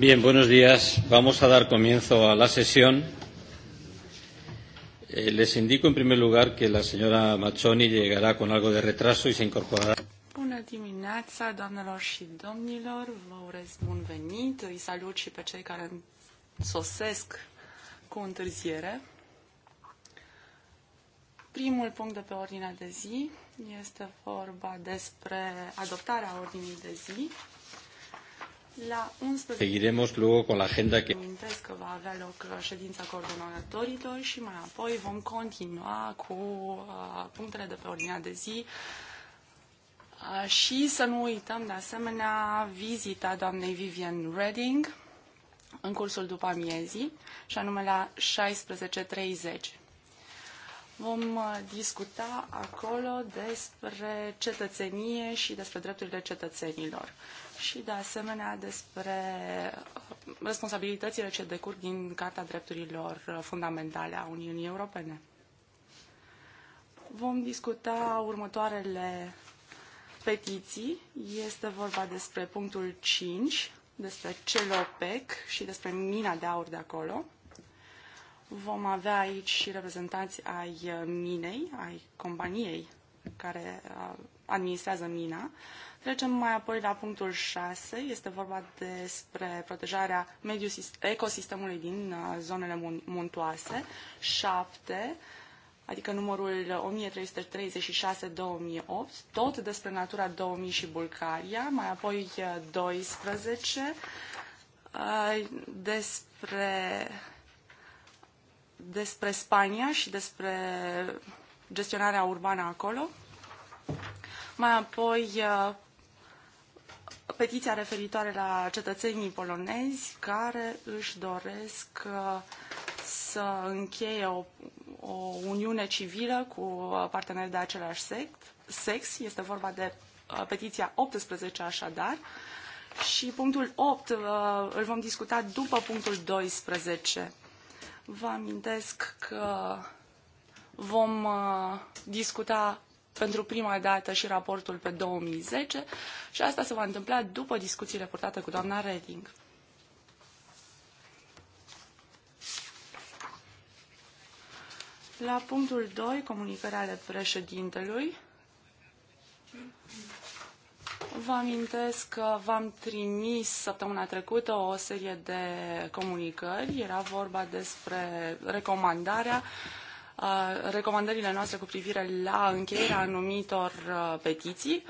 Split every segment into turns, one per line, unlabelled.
Bien, buenos días. Vamos a dar comienzo a la sesión. Eh, les indico en primer lugar que la señora Machoni llegará con algo de retraso y se incorporará.
Bună dimineața, doamnelor și domnilor. Vă urez bun venit. Îi salut și pe cei care sosesc cu întârziere. Primul punct de pe ordinea de zi este vorba despre adoptarea ordinii de zi la 11.
Seguiremos luego con la agenda que...
Amintesc că va avea loc uh, ședința coordonatorilor și mai apoi vom continua cu uh, punctele de pe ordinea de zi uh, și să nu uităm de asemenea vizita doamnei Vivian Redding în cursul după amiezii și anume la 16.30 vom discuta acolo despre cetățenie și despre drepturile cetățenilor și de asemenea despre uh, responsabilitățile ce decurg din Carta Drepturilor uh, Fundamentale a Uniunii Europene. Vom discuta următoarele petiții. Este vorba despre punctul 5, despre Celopec și despre mina de aur de acolo. Vom avea aici și reprezentanți ai uh, minei, ai companiei care administrează mina. Trecem mai apoi la punctul 6. Este vorba despre protejarea mediului ecosistemului din uh, zonele muntoase. 7 adică numărul 1336-2008, tot despre Natura 2000 și Bulgaria, mai apoi 12 uh, uh, despre, despre Spania și despre gestionarea urbană acolo, mai apoi petiția referitoare la cetățenii polonezi care își doresc uh, să încheie o, o uniune civilă cu uh, parteneri de același sex. Este vorba de uh, petiția 18 așadar. Și punctul 8 îl vom discuta după punctul 12. Vă amintesc că vom discuta pentru prima dată și raportul pe 2010 și asta se va întâmpla după discuțiile purtate cu doamna Reding. La punctul 2, comunicarea ale președintelui, vă amintesc că v-am trimis săptămâna trecută o serie de comunicări. Era vorba despre recomandarea uh, recomandările noastre cu privire la încheierea anumitor petiții,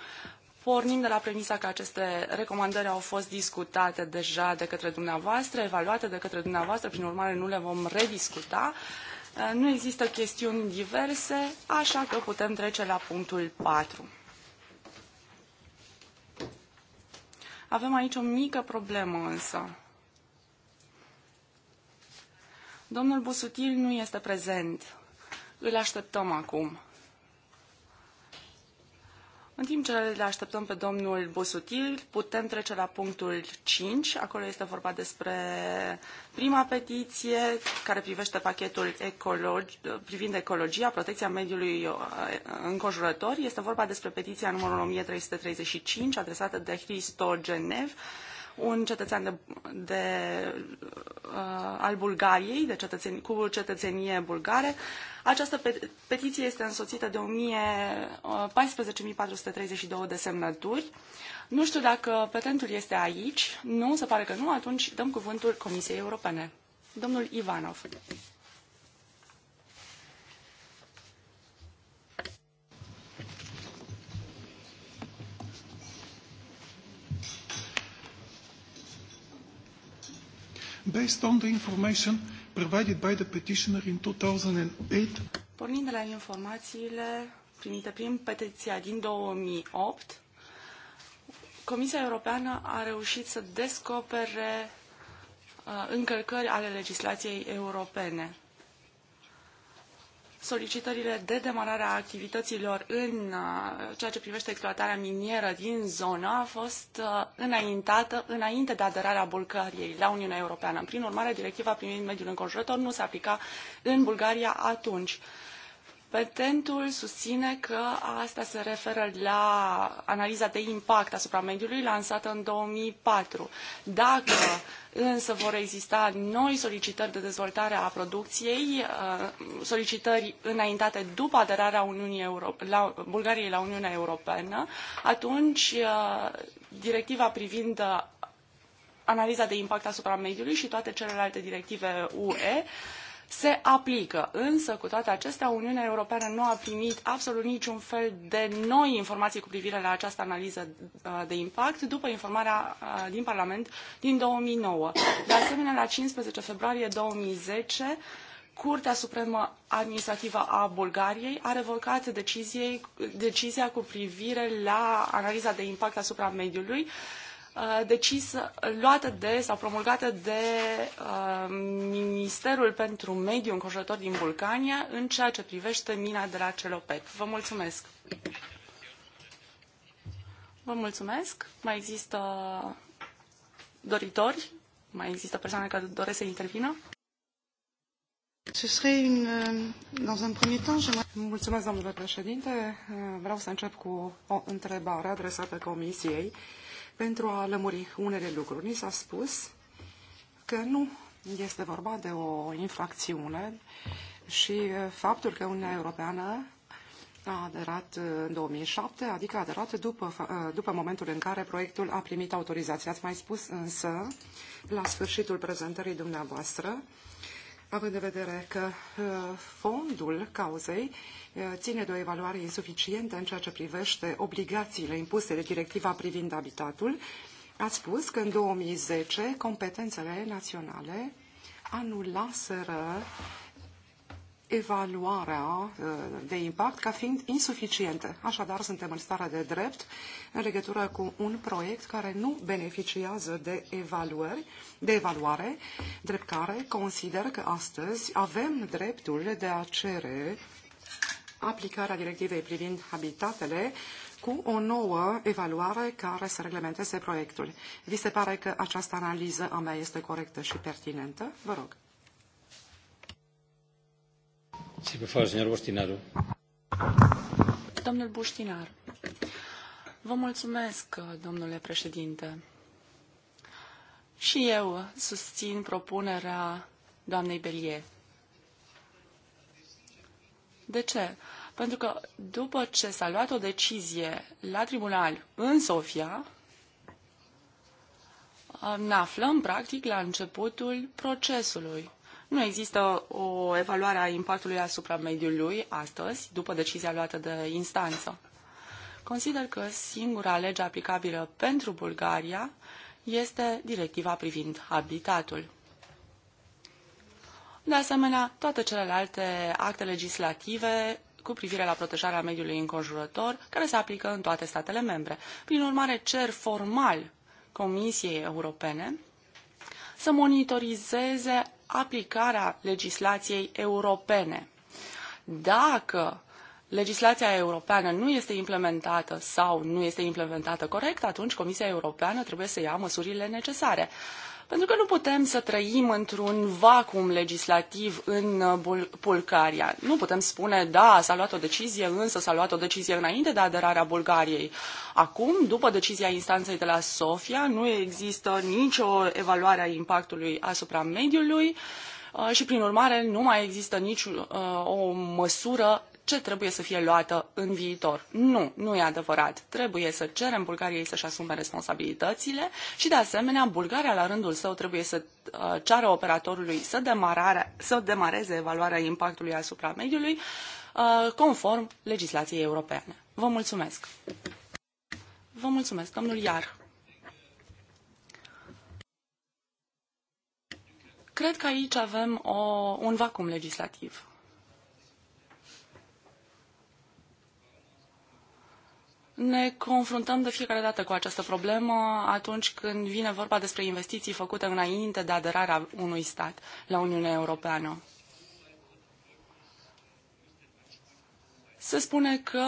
pornind de la premisa că aceste recomandări au fost discutate deja de către dumneavoastră, evaluate de către dumneavoastră, prin urmare nu le vom rediscuta. Nu există chestiuni diverse, așa că putem trece la punctul 4. Avem aici o mică problemă însă. Domnul Busutil nu este prezent. Îl așteptăm acum. În timp ce le așteptăm pe domnul Busutil, putem trece la punctul 5. Acolo este vorba despre prima petiție care privește pachetul ecologi, privind ecologia, protecția mediului uh, înconjurător. Este vorba despre petiția numărul 1335 adresată de Hristo Genev un cetățean de, de, uh, al Bulgariei, de cetățen, cu cetățenie bulgare. Această petiție este însoțită de 14.432 uh, de semnături. Nu știu dacă petentul este aici. Nu, se pare că nu. Atunci dăm cuvântul Comisiei Europene. Domnul Ivanov.
based on the information provided by the petitioner in 2008.
Pornind de la informațiile primite prin petiția din 2008, Comisia Europeană a reușit să descopere uh, încălcări ale legislației europene solicitările de demarare a activităților în uh, ceea ce privește exploatarea minieră din zonă a fost uh, înaintată înainte de aderarea Bulgariei la Uniunea Europeană. Prin urmare, directiva privind mediul înconjurător nu se aplica în Bulgaria atunci. Petentul susține că asta se referă la analiza de impact asupra mediului lansată în 2004. Dacă însă vor exista noi solicitări de dezvoltare a producției, uh, solicitări înaintate după aderarea Uniunii Euro- la, Bulgariei la Uniunea Europeană, atunci uh, directiva privind uh, analiza de impact asupra mediului și toate celelalte directive UE se aplică. Însă, cu toate acestea, Uniunea Europeană nu a primit absolut niciun fel de noi informații cu privire la această analiză uh, de impact după informarea uh, din Parlament din 2009. De asemenea, la 15 februarie 2010, Curtea Supremă Administrativă a Bulgariei a revocat deciziei, decizia cu privire la analiza de impact asupra mediului uh, Uh, decisă, luată de sau promulgată de uh, Ministerul pentru Mediu Înconjurător din Vulcania în ceea ce privește mina de la Celopet. Vă mulțumesc! Vă mulțumesc! Mai există doritori? Mai există persoane care doresc să intervină?
Ce serait une, euh, dans un premier temps, Mulțumesc, domnule președinte. Vreau să încep cu o întrebare adresată Comisiei pentru a lămuri unele lucruri. Ni s-a spus că nu este vorba de o infracțiune și uh, faptul că Uniunea Europeană a aderat uh, în 2007, adică a aderat după, uh, după momentul în care proiectul a primit autorizația. Ați mai spus însă, la sfârșitul prezentării dumneavoastră, având în vedere că uh, fondul cauzei uh, ține de o evaluare insuficientă în ceea ce privește obligațiile impuse de directiva privind habitatul, ați spus că în 2010 competențele naționale anulaseră evaluarea uh, de impact ca fiind insuficiente. Așadar, suntem în starea de drept în legătură cu un proiect care nu beneficiază de, evaluări, de evaluare, drept care consider că astăzi avem dreptul de a cere aplicarea directivei privind habitatele cu o nouă evaluare care să reglementeze proiectul. Vi se pare că această analiză a mea este corectă și pertinentă? Vă rog.
Domnul Buștinar. Vă mulțumesc, domnule președinte. Și eu susțin propunerea doamnei Belie. De ce? Pentru că după ce s-a luat o decizie la tribunal în Sofia, ne aflăm practic la începutul procesului. Nu există o evaluare a impactului asupra mediului astăzi, după decizia luată de instanță. Consider că singura lege aplicabilă pentru Bulgaria este directiva privind habitatul. De asemenea, toate celelalte acte legislative cu privire la protejarea mediului înconjurător, care se aplică în toate statele membre. Prin urmare, cer formal Comisiei Europene să monitorizeze aplicarea legislației europene. Dacă legislația europeană nu este implementată sau nu este implementată corect, atunci Comisia Europeană trebuie să ia măsurile necesare. Pentru că nu putem să trăim într-un vacuum legislativ în uh, Bul- Bulgaria. Nu putem spune, da, s-a luat o decizie, însă s-a luat o decizie înainte de aderarea Bulgariei. Acum, după decizia instanței de la Sofia, nu există nicio evaluare a impactului asupra mediului uh, și, prin urmare, nu mai există nici uh, o măsură ce trebuie să fie luată în viitor. Nu, nu e adevărat. Trebuie să cerem Bulgariei să-și asume responsabilitățile și, de asemenea, Bulgaria, la rândul său, trebuie să uh, ceară operatorului să, demarare, să demareze evaluarea impactului asupra mediului uh, conform legislației europene. Vă mulțumesc! Vă mulțumesc, domnul Iar. Cred că aici avem o, un vacum legislativ. ne confruntăm de fiecare dată cu această problemă atunci când vine vorba despre investiții făcute înainte de aderarea unui stat la Uniunea Europeană. Se spune că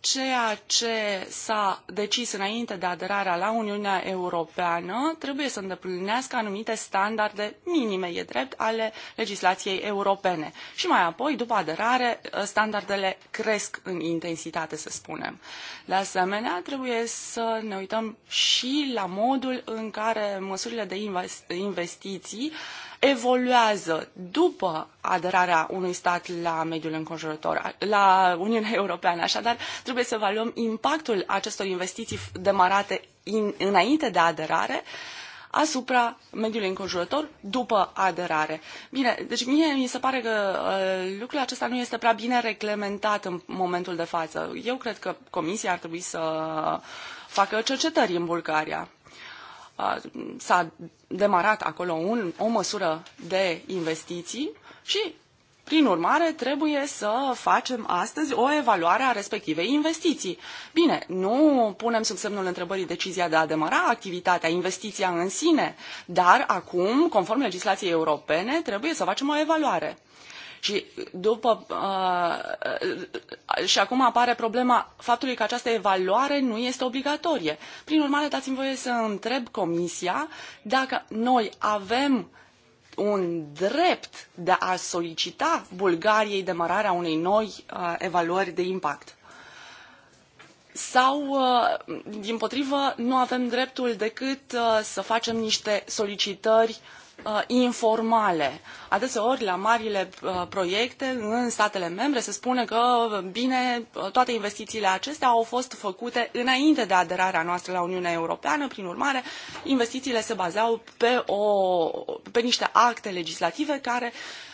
ceea ce s-a decis înainte de aderarea la Uniunea Europeană trebuie să îndeplinească anumite standarde minime, e drept, ale legislației europene. Și mai apoi, după aderare, standardele cresc în intensitate, să spunem. De asemenea, trebuie să ne uităm și la modul în care măsurile de investiții evoluează după aderarea unui stat la mediul înconjurător, la Uniunea Europeană. Așadar, trebuie să evaluăm impactul acestor investiții demarate in, înainte de aderare asupra mediului înconjurător după aderare. Bine, deci mie mi se pare că uh, lucrul acesta nu este prea bine reglementat în momentul de față. Eu cred că Comisia ar trebui să facă cercetări în Bulgaria s-a demarat acolo un, o măsură de investiții și, prin urmare, trebuie să facem astăzi o evaluare a respectivei investiții. Bine, nu punem sub semnul întrebării decizia de a demara activitatea, investiția în sine, dar acum, conform legislației europene, trebuie să facem o evaluare. Și, uh, după, uh, și acum apare problema faptului că această evaluare nu este obligatorie. Prin urmare, dați-mi voie să întreb Comisia dacă noi avem un drept de a solicita Bulgariei demararea unei noi uh, evaluări de impact sau, uh, din potrivă, nu avem dreptul decât să facem niște solicitări uh, informale. Adeseori, la marile uh, proiecte în statele membre se spune că, bine, toate investițiile acestea au fost făcute înainte de aderarea noastră la Uniunea Europeană, prin urmare, investițiile se bazau pe, o, pe niște acte legislative care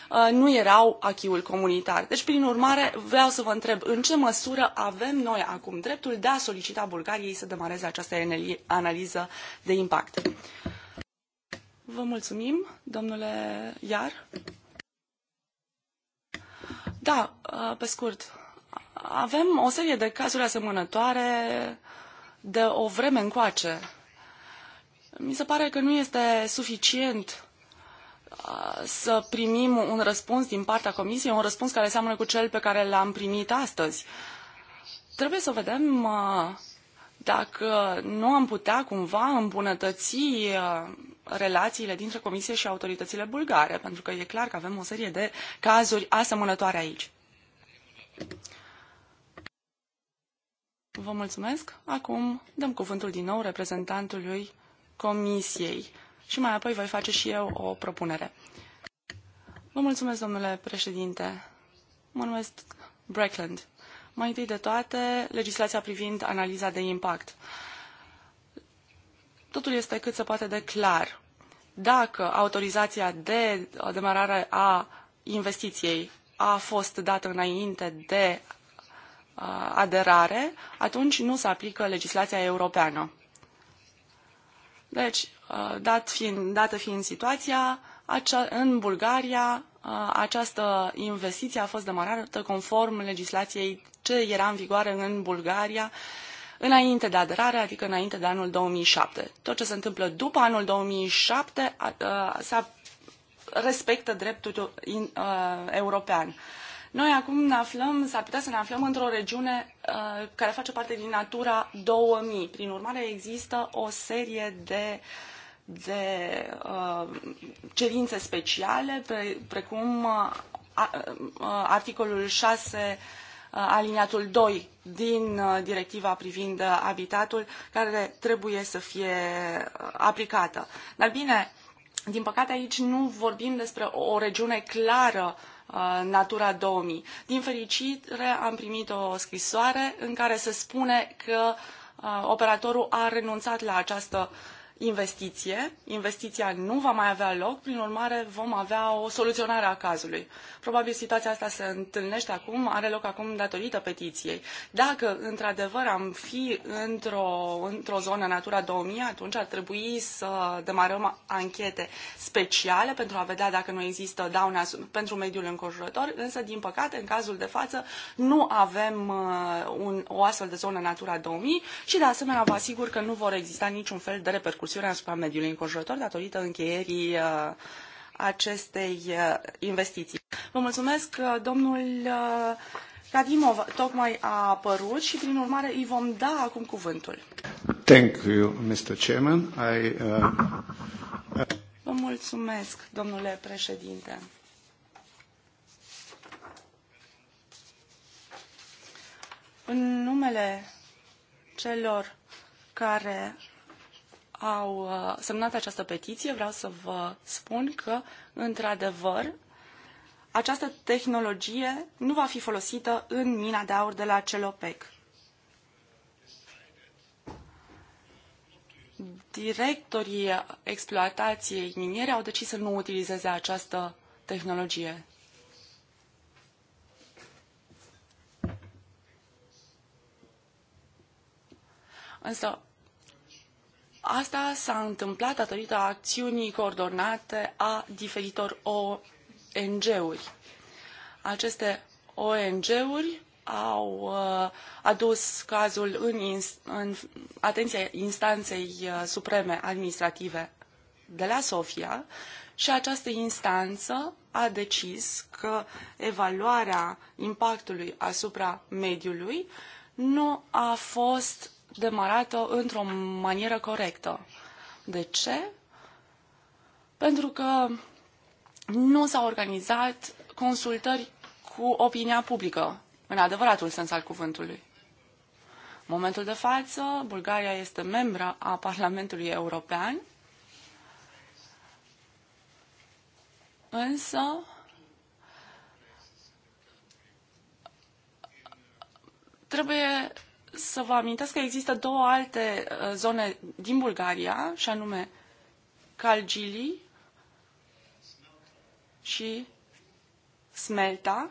uh, nu erau achiul comunitar. Deci, prin urmare, vreau să vă întreb în ce măsură avem noi acum dreptul de a solicita Bulgariei să demareze această analiză de impact. Vă mulțumim, domnule Iar. Da, uh, pe scurt, avem o serie de cazuri asemănătoare de o vreme încoace. Mi se pare că nu este suficient uh, să primim un răspuns din partea Comisiei, un răspuns care seamănă cu cel pe care l-am primit astăzi. Trebuie să vedem uh, dacă nu am putea cumva îmbunătăți uh, relațiile dintre Comisie și autoritățile bulgare, pentru că e clar că avem o serie de cazuri asemănătoare aici. Vă mulțumesc. Acum dăm cuvântul din nou reprezentantului Comisiei și mai apoi voi face și eu o propunere. Vă mulțumesc, domnule președinte. Mă numesc Breckland. Mai întâi de toate, legislația privind analiza de impact. Totul este cât se poate de clar. Dacă autorizația de demarare a investiției a fost dată înainte de uh, aderare, atunci nu se aplică legislația europeană. Deci, uh, dat fiind, dată fiind situația, acea, în Bulgaria această investiție a fost demarată conform legislației ce era în vigoare în Bulgaria înainte de aderare, adică înainte de anul 2007. Tot ce se întâmplă după anul 2007 se respectă dreptul european. Noi acum ne aflăm, s-ar putea să ne aflăm într-o regiune care face parte din Natura 2000. Prin urmare, există o serie de uh, de uh, cerințe speciale, precum uh, uh, articolul 6 aliniatul 2 din directiva privind habitatul care trebuie să fie aplicată. Dar bine, din păcate aici nu vorbim despre o regiune clară Natura 2000. Din fericire am primit o scrisoare în care se spune că operatorul a renunțat la această uh, investiție, investiția nu va mai avea loc, prin urmare vom avea o soluționare a cazului. Probabil situația asta se întâlnește acum, are loc acum datorită petiției. Dacă într-adevăr am fi într-o, într-o zonă Natura 2000, atunci ar trebui să demarăm anchete speciale pentru a vedea dacă nu există daune pentru mediul înconjurător, însă din păcate în cazul de față nu avem uh, un, o astfel de zonă Natura 2000 și de asemenea vă asigur că nu vor exista niciun fel de repercursiuni repercusiuni asupra mediului înconjurător datorită încheierii uh, acestei uh, investiții. Vă mulțumesc, uh, domnul Radimov tocmai a apărut și, prin urmare, îi vom da acum cuvântul.
Thank you, Mr. Chairman. I, uh...
Vă mulțumesc, domnule președinte. În numele celor care au uh, semnat această petiție, vreau să vă spun că, într-adevăr, această tehnologie nu va fi folosită în mina de aur de la Celopec. Directorii exploatației miniere au decis să nu utilizeze această tehnologie. Însă, Asta s-a întâmplat datorită acțiunii coordonate a diferitor ONG-uri. Aceste ONG-uri au uh, adus cazul în, în atenția instanței uh, supreme administrative de la Sofia și această instanță a decis că evaluarea impactului asupra mediului nu a fost demarată într-o manieră corectă. De ce? Pentru că nu s-au organizat consultări cu opinia publică, în adevăratul sens al cuvântului. În momentul de față, Bulgaria este membra a Parlamentului European, însă trebuie să vă amintesc că există două alte uh, zone din Bulgaria, și anume Calgili și Smelta,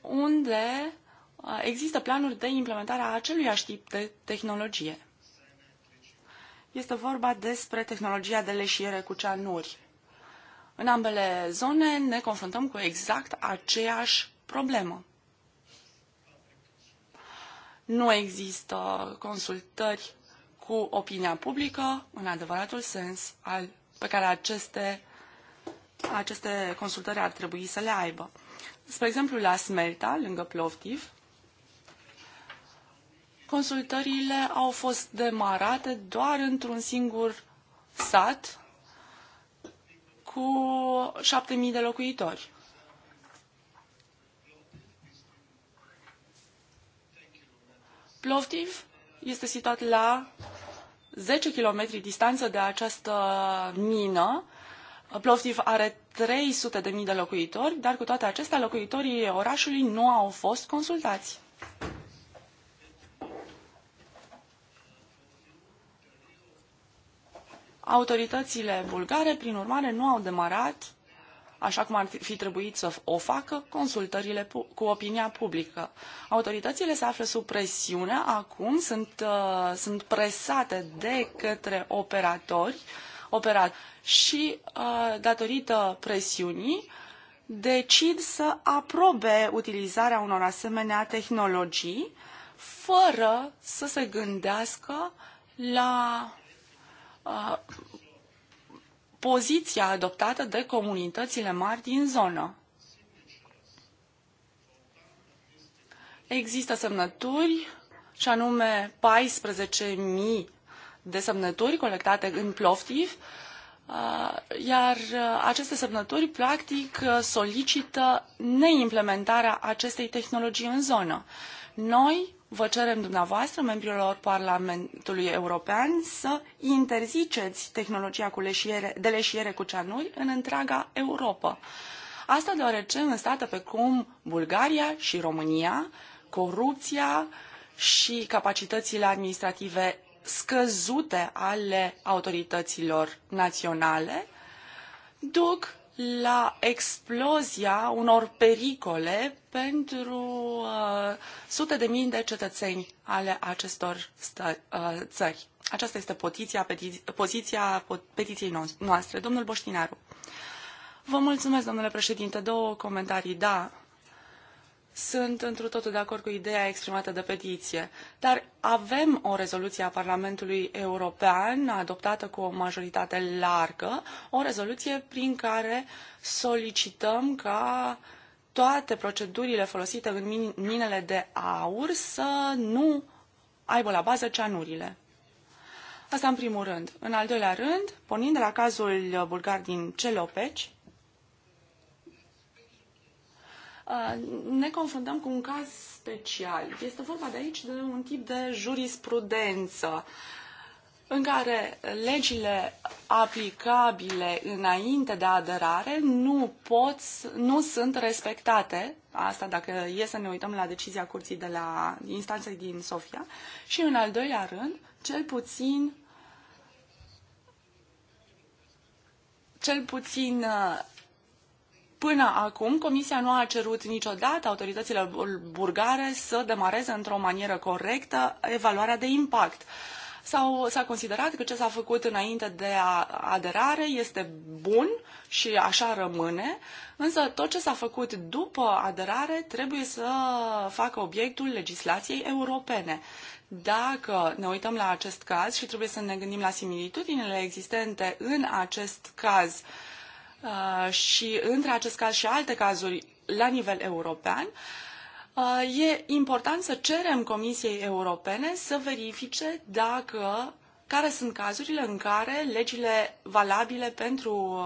unde uh, există planuri de implementare a aceluiași tip de tehnologie. Este vorba despre tehnologia de leșiere cu ceanuri. În ambele zone ne confruntăm cu exact aceeași problemă nu există consultări cu opinia publică în adevăratul sens al, pe care aceste, aceste consultări ar trebui să le aibă. Spre exemplu, la Smelta, lângă Plovdiv, consultările au fost demarate doar într-un singur sat cu 7.000 de locuitori. Plovdiv este situat la 10 km distanță de această mină. Plovdiv are 300.000 de locuitori, dar cu toate acestea locuitorii orașului nu au fost consultați. Autoritățile bulgare, prin urmare, nu au demarat așa cum ar fi trebuit să o facă, consultările cu opinia publică. Autoritățile se află sub presiune acum, sunt, uh, sunt presate de către operatori operat și uh, datorită presiunii decid să aprobe utilizarea unor asemenea tehnologii fără să se gândească la uh, poziția adoptată de comunitățile mari din zonă. Există semnături, și anume 14.000 de semnături colectate în Ploftiv, uh, iar uh, aceste semnături, practic, uh, solicită neimplementarea acestei tehnologii în zonă. Noi vă cerem dumneavoastră, membrilor Parlamentului European, să interziceți tehnologia cu leșiere, de leșiere cu ceanuri în întreaga Europa. Asta deoarece în state pe cum Bulgaria și România, corupția și capacitățile administrative scăzute ale autorităților naționale duc la explozia unor pericole pentru uh, sute de mii de cetățeni ale acestor stă, uh, țări. Aceasta este poziția, peti, poziția petiției noastre. Domnul Boștinaru. Vă mulțumesc, domnule președinte. Două comentarii. Da, sunt întru totul de acord cu ideea exprimată de petiție, dar avem o rezoluție a Parlamentului European adoptată cu o majoritate largă, o rezoluție prin care solicităm ca toate procedurile folosite în minele de aur să nu aibă la bază ceanurile. Asta în primul rând. În al doilea rând, pornind de la cazul bulgar din Celopeci, Uh, ne confruntăm cu un caz special. Este vorba de aici de un tip de jurisprudență în care legile aplicabile înainte de aderare nu pot, nu sunt respectate, asta dacă e să ne uităm la decizia curții de la instanță din Sofia, și în al doilea rând, cel puțin cel puțin uh, Până acum, Comisia nu a cerut niciodată autorităților bulgare să demareze într-o manieră corectă evaluarea de impact sau s-a considerat că ce s-a făcut înainte de aderare este bun și așa rămâne, însă tot ce s-a făcut după aderare trebuie să facă obiectul legislației europene. Dacă ne uităm la acest caz și trebuie să ne gândim la similitudinile existente în acest caz uh, Uh, și între acest caz și alte cazuri la nivel european, uh, e important să cerem Comisiei Europene să verifice dacă care sunt cazurile în care legile valabile pentru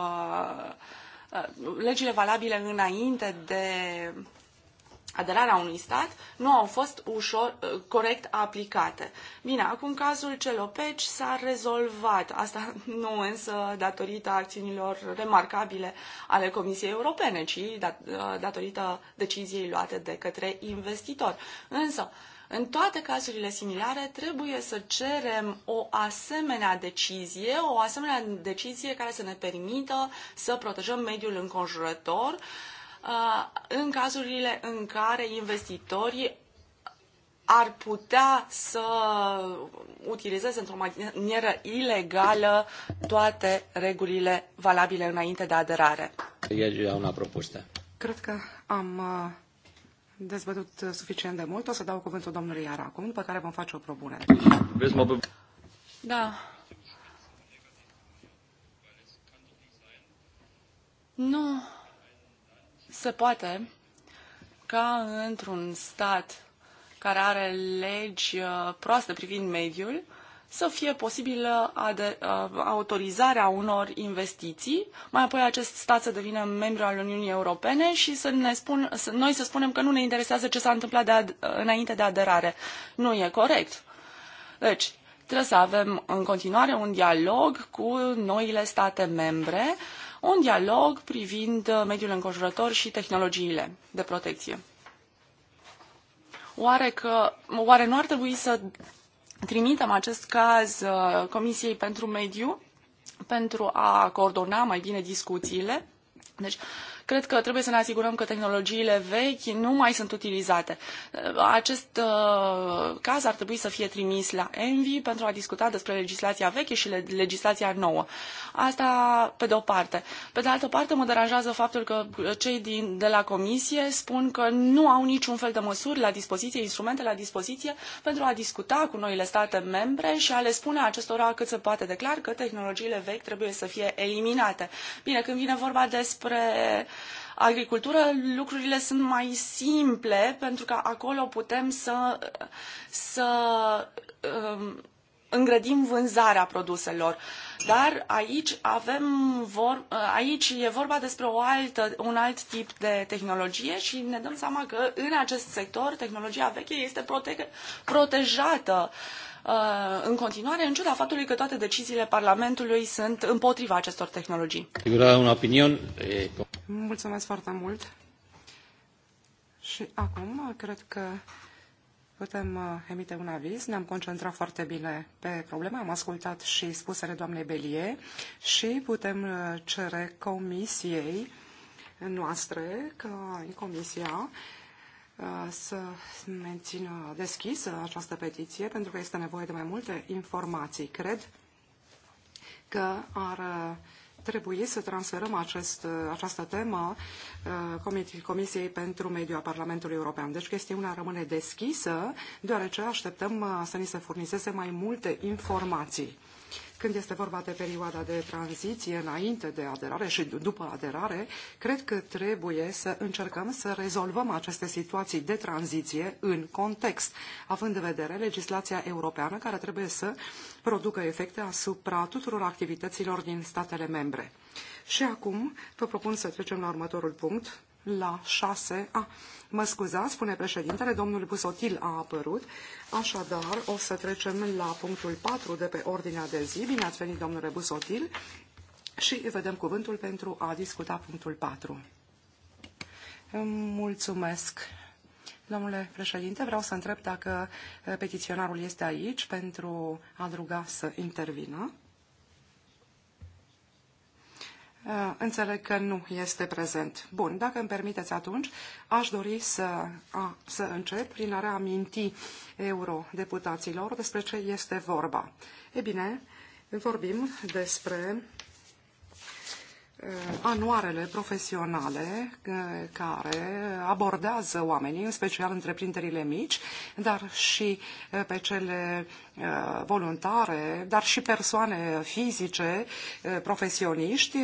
uh, legile valabile înainte de aderarea unui stat nu au fost ușor, uh, corect aplicate. Bine, acum cazul Celopeci s-a rezolvat. Asta nu însă datorită acțiunilor remarcabile ale Comisiei Europene, ci dat, uh, datorită deciziei luate de către investitor. Însă, în toate cazurile similare trebuie să cerem o asemenea decizie, o asemenea decizie care să ne permită să protejăm mediul înconjurător uh, Uh, în cazurile în care investitorii ar putea să utilizeze într-o manieră ilegală toate regulile valabile înainte de aderare.
E una propustă.
Cred că am uh, dezbătut
suficient de mult. O să dau cuvântul domnului Iar acum, după care vom face o propunere.
Da. Nu, se poate ca într-un stat care are legi uh, proaste privind mediul să fie posibilă uh, autorizarea unor investiții, mai apoi acest stat să devină membru al Uniunii Europene și să ne spun, să, noi să spunem că nu ne interesează ce s-a întâmplat de ad, înainte de aderare. Nu e corect. Deci, trebuie să avem în continuare un dialog cu noile state membre uh, un dialog privind uh, mediul înconjurător și tehnologiile de protecție. Oare, că, oare nu ar trebui să trimitem acest caz uh, Comisiei pentru Mediu pentru a coordona mai bine discuțiile? Deci, Cred că trebuie să ne asigurăm că tehnologiile vechi nu mai sunt utilizate. Uh, acest uh, caz ar trebui să fie trimis la Envi pentru a discuta despre legislația veche și legislația nouă. Asta pe de o parte. Pe de altă parte, mă deranjează faptul că cei din, de la Comisie spun că nu au niciun fel de măsuri la dispoziție, instrumente la dispoziție pentru a discuta cu noile state membre și a le spune acestora cât se poate declar că tehnologiile vechi trebuie să fie eliminate. Bine, când vine vorba despre agricultură, lucrurile sunt mai simple pentru că acolo putem să, să um, îngrădim vânzarea produselor. Dar aici avem vor, aici e vorba despre o altă, un alt tip de tehnologie și ne dăm seama că în acest sector tehnologia veche este prote- protejată uh, în continuare, în ciuda faptului că toate deciziile Parlamentului sunt împotriva acestor tehnologii.
Figura un opinion. Eh,
Mulțumesc foarte mult. Și acum cred că
putem uh, emite un aviz. Ne-am concentrat foarte bine pe probleme, am ascultat și spusele doamnei Belie și putem uh, cere comisiei noastre, ca comisia, uh, să mențină deschisă această petiție, pentru că este nevoie de mai multe informații. Cred că ar trebui să transferăm acest, această temă uh, Comisiei pentru Mediu a Parlamentului European. Deci chestiunea rămâne deschisă, deoarece așteptăm uh, să ni se furnizeze mai multe informații când este vorba de perioada de tranziție înainte de aderare și după aderare, cred că trebuie să încercăm să rezolvăm aceste situații de tranziție în context, având în vedere legislația europeană care trebuie să producă efecte asupra tuturor activităților din statele membre. Și acum vă propun să trecem la următorul punct, la 6. A, ah, mă scuzați, spune președintele, domnul Busotil a apărut. Așadar, o să trecem la punctul 4 de pe ordinea de zi. Bine ați venit, domnule Busotil, și vedem cuvântul pentru a discuta punctul 4. Mulțumesc. Domnule președinte, vreau să întreb dacă petiționarul este aici pentru a ruga să intervină. Eh, înțeleg că nu este prezent. Bun, dacă îmi permiteți atunci, aș dori să, a, să încep prin a reaminti eurodeputaților despre ce este vorba. E bine, vorbim despre eh, anuarele profesionale eh, care abordează oamenii, în special întreprinderile mici, dar și pe cele voluntare, dar și persoane fizice, profesioniști,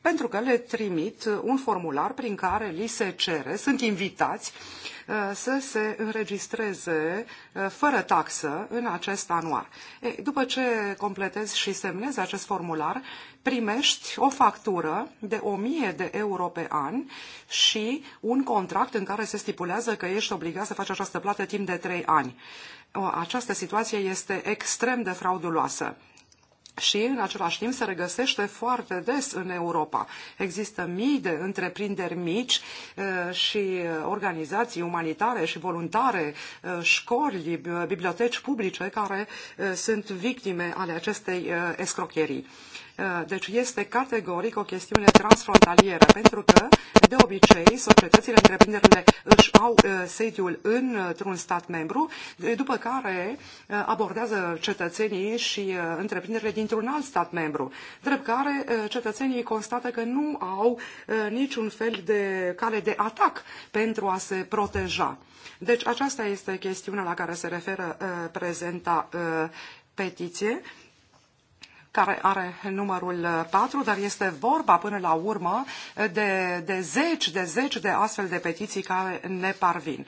pentru că le trimit un formular prin care li se cere, sunt invitați uh, să se înregistreze uh, fără taxă în acest anuar. după ce completezi și semnezi acest formular, primești o factură de 1000 de euro pe an și un contract în care se stipulează că ești obligat să faci această plată timp de 3 ani. Uh, această situație este extrem de frauduloasă și în același timp se regăsește foarte des în Europa. Există mii de întreprinderi mici uh, și organizații umanitare și voluntare, uh, școli, biblioteci publice care uh, sunt victime ale acestei escrocherii. Eh, deci este categoric o chestiune transfrontalieră, pentru că, de obicei, societățile, întreprinderile își au eh, sediul într-un stat membru, eh, după care abordează cetățenii și întreprinderile dintr-un alt stat membru, drept care cetățenii constată că nu au niciun fel de cale de atac pentru a se proteja. Deci aceasta este chestiunea la care se referă prezenta petiție care are numărul 4, uh, dar este vorba până la urmă uh, de, de zeci, de zeci de astfel de petiții care ne parvin.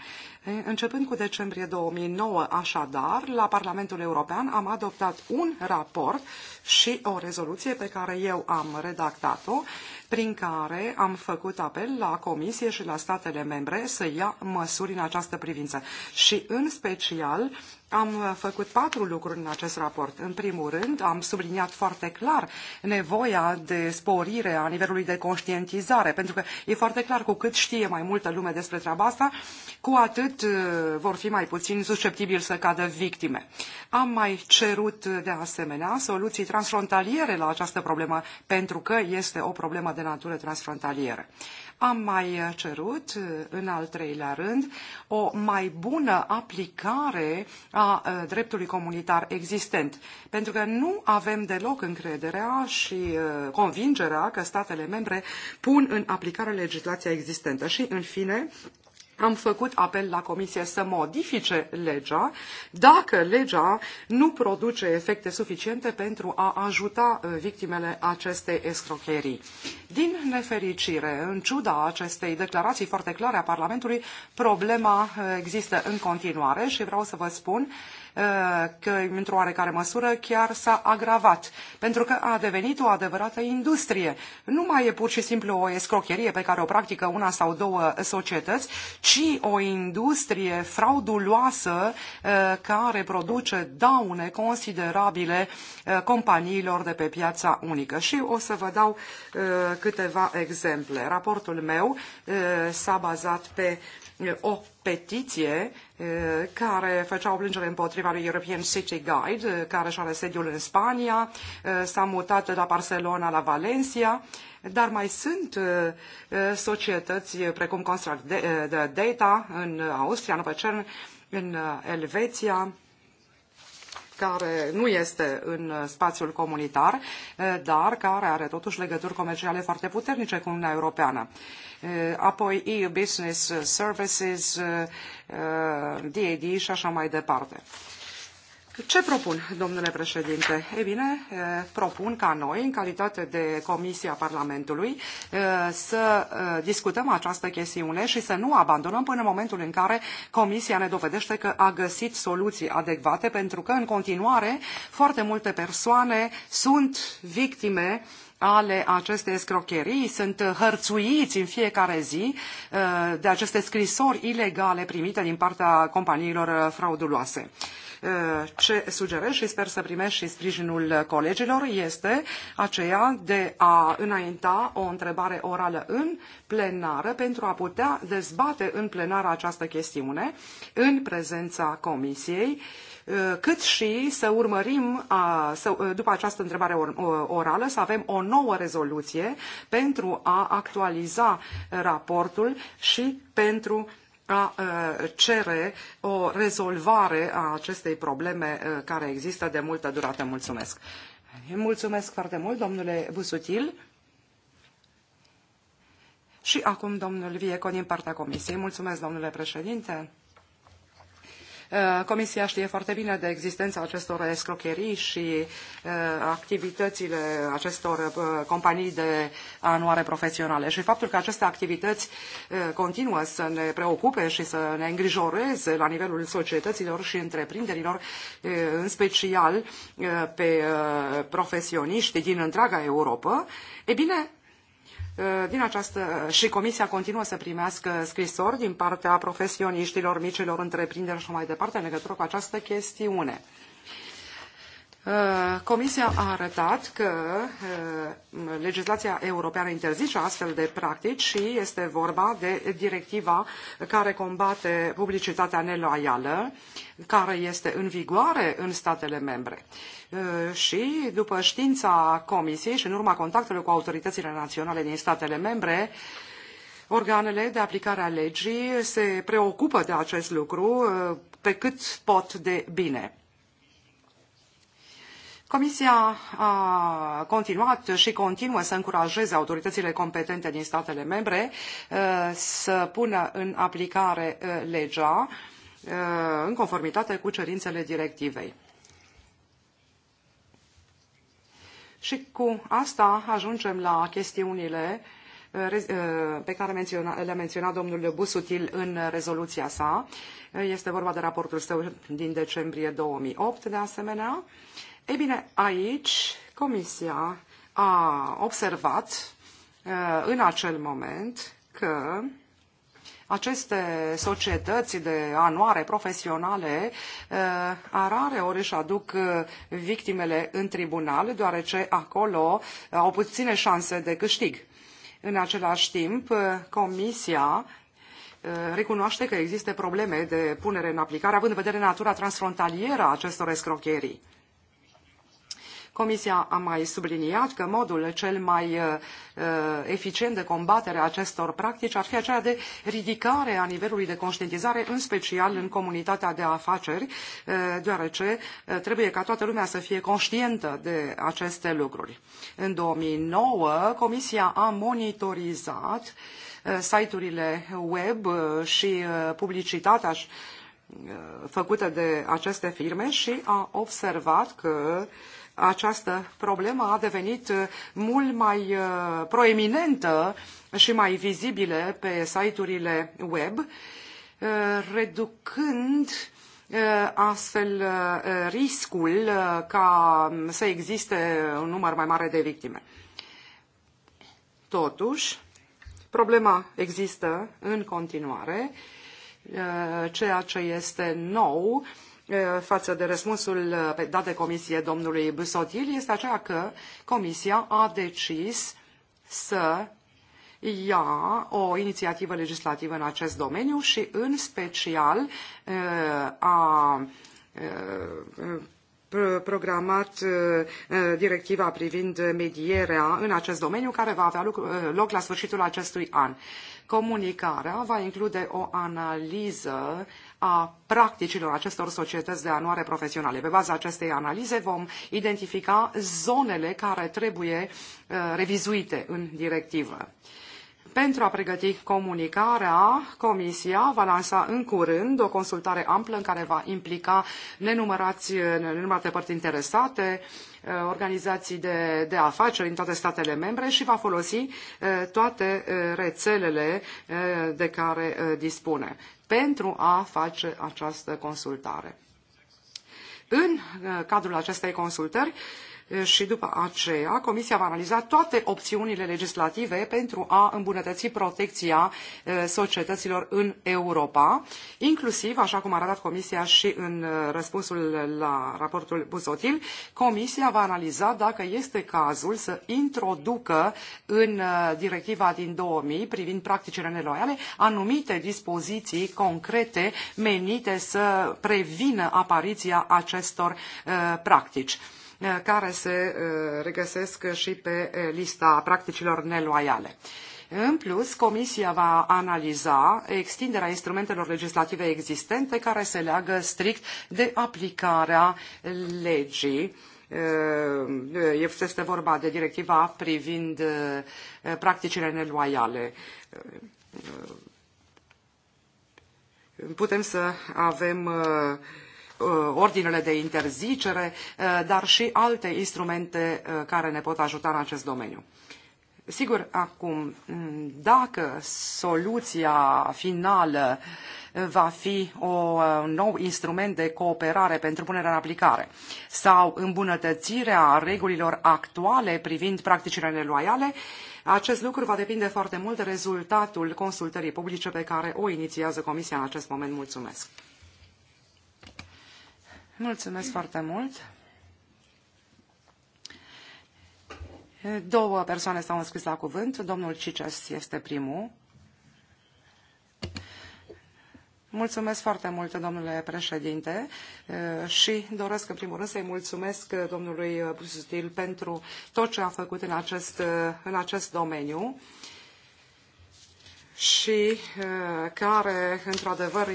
Începând cu decembrie 2009, așadar, la Parlamentul European am adoptat un raport și o rezoluție pe care eu am redactat-o, prin care am făcut apel la Comisie și la statele membre să ia măsuri în această privință și, în special, am uh, făcut patru lucruri în acest raport. În primul rând, am subliniat foarte clar nevoia de sporire a nivelului de conștientizare, pentru că e foarte clar cu cât știe mai multă lume despre treaba asta, cu atât uh, vor fi mai puțin susceptibili să cadă victime. Am mai cerut uh, de asemenea soluții transfrontaliere la această problemă, pentru că este o problemă de natură transfrontalieră. Am mai uh, cerut, uh, în al treilea rând, o mai bună aplicare a uh, dreptului comunitar existent, pentru că nu avem deloc încrederea și convingerea că statele membre pun în aplicare legislația existentă. Și, în fine, am făcut apel la Comisie să modifice legea dacă legea nu produce efecte suficiente pentru a ajuta uh, victimele acestei escrocherii. Din nefericire, în ciuda acestei declarații foarte clare a Parlamentului, problema uh, există în continuare și vreau să vă spun Uh, că, într-o oarecare măsură, chiar s-a agravat, pentru că a devenit o adevărată industrie. Nu mai e pur și simplu o escrocherie pe care o practică una sau două societăți, ci o industrie frauduloasă uh, care produce daune considerabile uh, companiilor de pe piața unică. Și o să vă dau câteva exemple. Raportul meu s-a bazat pe o petiție care făcea o plângere împotriva lui European City Guide, care și are sediul în Spania, s-a mutat de la Barcelona, la Valencia, dar mai sunt societăți precum Construct Data în Austria, în Păcern, în Elveția, care nu este în uh, spațiul comunitar, uh, dar care are totuși legături comerciale foarte puternice cu Uniunea Europeană. Uh, apoi EU Business Services, DAD și așa mai departe. Ce propun, domnule președinte? E bine, propun ca noi, în calitate de Comisia Parlamentului, să discutăm această chestiune și să nu abandonăm până în momentul în care Comisia ne dovedește că a găsit soluții adecvate, pentru că, în continuare, foarte multe persoane sunt victime ale acestei scrocherii, sunt hărțuiți în fiecare zi de aceste scrisori ilegale primite din partea companiilor frauduloase. Eh, ce sugerez și sper să primești și sprijinul colegilor este aceea de a înainta o întrebare orală în plenară pentru a putea dezbate în plenară această chestiune în prezența Comisiei eh, cât și să urmărim, eh, după această întrebare orală, să avem o nouă rezoluție pentru a actualiza raportul și pentru a cere o rezolvare a acestei probleme care există de multă durată. Mulțumesc! Mulțumesc foarte mult, domnule Busutil. Și acum domnul Vieco din partea Comisiei. Mulțumesc, domnule președinte. Uh, Comisia știe foarte bine de existența acestor escrocherii și uh, activitățile acestor uh, companii de anuare profesionale și faptul că aceste activități continuă să ne preocupe și să ne îngrijoreze la nivelul societăților și întreprinderilor, în special pe profesioniști din întreaga Europa, e bine, Eh, din această, și comisia continuă să primească scrisori din partea profesioniștilor, micilor întreprinderi și mai departe în legătură cu această chestiune. Uh, Comisia a arătat că uh, legislația europeană interzice astfel de practici și este vorba de directiva care combate publicitatea neloială, care este în vigoare în statele membre. Uh, și după știința Comisiei și în urma contactelor cu autoritățile naționale din statele membre, organele de aplicare a legii se preocupă de acest lucru pe cât pot de bine. Comisia a continuat și continuă să încurajeze autoritățile competente din statele membre uh, să pună în aplicare uh, legea uh, în conformitate cu cerințele directivei. Și cu asta ajungem la chestiunile pe care le-a menționat domnul Busutil în rezoluția sa. Este vorba de raportul său din decembrie 2008, de asemenea. Uh, ei bine, aici Comisia a observat uh, în acel moment că aceste societăți de anuare profesionale uh, arare ori își aduc uh, victimele în tribunal, deoarece acolo au puține șanse de câștig. În același timp, Comisia recunoaște că există probleme de punere în aplicare, având în vedere natura transfrontalieră a acestor escrocherii. Comisia a mai subliniat că modul cel mai uh, uh, eficient de combatere a acestor practici ar fi aceea de ridicare a nivelului de conștientizare, în special în comunitatea de afaceri, uh, deoarece trebuie ca toată lumea să fie conștientă de aceste lucruri. În 2009, Comisia a monitorizat site-urile web și publicitatea făcută de aceste firme și a observat că această problemă a devenit uh, mult mai uh, proeminentă și mai vizibile pe site-urile web, uh, reducând astfel riscul ca să existe un număr mai mare de victime. Totuși, problema există în continuare, ceea ce este nou față de răspunsul dat de comisie domnului Busotil este aceea că comisia a decis să ia o inițiativă legislativă în acest domeniu și în special a programat directiva privind medierea în acest domeniu care va avea loc la sfârșitul acestui an. Comunicarea va include o analiză a practicilor acestor societăți de anuare profesionale. Pe baza acestei analize vom identifica zonele care trebuie uh, revizuite în directivă. Pentru a pregăti comunicarea, Comisia va lansa în curând o consultare amplă în care va implica nenumărați, uh, nenumărate părți interesate, uh, organizații de, de afaceri din toate statele membre și va folosi toate rețelele de care dispune pentru a face această consultare. În uh, cadrul acestei consultări, și după aceea Comisia va analiza toate opțiunile legislative pentru a îmbunătăți protecția uh, societăților în Europa, inclusiv, așa cum a arătat Comisia și în uh, răspunsul la raportul Buzotil, Comisia va analiza dacă este cazul să introducă în uh, directiva din 2000 privind practicile neloiale anumite dispoziții concrete menite să prevină apariția acestor practici care se regăsesc și pe lista practicilor neloiale. În plus, Comisia va analiza extinderea instrumentelor legislative existente care se leagă strict de aplicarea legii. Este vorba de directiva privind practicile neloiale. Putem să avem uh, Uh, ordinele de interzicere, uh, dar și alte instrumente uh, care ne pot ajuta în acest domeniu. Sigur, acum, mm, dacă soluția finală va fi o, un nou instrument de cooperare pentru punerea în aplicare sau îmbunătățirea regulilor actuale privind practicile neloiale, acest lucru va depinde foarte mult de rezultatul consultării publice pe care o inițiază Comisia în acest moment. Mulțumesc! Mulțumesc foarte mult. Două persoane s-au înscris la cuvânt. Domnul Cices este primul. Mulțumesc foarte mult, domnule președinte, și doresc în primul rând să-i mulțumesc domnului Brustil pentru tot ce a făcut în acest, în acest domeniu și uh, care, într-adevăr,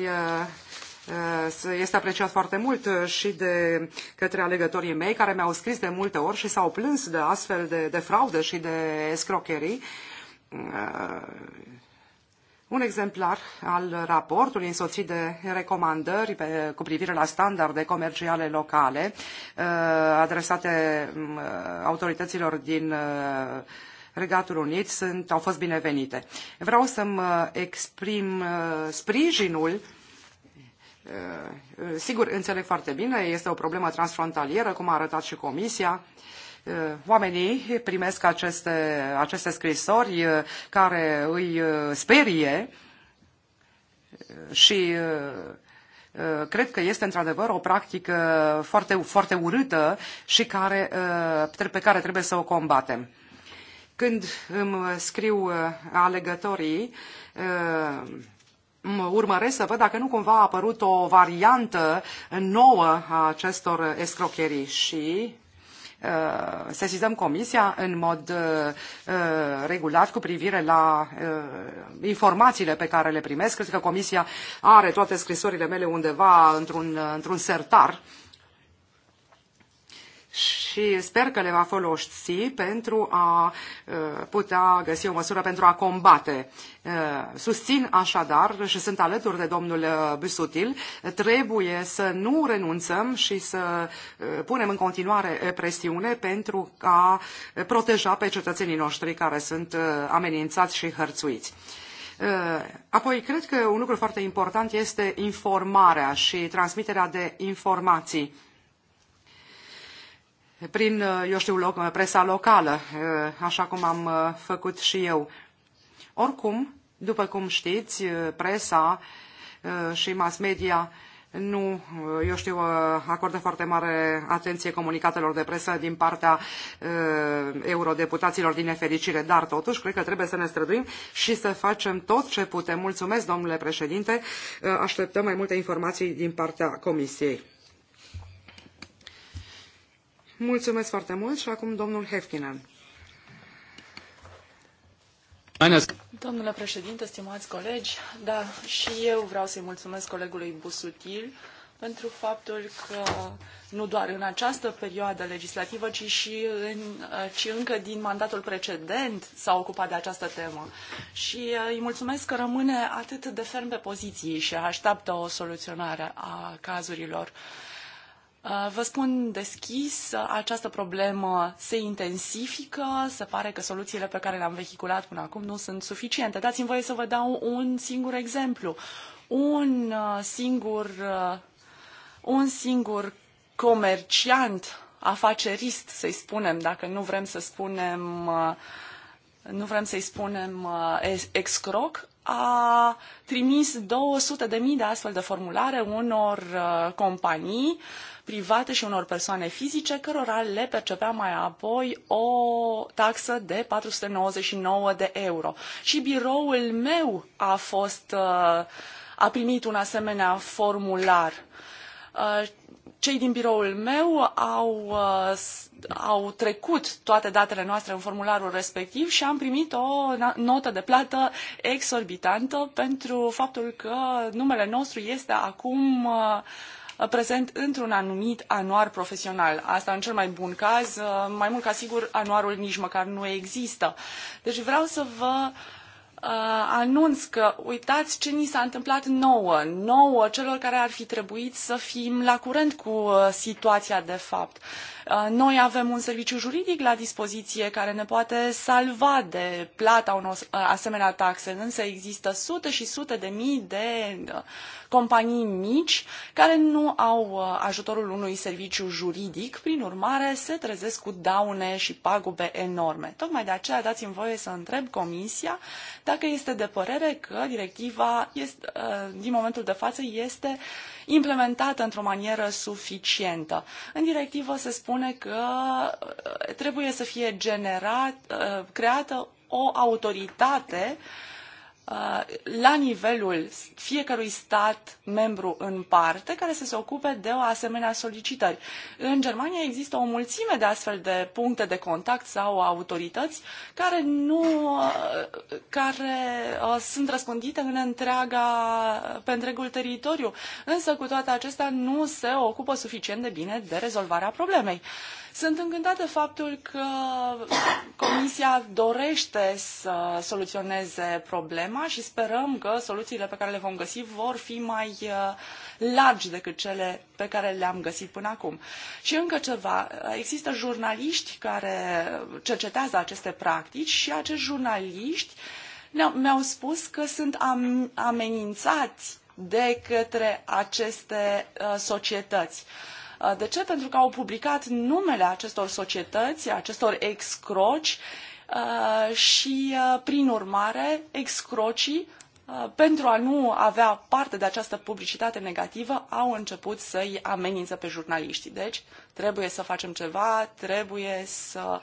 Uh, este apreciat foarte mult uh, și de către alegătorii mei care mi-au scris de multe ori și s-au plâns de astfel de, de fraudă și de escrocherii. Uh, un exemplar al raportului însoțit de recomandări pe, cu privire la standarde comerciale locale adresate um, autorităților din Regatul Unit sunt, au fost binevenite. Vreau să-mi exprim sprijinul Eh, eh, sigur, înțeleg foarte bine, este o problemă transfrontalieră, cum a arătat și Comisia. Eh, oamenii primesc aceste, aceste scrisori care îi sperie și cred că este într-adevăr o practică foarte, foarte urâtă și care, pe care trebuie să o combatem. Când îmi scriu alegătorii, urmăresc să văd dacă nu cumva a apărut o variantă nouă a acestor escrocherii și uh, sesizăm comisia în mod uh, uh, regulat cu privire la informațiile pe care le primesc. Cred că comisia are toate scrisorile mele undeva într-un într, -un, într -un sertar și sper că le va folosi pentru a uh, putea găsi o măsură pentru a combate. Uh, susțin așadar și sunt alături de domnul uh, Busutil, trebuie să nu renunțăm și să punem în continuare presiune pentru a proteja pe cetățenii noștri care sunt amenințați și hărțuiți. Apoi, cred că un lucru foarte important este informarea și transmiterea de informații prin, uh, eu știu, uh, presa locală, uh, așa cum am făcut și eu. Oricum, după cum știți, presa și mass media nu, eu știu, acordă foarte mare atenție comunicatelor de presă din partea uh, eurodeputaților din nefericire, dar totuși cred că trebuie să ne străduim și să facem tot ce putem. Mulțumesc, domnule președinte, așteptăm mai multe informații din partea Comisiei. Mulțumesc foarte mult și acum domnul Hefkinen.
Domnule președinte, stimați colegi, da, și eu vreau să-i mulțumesc colegului Busutil pentru faptul că nu doar în această perioadă legislativă, ci și în, ci încă din mandatul precedent s-a ocupat de această temă. Și uh, îi mulțumesc că rămâne atât de ferm pe poziții și așteaptă o soluționare a cazurilor uh, Uh, vă spun deschis, uh, această problemă se intensifică, se pare că soluțiile pe care le-am vehiculat până acum nu sunt suficiente. Dați-mi voie să vă dau un singur exemplu. Un uh, singur, un singur comerciant, afacerist, să-i spunem, dacă nu vrem să spunem, nu vrem să-i spunem excroc, a trimis 200.000 de astfel de formulare unor companii uh, private și unor persoane fizice, cărora le percepea mai apoi o taxă de 499 de euro. Și biroul meu a fost uh, a primit un asemenea formular. Uh, cei din biroul meu au, uh, au trecut toate datele noastre în formularul respectiv și am primit o notă de plată exorbitantă pentru faptul că numele nostru este acum uh, prezent într-un anumit anuar profesional. Asta în cel mai bun caz, uh, mai mult ca sigur, anuarul nici măcar nu există. Deci vreau să vă uh, anunț că uitați ce ni s-a întâmplat nouă, nouă celor care ar fi trebuit să fim la curent cu uh, situația de fapt. Uh, noi avem un serviciu juridic la dispoziție care ne poate salva de plata unor uh, asemenea taxe, însă există sute și sute de mii de uh, companii mici care nu au ajutorul unui serviciu juridic, prin urmare se trezesc cu daune și pagube enorme. Tocmai de aceea dați-mi voie să întreb Comisia dacă este de părere că directiva este, din momentul de față este implementată într-o manieră suficientă. În directivă se spune spune că uh, trebuie să fie generat, uh, creată o autoritate uh, Uh, la nivelul fiecărui stat membru în parte care să se ocupe de o asemenea solicitări. În Germania există o mulțime de astfel de puncte de contact sau autorități care nu uh, care uh, sunt răspândite în întreaga, pe întregul teritoriu, însă cu toate acestea nu se ocupă suficient de bine de rezolvarea problemei. Uh, sunt încântată faptul că Comisia dorește să soluționeze problema și sperăm că soluțiile pe care le vom găsi vor fi mai uh, largi decât cele pe care le-am găsit până acum. Și încă ceva, există jurnaliști care cercetează aceste practici și acești jurnaliști mi-au spus că sunt am, amenințați de către aceste uh, societăți. Uh, Uh, de ce? Pentru că au publicat numele acestor societăți, acestor excroci uh, și, uh, prin urmare, excrocii pentru a nu avea parte de această publicitate negativă, au început să-i amenințe pe jurnaliștii. Deci, trebuie să facem ceva, trebuie să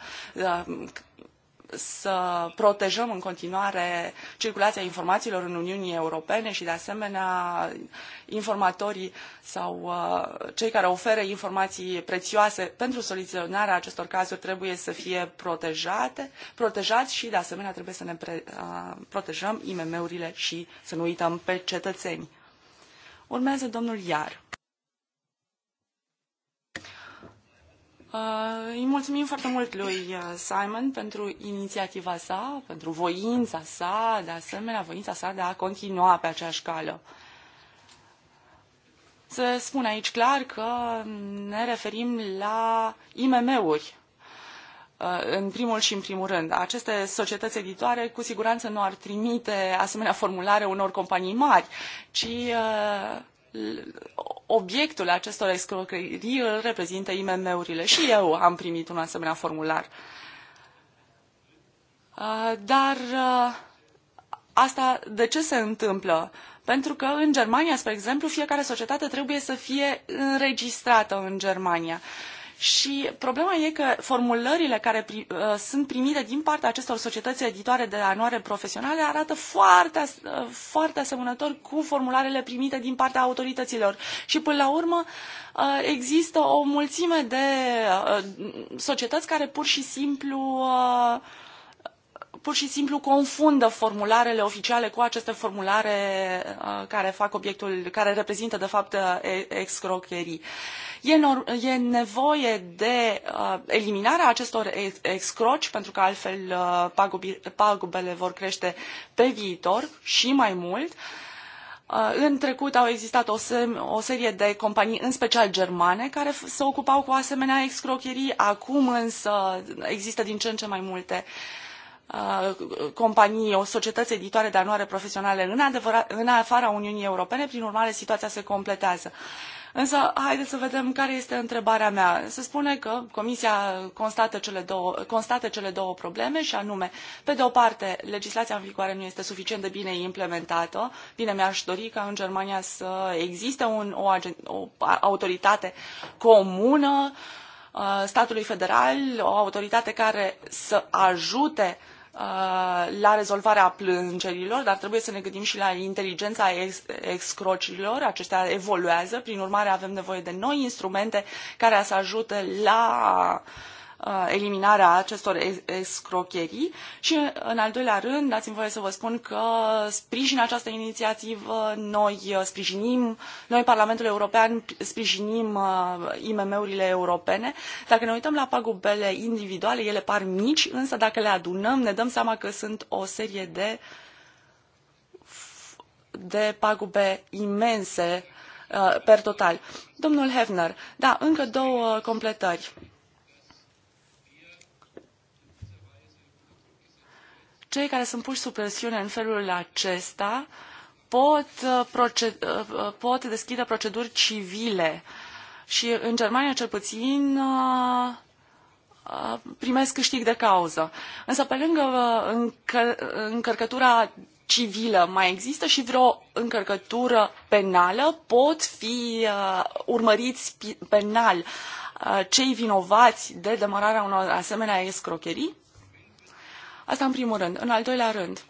să protejăm în continuare circulația informațiilor în Uniunii Europene și, de asemenea, informatorii sau uh, cei care oferă informații prețioase pentru soluționarea acestor cazuri trebuie să fie protejate, protejați și, de asemenea, trebuie să ne uh, protejăm IMM-urile și să nu uităm pe cetățeni. Urmează domnul Iar. Uh, îi mulțumim foarte mult lui uh, Simon pentru inițiativa sa, pentru voința sa, de asemenea voința sa de a continua pe aceeași cală. Se spune aici clar că ne referim la IMM-uri uh, în primul și în primul rând. Aceste societăți editoare cu siguranță nu ar trimite asemenea formulare unor companii mari, ci obiectul acestor escrocherii îl reprezintă IMM-urile. Și eu am primit un asemenea formular. Dar asta de ce se întâmplă? Pentru că în Germania, spre exemplu, fiecare societate trebuie să fie înregistrată în Germania. Și problema e că formulările care pri, uh, sunt primite din partea acestor societăți editoare de anuare profesionale arată foarte, uh, foarte asemănător cu formularele primite din partea autorităților. Și până la urmă uh, există o mulțime de uh, societăți care pur și simplu uh, pur și simplu confundă formularele oficiale cu aceste formulare uh, care fac obiectul, care reprezintă de fapt uh, excrocherii. E, nor- e nevoie de uh, eliminarea acestor excroci pentru că altfel pagubele vor crește pe viitor și mai mult. În trecut au existat o, o, serie de companii, în special germane, care se ocupau cu asemenea excrocherii. Acum însă există din ce în ce mai multe uh, companii, o societăți editoare de anuare profesionale în, adevărat, în afara Uniunii Europene, prin urmare situația se completează. Însă, haideți să vedem care este întrebarea mea. Se spune că Comisia constată cele două, constată cele două probleme și anume, pe de o parte, legislația în vigoare nu este suficient de bine implementată. Bine, mi-aș dori ca în Germania să existe un, o, o autoritate comună statului federal, o autoritate care să ajute uh, Uh, la rezolvarea plângerilor, dar trebuie să ne gândim și la inteligența ex- excrocilor. Acestea evoluează, prin urmare avem nevoie de noi instrumente care să ajute la uh, Uh, eliminarea acestor escrocherii și, în al doilea rând, dați-mi voie să vă spun că sprijin această inițiativă, noi uh, sprijinim, noi Parlamentul European sprijinim uh, IMM-urile europene. Dacă ne uităm la pagubele individuale, ele par mici, însă dacă le adunăm, ne dăm seama că sunt o serie de de pagube imense uh, per total. Domnul Hefner, da, încă două completări cei care sunt puși sub presiune în felul acesta pot, uh, uh, uh, pot deschide proceduri civile și în Germania cel puțin primesc câștig de cauză. Însă pe lângă încărcătura civilă mai există și vreo încărcătură penală, pot fi urmăriți penal cei vinovați de demararea unor asemenea escrocherii? Asta în primul rând. În al doilea rând,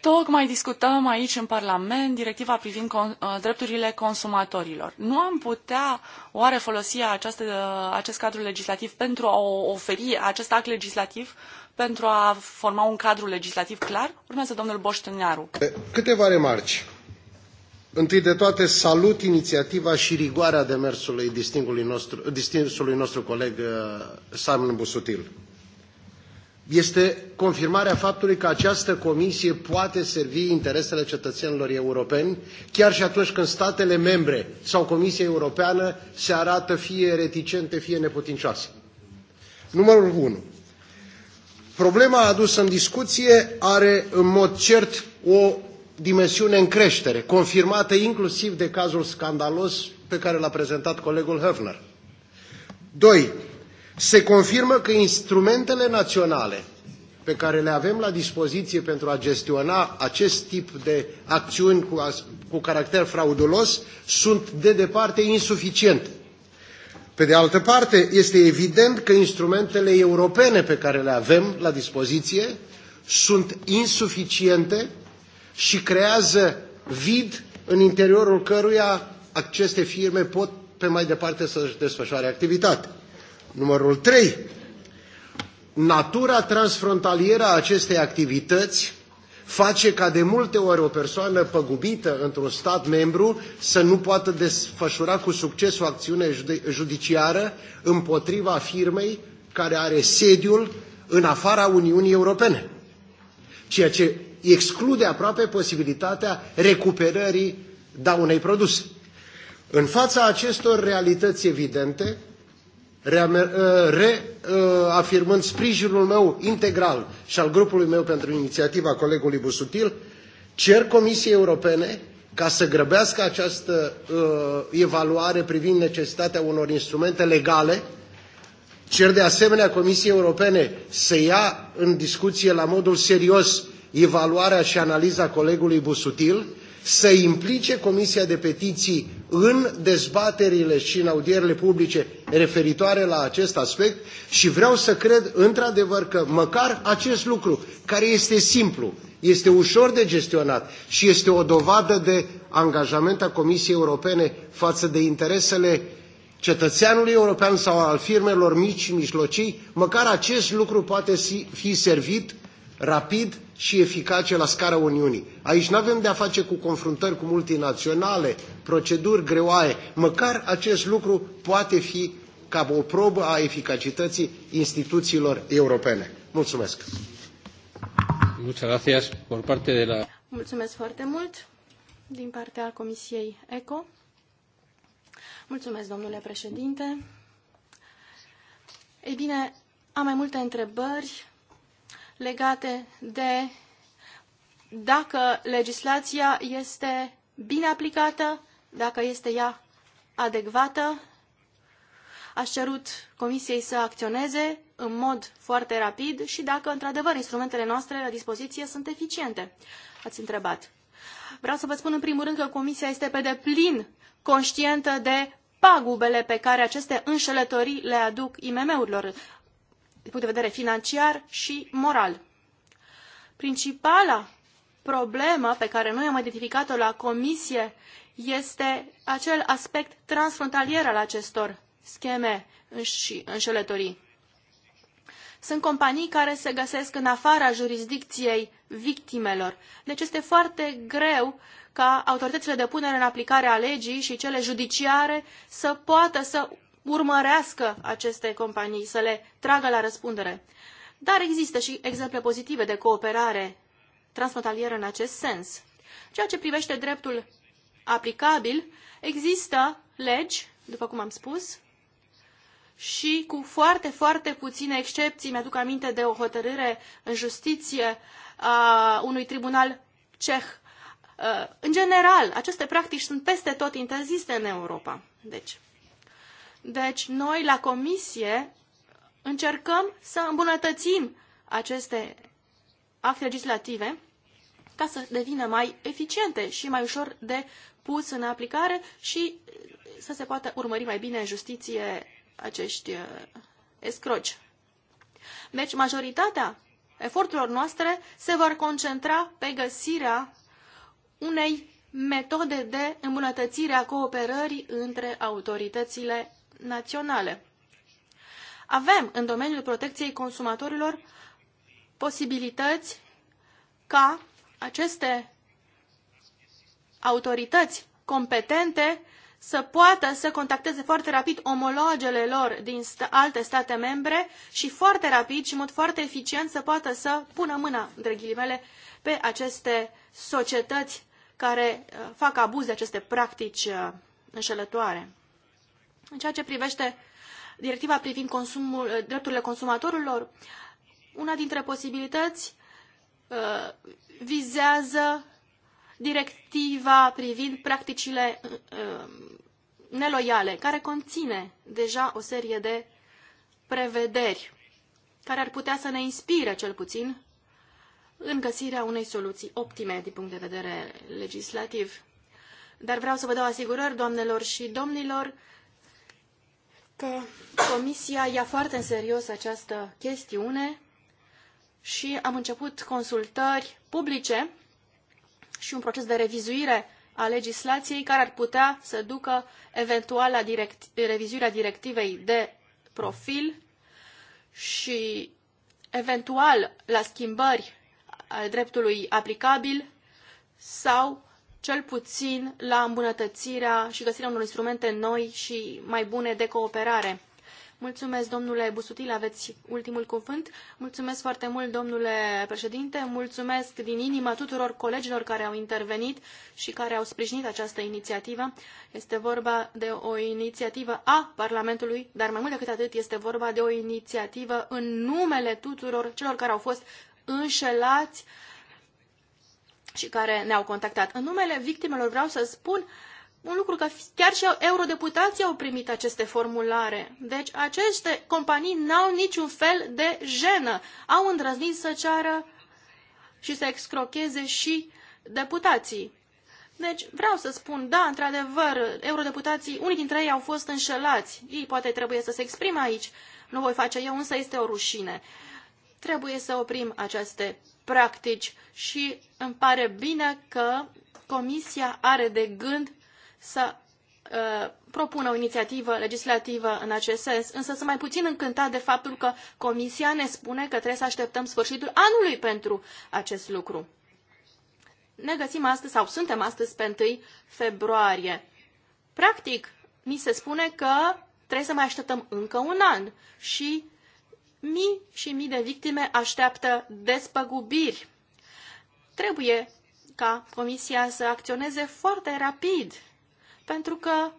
Tocmai discutăm aici în Parlament directiva privind con uh, drepturile consumatorilor. Nu am putea oare folosi această, uh, acest cadru legislativ pentru a oferi acest act legislativ pentru a forma un cadru legislativ clar? Urmează domnul Boștenaru.
Câteva remarci. Întâi de toate, salut inițiativa și rigoarea demersului distinsului nostru, distinsului nostru coleg uh, Simon Busutil. Este confirmarea faptului că această comisie poate servi interesele cetățenilor europeni, chiar și atunci când statele membre sau Comisia Europeană se arată fie reticente, fie neputincioase. Numărul 1. Problema adusă în discuție are în mod cert o dimensiune în creștere, confirmată inclusiv de cazul scandalos pe care l-a prezentat colegul Höfner. 2. Se confirmă că instrumentele naționale pe care le avem la dispoziție pentru a gestiona acest tip de acțiuni cu, cu caracter fraudulos sunt de departe insuficiente. Pe de altă parte, este evident că instrumentele europene pe care le avem la dispoziție sunt insuficiente și creează vid în interiorul căruia aceste firme pot pe mai departe să-și desfășoare activitate. Numărul 3. Natura transfrontalieră a acestei activități face ca de multe ori o persoană păgubită într-un stat membru să nu poată desfășura cu succes o acțiune judiciară împotriva firmei care are sediul în afara Uniunii Europene, ceea ce exclude aproape posibilitatea recuperării daunei produse. În fața acestor realități evidente, reafirmând uh, uh, sprijinul meu integral și al grupului meu pentru inițiativa colegului Busutil, cer Comisiei Europene ca să grăbească această uh, evaluare privind necesitatea unor instrumente legale. Cer de asemenea Comisiei Europene să ia în discuție la modul serios evaluarea și analiza colegului Busutil, să implice Comisia de Petiții în dezbaterile și în audierile publice referitoare la acest aspect și vreau să cred într-adevăr că măcar acest lucru, care este simplu, este ușor de gestionat și este o dovadă de angajament a Comisiei Europene față de interesele cetățeanului european sau al firmelor mici și mijlocii, măcar acest lucru poate fi servit rapid și eficace la scara Uniunii. Aici nu avem de a face cu confruntări cu multinaționale, proceduri greoaie. Măcar acest lucru poate fi ca o probă a eficacității instituțiilor europene. Mulțumesc!
Mulțumesc foarte mult din partea Comisiei ECO. Mulțumesc, domnule președinte. Ei bine, am mai multe întrebări legate de dacă legislația este bine aplicată, dacă este ea adecvată. Aș cerut Comisiei să acționeze în mod foarte rapid și dacă, într-adevăr, instrumentele noastre la dispoziție sunt eficiente. Ați întrebat. Vreau să vă spun în primul rând că Comisia este pe deplin conștientă de pagubele pe care aceste înșelătorii le aduc IMM-urilor punct de vedere financiar și moral. Principala problemă pe care noi am identificat-o la comisie este acel aspect transfrontalier al acestor scheme și înșelătorii. Sunt companii care se găsesc în afara jurisdicției victimelor. Deci este foarte greu ca autoritățile de punere în aplicare a legii și cele judiciare să poată să urmărească aceste companii, să le tragă la răspundere. Dar există și exemple pozitive de cooperare transfrontalieră în acest sens. Ceea ce privește dreptul aplicabil, există legi, după cum am spus, și cu foarte, foarte puține excepții. Mi-aduc aminte de o hotărâre în justiție a unui tribunal ceh. Uh, în general, aceste practici sunt peste tot interzise în Europa. Deci, deci, noi la comisie încercăm să îmbunătățim aceste acte legislative ca să devină mai eficiente și mai ușor de pus în aplicare și să se poată urmări mai bine în justiție acești uh, escroci. Deci, majoritatea eforturilor noastre se vor concentra pe găsirea unei metode de îmbunătățire a cooperării între autoritățile naționale. Avem în domeniul protecției consumatorilor posibilități ca aceste autorități competente să poată să contacteze foarte rapid omologele lor din alte state membre și foarte rapid și în mod foarte eficient să poată să pună mâna, între ghilimele, pe aceste societăți care uh, fac abuz de aceste practici uh, înșelătoare. În ceea ce privește directiva privind consumul, drepturile consumatorilor, una dintre posibilități uh, vizează directiva privind practicile uh, neloiale, care conține deja o serie de prevederi care ar putea să ne inspire cel puțin în găsirea unei soluții optime din punct de vedere legislativ. Dar vreau să vă dau asigurări, doamnelor și domnilor, că Comisia ia foarte în serios această chestiune și am început consultări publice și un proces de revizuire a legislației care ar putea să ducă eventual la direct, revizuirea directivei de profil și eventual la schimbări al dreptului aplicabil sau cel puțin la îmbunătățirea și găsirea unor instrumente noi și mai bune de cooperare. Mulțumesc, domnule Busutil, aveți ultimul cuvânt. Mulțumesc foarte mult, domnule președinte. Mulțumesc din inimă tuturor colegilor care au intervenit și care au sprijinit această inițiativă. Este vorba de o inițiativă a Parlamentului, dar mai mult decât atât este vorba de o inițiativă în numele tuturor celor care au fost înșelați uh, și care ne-au contactat. În numele victimelor vreau să spun un lucru că chiar și eurodeputații au primit aceste formulare. Deci aceste companii n-au niciun fel de jenă. Au îndrăznit să ceară și să excrocheze și deputații. Deci vreau să spun, da, într-adevăr, eurodeputații, unii dintre ei au fost înșelați. Ei poate trebuie să se exprime aici. Nu voi face eu, însă este o rușine. Trebuie să oprim aceste practici și îmi pare bine că Comisia are de gând să uh, propună o inițiativă legislativă în acest sens, însă sunt mai puțin încântat de faptul că Comisia ne spune că trebuie să așteptăm sfârșitul anului pentru acest lucru. Ne găsim astăzi, sau suntem astăzi pe 1 februarie. Practic, ni se spune că trebuie să mai așteptăm încă un an și Mii și mii de victime așteaptă despăgubiri. Trebuie ca Comisia să acționeze foarte rapid, pentru că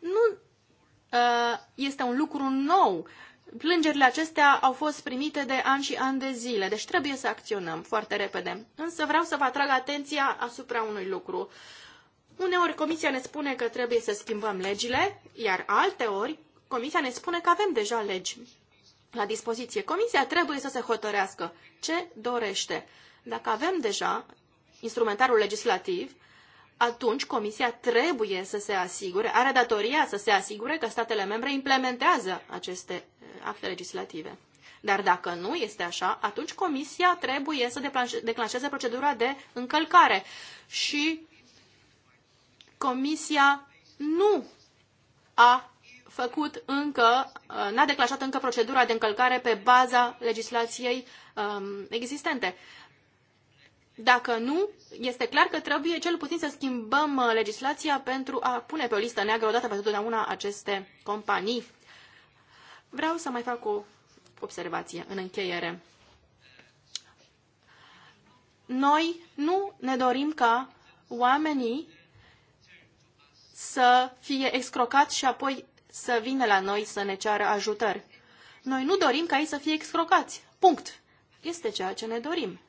nu uh, este un lucru nou. Plângerile acestea au fost primite de ani și ani de zile, deci trebuie să acționăm foarte repede. Însă vreau să vă atrag atenția asupra unui lucru. Uneori Comisia ne spune că trebuie să schimbăm legile, iar alteori Comisia ne spune că avem deja legi la dispoziție. Comisia trebuie să se hotărească ce dorește. Dacă avem deja instrumentarul legislativ, atunci Comisia trebuie să se asigure, are datoria să se asigure că statele membre implementează aceste eh, acte legislative. Dar dacă nu este așa, atunci Comisia trebuie să declanșeze procedura de încălcare și Comisia nu a făcut încă, uh, n-a declanșat încă procedura de încălcare pe baza legislației um, existente. Dacă nu, este clar că trebuie cel puțin să schimbăm uh, legislația pentru a pune pe o listă neagră odată pentru totdeauna aceste companii. Vreau să mai fac o observație în încheiere. Noi nu ne dorim ca oamenii să fie excrocați și apoi să vină la noi să ne ceară ajutări. Noi nu dorim ca ei să fie excrocați. Punct. Este ceea ce ne dorim.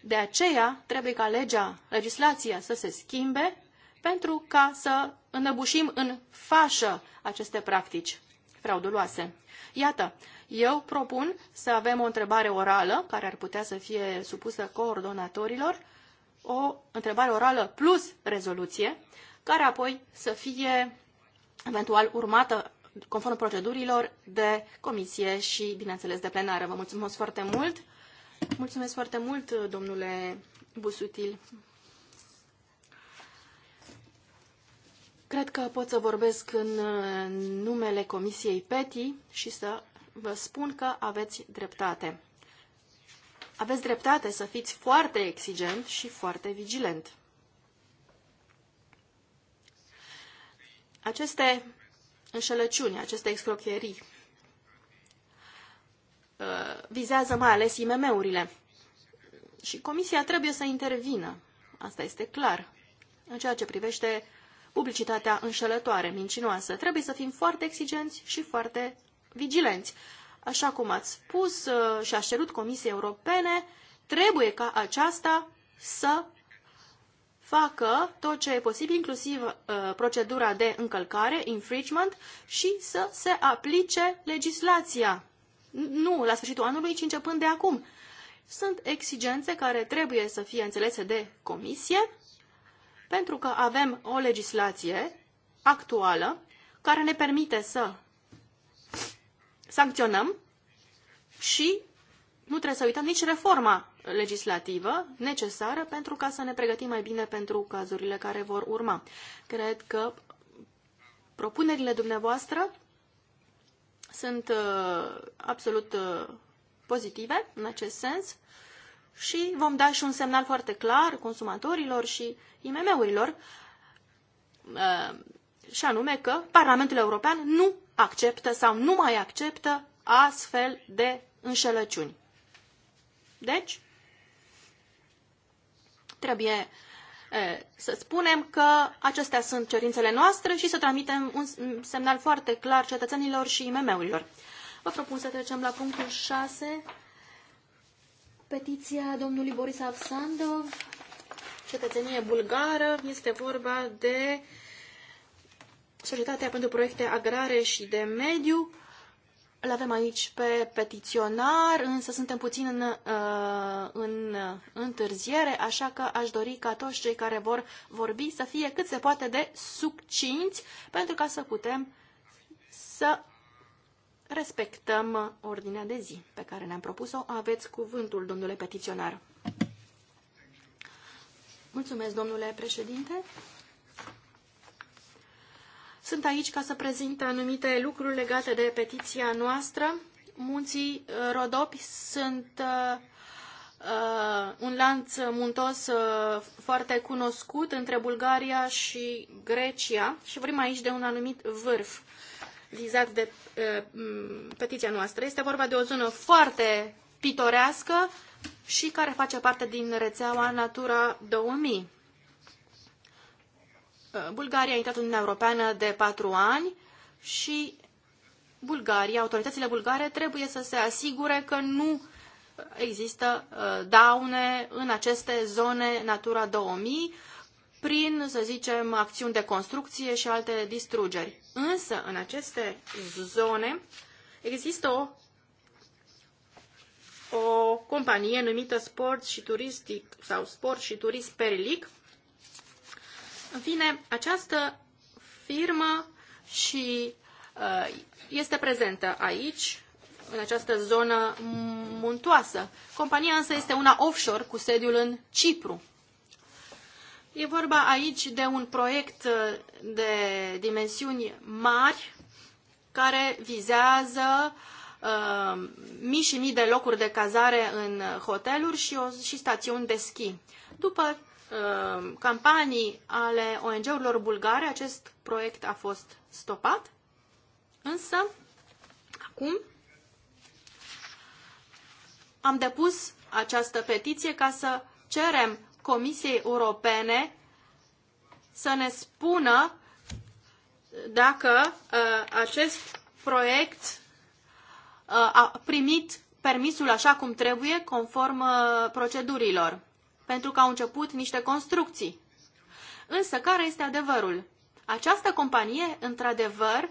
De aceea trebuie ca legea, legislația să se schimbe pentru ca să înăbușim în fașă aceste practici frauduloase. Iată, eu propun să avem o întrebare orală, care ar putea să fie supusă coordonatorilor, o întrebare orală plus rezoluție, care apoi să fie eventual urmată conform procedurilor de comisie și, bineînțeles, de plenară. Vă mulțumesc foarte mult! Mulțumesc foarte mult, domnule Busutil! Cred că pot să vorbesc în numele Comisiei PETI și să vă spun că aveți dreptate. Aveți dreptate să fiți foarte exigent și foarte vigilent. Aceste înșelăciuni, aceste excrocherii uh, vizează mai ales IMM-urile. Și Comisia trebuie să intervină, asta este clar, în ceea ce privește publicitatea înșelătoare, mincinoasă. Trebuie să fim foarte exigenți și foarte vigilenți. Așa cum ați spus uh, și a cerut Comisiei Europene, trebuie ca aceasta să facă tot ce e posibil, inclusiv uh, procedura de încălcare, infringement, și să se aplice legislația. Nu la sfârșitul anului, ci începând de acum. Sunt exigențe care trebuie să fie înțelese de comisie, pentru că avem o legislație actuală care ne permite să sancționăm și nu trebuie să uităm nici reforma legislativă necesară pentru ca să ne pregătim mai bine pentru cazurile care vor urma. Cred că propunerile dumneavoastră sunt uh, absolut uh, pozitive în acest sens și vom da și un semnal foarte clar consumatorilor și IMM-urilor uh, și anume că Parlamentul European nu acceptă sau nu mai acceptă astfel de înșelăciuni. Deci, Trebuie să spunem că acestea sunt cerințele noastre și să transmitem un semnal foarte clar cetățenilor și IMM-urilor. Vă propun să trecem la punctul 6, petiția domnului Boris Avsandov, cetățenie bulgară. Este vorba de Societatea pentru Proiecte Agrare și de Mediu. Îl avem aici pe petiționar, însă suntem puțin în, uh, în întârziere, așa că aș dori ca toți cei care vor vorbi să fie cât se poate de succinți, pentru ca să putem să respectăm ordinea de zi pe care ne-am propus-o. Aveți cuvântul, domnule petiționar. Mulțumesc, domnule președinte. Sunt aici ca să prezint anumite lucruri legate de petiția noastră. Munții uh, Rodopi sunt uh, uh, un lanț muntos foarte cunoscut între Bulgaria și Grecia și vorbim aici de un anumit vârf vizat de petiția noastră. Este vorba de o zonă foarte pitorească și care face parte din rețeaua Natura 2000. Uh, Bulgaria a intrat în Uniunea Europeană de patru ani și Bulgaria, autoritățile bulgare trebuie să se asigure că nu există uh, daune în aceste zone Natura 2000 prin, să zicem, acțiuni de construcție și alte distrugeri. Însă, în aceste zone există o, o companie numită Sport și Turistic sau Sport și Turism Perilic în fine, această firmă și uh, este prezentă aici, în această zonă muntoasă. Compania însă este una offshore cu sediul în Cipru. E vorba aici de un proiect uh, de dimensiuni mari care vizează uh, mii și mii de locuri de cazare în hoteluri și, o, și stațiuni de schi. După Uh, campanii ale ONG-urilor bulgare, acest proiect a fost stopat, însă acum am depus această petiție ca să cerem Comisiei Europene să ne spună dacă uh, acest proiect uh, a primit permisul așa cum trebuie, conform procedurilor pentru că au început niște construcții. Însă, care este adevărul? Această companie, într-adevăr,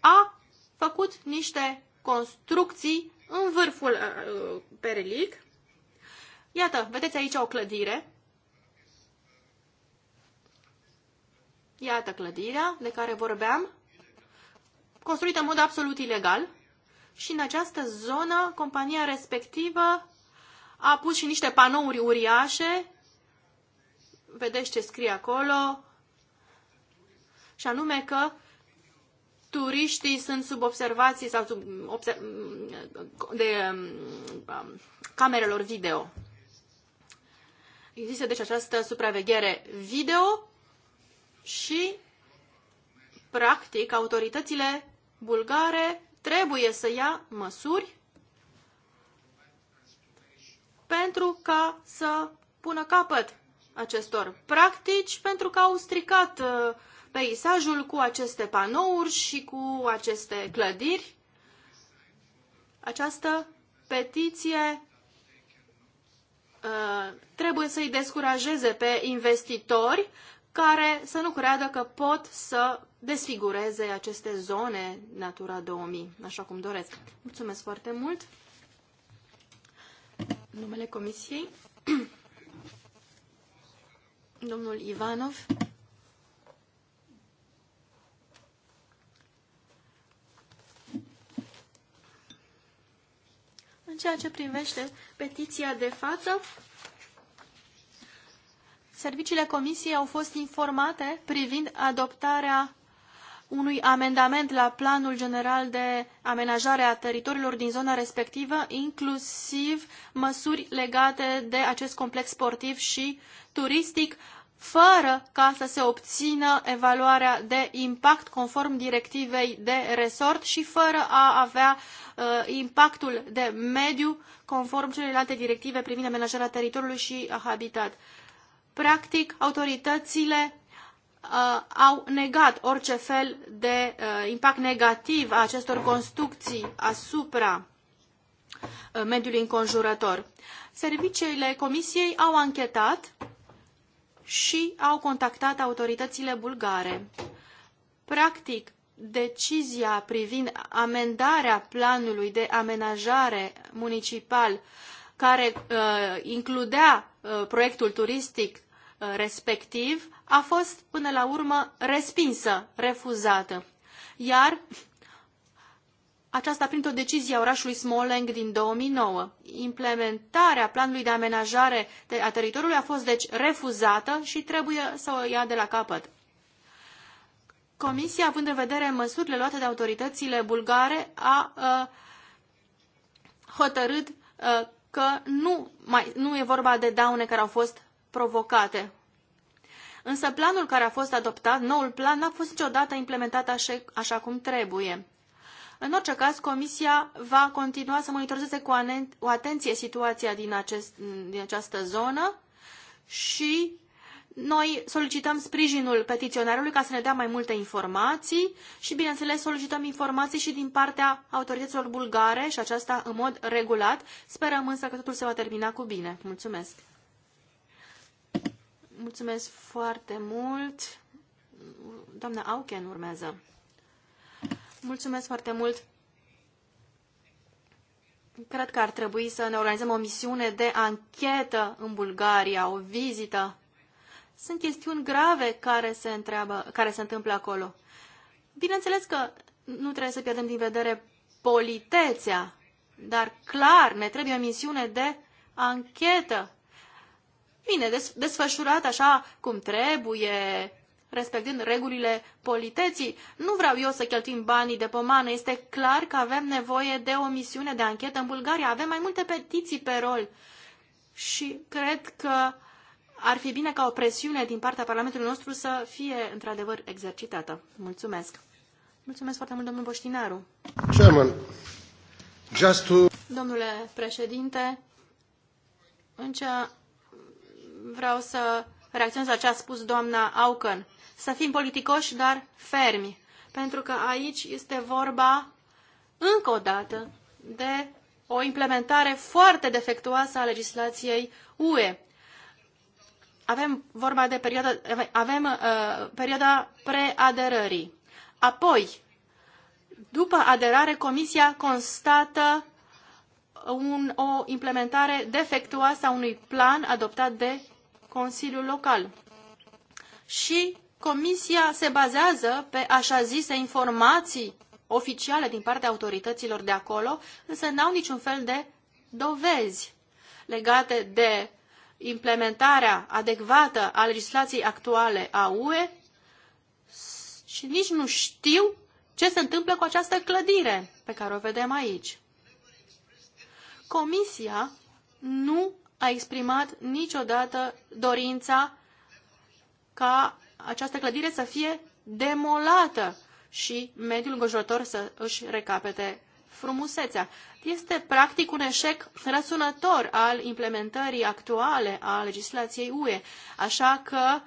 a făcut niște construcții în vârful uh, uh perelic. Iată, vedeți aici o clădire. Iată clădirea de care vorbeam, construită în mod absolut ilegal. Și în această zonă, compania respectivă a pus și niște panouri uriașe, vedeți ce scrie acolo, și anume că turiștii sunt sub observații sau sub obse- mm, de mm, camerelor video. Există deci această supraveghere video și, practic, autoritățile bulgare trebuie să ia măsuri pentru ca să pună capăt acestor practici, pentru că au stricat uh, peisajul cu aceste panouri și cu aceste clădiri. Această petiție uh, trebuie să-i descurajeze pe investitori care să nu creadă că pot să desfigureze aceste zone Natura 2000, așa cum doresc. Mulțumesc foarte mult! numele Comisiei. Domnul Ivanov. În ceea ce privește petiția de față, serviciile Comisiei au fost informate privind adoptarea unui amendament la planul general de amenajare a teritoriilor din zona respectivă, inclusiv măsuri legate de acest complex sportiv și turistic, fără ca să se obțină evaluarea de impact conform directivei de resort și fără a avea uh, impactul de mediu conform celelalte directive privind amenajarea teritoriului și a habitat. Practic, autoritățile Uh, au negat orice fel de uh, impact negativ a acestor construcții asupra uh, mediului înconjurător. Serviciile comisiei au anchetat și au contactat autoritățile bulgare. Practic, decizia privind amendarea planului de amenajare municipal care uh, includea uh, proiectul turistic uh, respectiv a fost până la urmă respinsă, refuzată. Iar aceasta printr-o decizie a orașului Smolensk din 2009. Implementarea planului de amenajare a teritoriului a fost deci refuzată și trebuie să o ia de la capăt. Comisia, având în vedere măsurile luate de autoritățile bulgare, a, a hotărât a, că nu, mai, nu e vorba de daune care au fost provocate. Însă planul care a fost adoptat, noul plan, n-a fost niciodată implementat așa, așa cum trebuie. În orice caz, Comisia va continua să monitorizeze cu atenție situația din, acest, din această zonă și noi solicităm sprijinul petiționarului ca să ne dea mai multe informații și, bineînțeles, solicităm informații și din partea autorităților bulgare și aceasta în mod regulat. Sperăm însă că totul se va termina cu bine. Mulțumesc! Mulțumesc foarte mult. Doamna Auken urmează. Mulțumesc foarte mult. Cred că ar trebui să ne organizăm o misiune de anchetă în Bulgaria, o vizită. Sunt chestiuni grave care se, întreabă, care se întâmplă acolo. Bineînțeles că nu trebuie să pierdem din vedere politețea, dar clar ne trebuie o misiune de anchetă bine, desfășurat așa cum trebuie, respectând regulile politeții. Nu vreau eu să cheltuim banii de pomană. Este clar că avem nevoie de o misiune de anchetă în Bulgaria. Avem mai multe petiții pe rol. Și cred că ar fi bine ca o presiune din partea Parlamentului nostru să fie într-adevăr exercitată. Mulțumesc. Mulțumesc foarte mult, domnul Boștinaru.
Chairman, just to...
Domnule președinte, în cea vreau să reacționez la ce a spus doamna Auken. Să fim politicoși, dar fermi. Pentru că aici este vorba, încă o dată, de o implementare foarte defectuoasă a legislației UE. Avem vorba de perioada, avem, uh, perioada preaderării. Apoi, după aderare, Comisia constată un, o implementare defectuoasă a unui plan adoptat de Consiliul Local. Și Comisia se bazează pe așa zise informații oficiale din partea autorităților de acolo, însă n-au niciun fel de dovezi legate de implementarea adecvată a legislației actuale a UE și nici nu știu ce se întâmplă cu această clădire pe care o vedem aici. Comisia nu a exprimat niciodată dorința ca această clădire să fie demolată și mediul înconjurător să își recapete frumusețea. Este practic un eșec răsunător al implementării actuale a legislației UE, așa că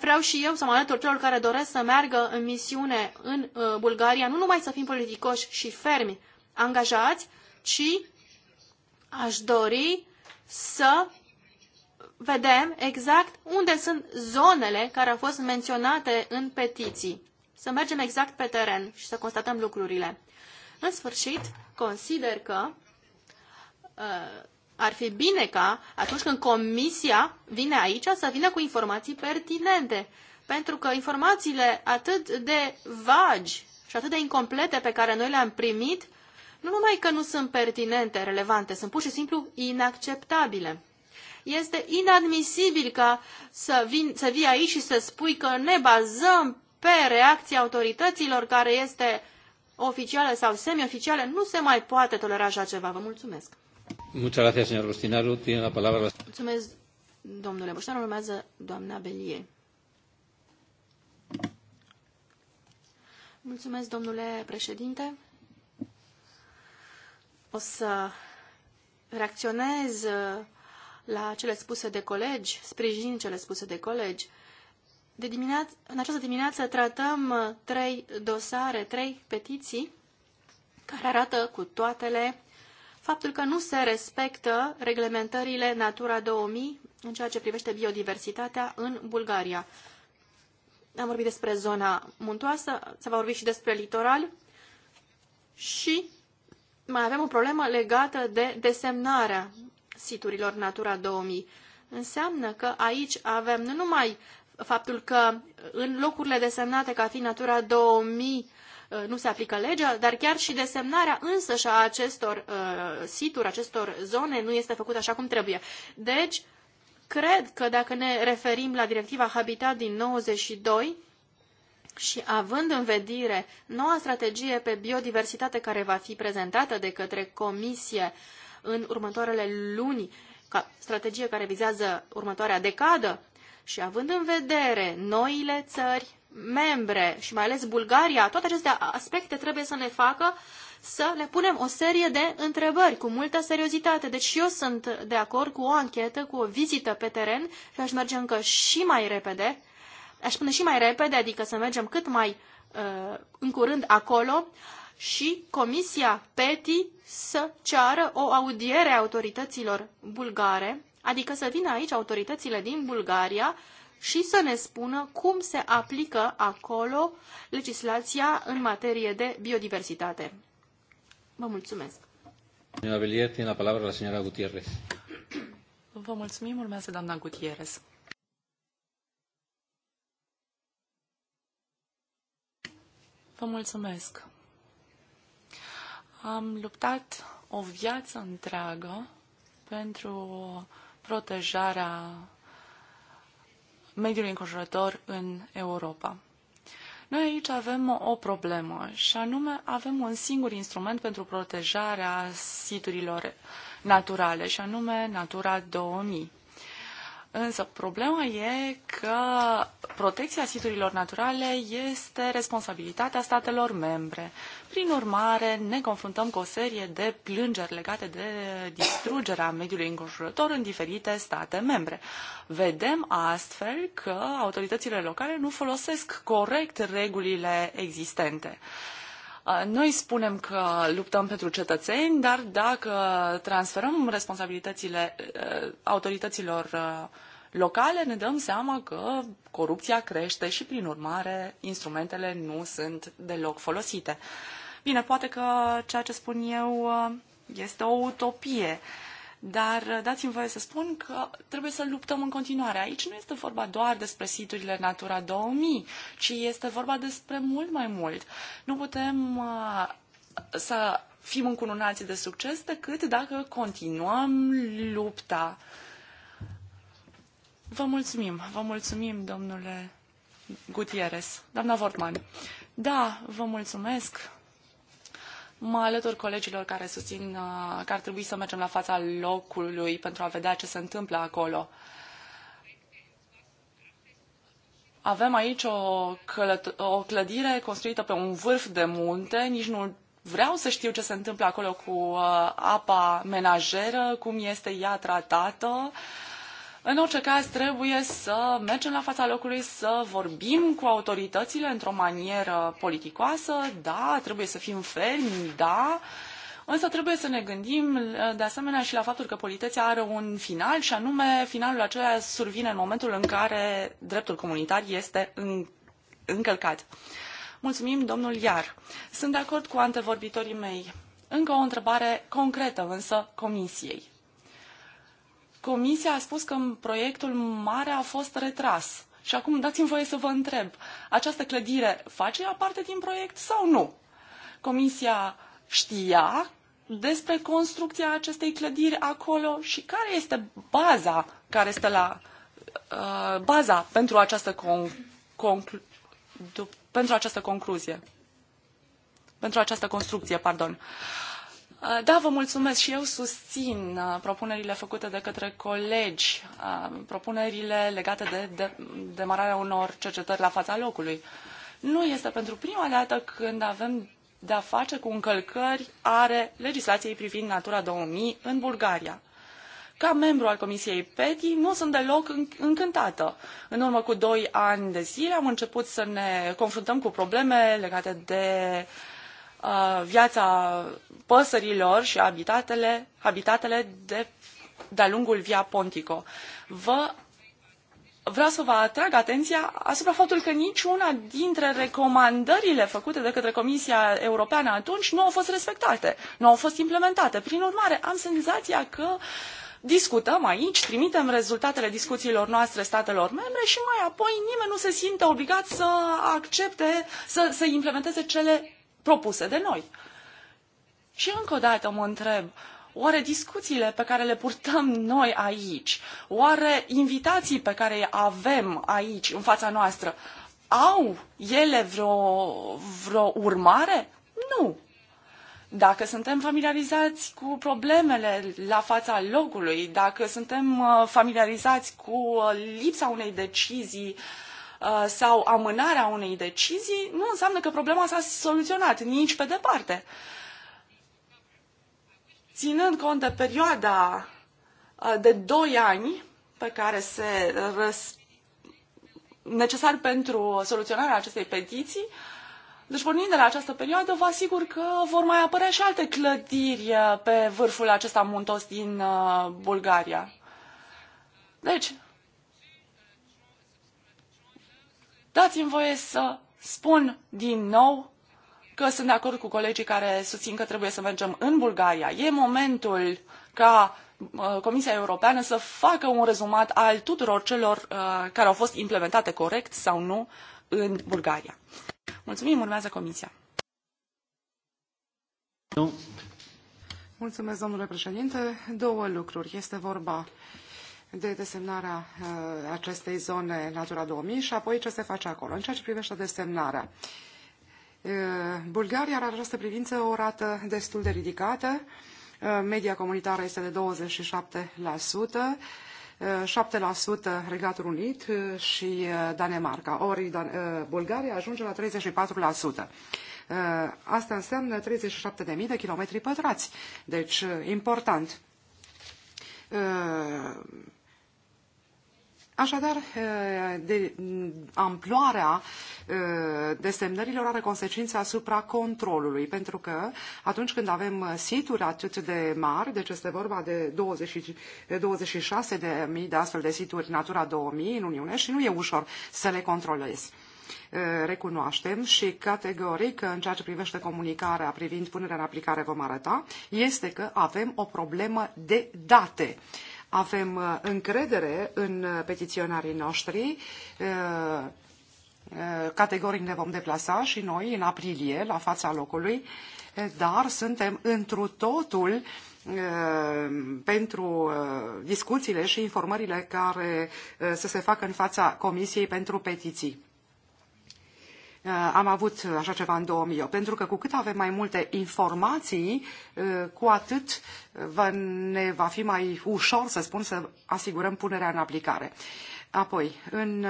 vreau și eu să mă alătur celor care doresc să meargă în misiune în uh, Bulgaria, nu numai să fim politicoși și fermi angajați, ci aș dori să vedem exact unde sunt zonele care au fost menționate în petiții. Să mergem exact pe teren și să constatăm lucrurile. În sfârșit, consider că uh, ar fi bine ca atunci când comisia vine aici să vină cu informații pertinente, pentru că informațiile atât de vagi și atât de incomplete pe care noi le-am primit nu numai că nu sunt pertinente, relevante, sunt pur și simplu inacceptabile. Este inadmisibil ca să, vin, să vii aici și să spui că ne bazăm pe reacția autorităților care este oficială sau semioficială. Nu se mai poate tolera așa ceva. Vă mulțumesc.
Muchas gracias, señor Bustinaru. Tiene la palabra...
Mulțumesc, domnule Buștaru. Urmează doamna Belie. Mulțumesc, domnule președinte. O să reacționez uh, la cele spuse de colegi, sprijin cele spuse de colegi. De dimineață, în această dimineață tratăm uh, trei dosare, trei petiții care arată cu toatele faptul că nu se respectă reglementările Natura 2000 în ceea ce privește biodiversitatea în Bulgaria. Am vorbit despre zona muntoasă, se va vorbi și despre litoral și mai avem o problemă legată de desemnarea siturilor Natura 2000. Înseamnă că aici avem nu numai faptul că în locurile desemnate ca fiind Natura 2000 uh, nu se aplică legea, dar chiar și desemnarea însăși a acestor uh, situri, acestor zone, nu este făcută așa cum trebuie. Deci, cred că dacă ne referim la directiva Habitat din 92, și având în vedere noua strategie pe biodiversitate care va fi prezentată de către Comisie în următoarele luni, ca strategie care vizează următoarea decadă, și având în vedere noile țări membre și mai ales Bulgaria, toate aceste aspecte trebuie să ne facă să le punem o serie de întrebări cu multă seriozitate. Deci eu sunt de acord cu o anchetă, cu o vizită pe teren și aș merge încă și mai repede aș spune și mai repede, adică să mergem cât mai uh, în curând acolo și Comisia PETI să ceară o audiere a autorităților bulgare, adică să vină aici autoritățile din Bulgaria și să ne spună cum se aplică acolo legislația în materie de biodiversitate. Vă mulțumesc.
la la
Vă mulțumim, urmează doamna Gutierrez. Vă mulțumesc! Am luptat o viață întreagă pentru protejarea mediului înconjurător în Europa. Noi aici avem o problemă și anume avem un singur instrument pentru protejarea siturilor naturale și anume Natura 2000. Însă problema e că protecția siturilor naturale este responsabilitatea statelor membre. Prin urmare, ne confruntăm cu o serie de plângeri legate de distrugerea mediului înconjurător în diferite state membre. Vedem astfel că autoritățile locale nu folosesc corect regulile existente. Noi spunem că luptăm pentru cetățeni, dar dacă transferăm responsabilitățile autorităților locale, ne dăm seama că corupția crește și, prin urmare, instrumentele nu sunt deloc folosite. Bine, poate că ceea ce spun eu este o utopie, dar uh, dați-mi voie să spun că trebuie să luptăm în continuare. Aici nu este vorba doar despre siturile Natura 2000, ci este vorba despre mult mai mult. Nu putem uh, să fim încununați de succes decât dacă continuăm lupta. Vă mulțumim, vă mulțumim, domnule Gutierrez. Doamna Vortman. Da, vă mulțumesc. Mă alătur colegilor care susțin uh, că ar trebui să mergem la fața locului pentru a vedea ce se întâmplă acolo. Avem aici o, o clădire construită pe un vârf de munte, nici nu vreau să știu ce se întâmplă acolo cu uh, apa menajeră, cum este ea tratată. Uh, în orice caz, trebuie să mergem la fața locului, să vorbim cu autoritățile într-o manieră politicoasă, da, trebuie să fim fermi, da, Însă trebuie să ne gândim de asemenea și la faptul că politeția are un final și anume finalul acela survine în momentul în care dreptul comunitar este încălcat. Mulțumim, domnul Iar. Sunt de acord cu antevorbitorii mei. Încă o întrebare concretă însă comisiei. Comisia a spus că proiectul mare a fost retras. Și acum dați-mi voie să vă întreb, această clădire face ea parte din proiect sau nu? Comisia știa despre construcția acestei clădiri acolo și care este baza care stă la uh, baza pentru această con- conclu- pentru această concluzie. Pentru această construcție, pardon. Uh, Uh, da, vă mulțumesc și eu susțin uh, propunerile făcute de către colegi, uh, propunerile legate de, de demararea unor cercetări la fața locului. Nu este pentru prima dată când avem de-a face cu încălcări ale legislației privind Natura 2000 în Bulgaria. Ca membru al Comisiei PETI, nu sunt deloc încântată. În urmă cu doi ani de zile am început să ne confruntăm cu probleme legate de uh, Uh, viața păsărilor și habitatele, habitatele de, de-a lungul Via Pontico. Vă vreau să vă atrag atenția asupra faptului că niciuna dintre recomandările făcute de către Comisia Europeană atunci nu au fost respectate, nu au fost implementate. Prin urmare, am senzația că discutăm aici, trimitem rezultatele discuțiilor noastre statelor membre și mai apoi nimeni nu se simte obligat să accepte, să, să implementeze cele propuse de noi. Și încă o dată mă întreb, oare discuțiile pe care le purtăm noi aici, oare invitații pe care îi avem aici în fața noastră, au ele vreo, vreo urmare? Nu. Dacă suntem familiarizați cu problemele la fața locului, dacă suntem uh, familiarizați cu uh, lipsa unei decizii uh, Uh, sau amânarea unei decizii nu înseamnă că problema s-a soluționat nici pe departe. Ținând cont de perioada uh, de 2 ani pe care se răs... necesar pentru soluționarea acestei petiții, deci pornind de la această perioadă, vă asigur că vor mai apărea și alte clădiri uh, pe vârful acesta muntos din Bulgaria. Deci, Dați-mi voie să spun din nou că sunt de acord cu colegii care susțin că trebuie să mergem în Bulgaria. E momentul ca uh, Comisia Europeană să facă un rezumat al tuturor celor uh, care au fost implementate corect sau nu în Bulgaria. Mulțumim, urmează Comisia.
Nu.
Mulțumesc, domnule președinte. Două lucruri. Este vorba de desemnarea uh, acestei zone Natura 2000 și apoi ce se face acolo. În ceea ce privește desemnarea, uh, Bulgaria are această privință o rată destul de ridicată. Uh, media comunitară este de 27%, 7% Regatul Unit și Danemarca. Ori Bulgaria ajunge la 34%. Asta înseamnă 37.000 de kilometri pătrați, deci important Așadar, eh, de, mm, amploarea eh, desemnărilor are consecințe asupra controlului, pentru că atunci când avem situri atât de mari, deci este vorba de 20, 26 de mii astfel de situri Natura 2000 în Uniune și nu e ușor să le controlezi eh, recunoaștem și categoric în ceea ce privește comunicarea privind punerea în aplicare vom arăta, este că avem o problemă de date avem uh, încredere în uh, petiționarii noștri, uh, categoric ne vom deplasa și noi în aprilie la fața locului, dar suntem întru totul pentru discuțiile și informările care să se facă în fața Comisiei pentru Petiții. Uh, am avut așa ceva în 2008, pentru că cu cât avem mai multe informații, uh, cu atât uh, ne va fi mai ușor, să spun, să asigurăm punerea în aplicare. Apoi, în,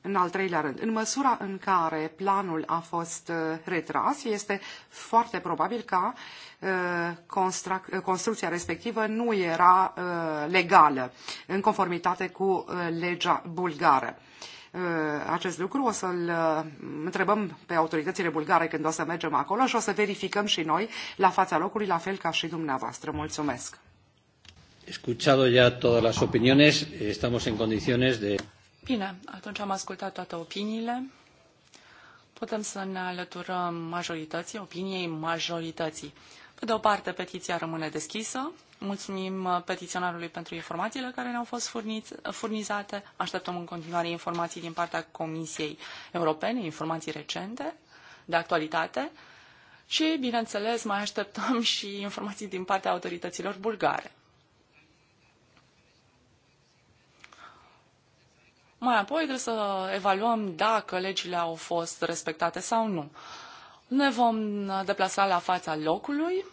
în al treilea rând, în măsura în care planul a fost retras, este foarte probabil ca construcția respectivă nu era legală, în conformitate cu legea bulgară. Uh, acest lucru. O să-l uh, întrebăm pe autoritățile bulgare când o să mergem acolo și o să verificăm și noi la fața locului, la fel ca și dumneavoastră. Mulțumesc!
Escuchado ya todas las opiniones, estamos en condiciones de...
Bine, atunci am ascultat toate opiniile. Putem să ne alăturăm majorității, opiniei majorității. Pe de o parte, petiția rămâne deschisă. Mulțumim uh, petiționarului pentru informațiile care ne-au fost uh, furnizate. Așteptăm în continuare informații din partea Comisiei Europene, informații recente, de actualitate. Și, bineînțeles, mai așteptăm și informații din partea autorităților bulgare. Mai apoi trebuie să evaluăm dacă legile au fost respectate sau nu. Ne vom uh, deplasa la fața locului,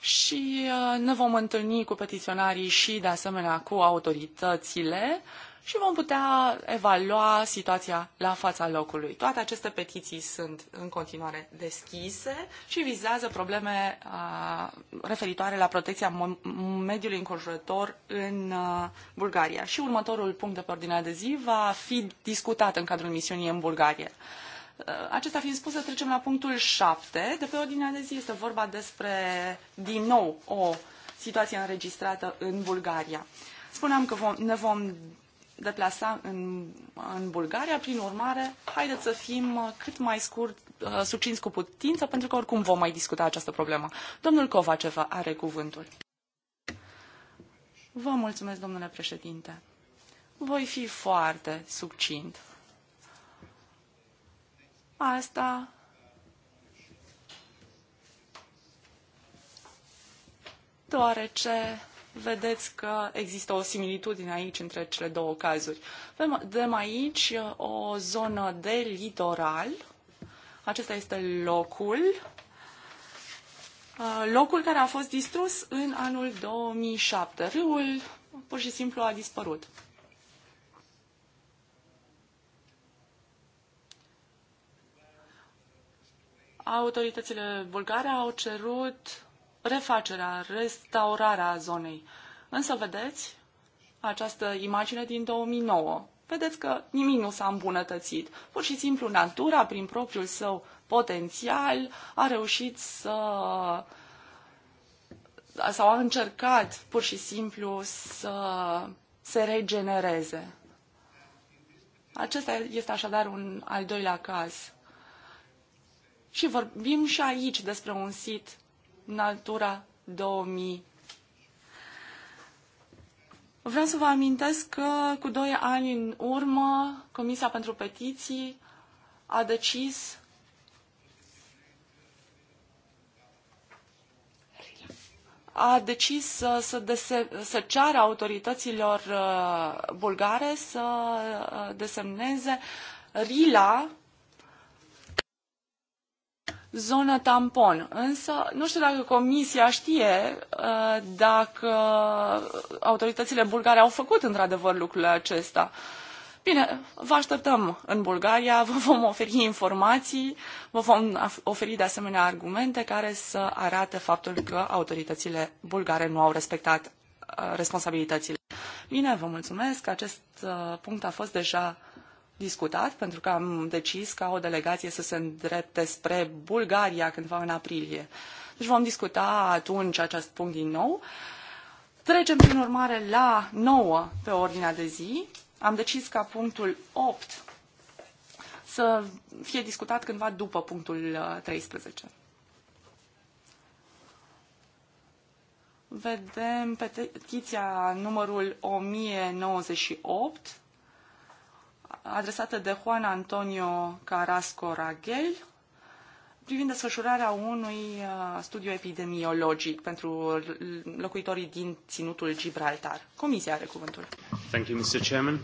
și uh, ne vom întâlni cu petiționarii și, de asemenea, cu autoritățile și vom putea evalua situația la fața locului. Toate aceste petiții sunt în continuare deschise și vizează probleme uh, referitoare la protecția mediului înconjurător în uh, Bulgaria. Și următorul punct de pe ordinea de zi va fi discutat în cadrul misiunii în Bulgaria. Uh, Acesta fiind spus, trecem la punctul 7. De pe ordinea de zi este vorba despre, din nou, o situație înregistrată în Bulgaria. Spuneam că vom, ne vom deplasa în, în Bulgaria, prin urmare, haideți să fim cât mai scurt, uh, succinți cu putință, pentru că oricum vom mai discuta această problemă. Domnul Covaceva are cuvântul. Vă mulțumesc, domnule președinte. Voi fi foarte succint. Asta deoarece vedeți că există o similitudine aici între cele două cazuri. Vedem aici uh, o zonă de litoral. Acesta este locul. Uh, locul care a fost distrus în anul 2007. Râul pur și simplu a dispărut. autoritățile bulgare au cerut refacerea, restaurarea zonei. Însă, vedeți, această imagine din 2009. Vedeți că nimic nu s-a îmbunătățit. Pur și simplu, natura, prin propriul său potențial, a reușit să sau a încercat pur și simplu să se regenereze. Acesta este așadar un al doilea caz. Și vorbim și aici despre un sit altura 2000. Vreau să vă amintesc că cu doi ani în urmă Comisia pentru Petiții a decis a decis să, să, dese, să ceară autorităților uh, bulgare să uh, desemneze Rila zonă tampon. Însă, nu știu dacă Comisia știe uh, dacă autoritățile bulgare au făcut într-adevăr lucrul acesta. Bine, vă așteptăm în Bulgaria, vă vom oferi informații, vă vom oferi de asemenea argumente care să arate faptul că autoritățile bulgare nu au respectat uh, responsabilitățile. Bine, vă mulțumesc. Acest uh, punct a fost deja discutat, pentru că am decis ca o delegație să se îndrepte spre Bulgaria cândva în aprilie. Deci vom discuta atunci acest punct din nou. Trecem, prin urmare, la 9 pe ordinea de zi. Am decis ca punctul 8 să fie discutat cândva după punctul 13. Uh, Vedem petiția numărul 1098 adresată de Juan Antonio Carrasco Raghel privind desfășurarea unui uh, studiu epidemiologic pentru locuitorii din Ținutul Gibraltar. Comisia are cuvântul.
Thank you, Mr. Chairman.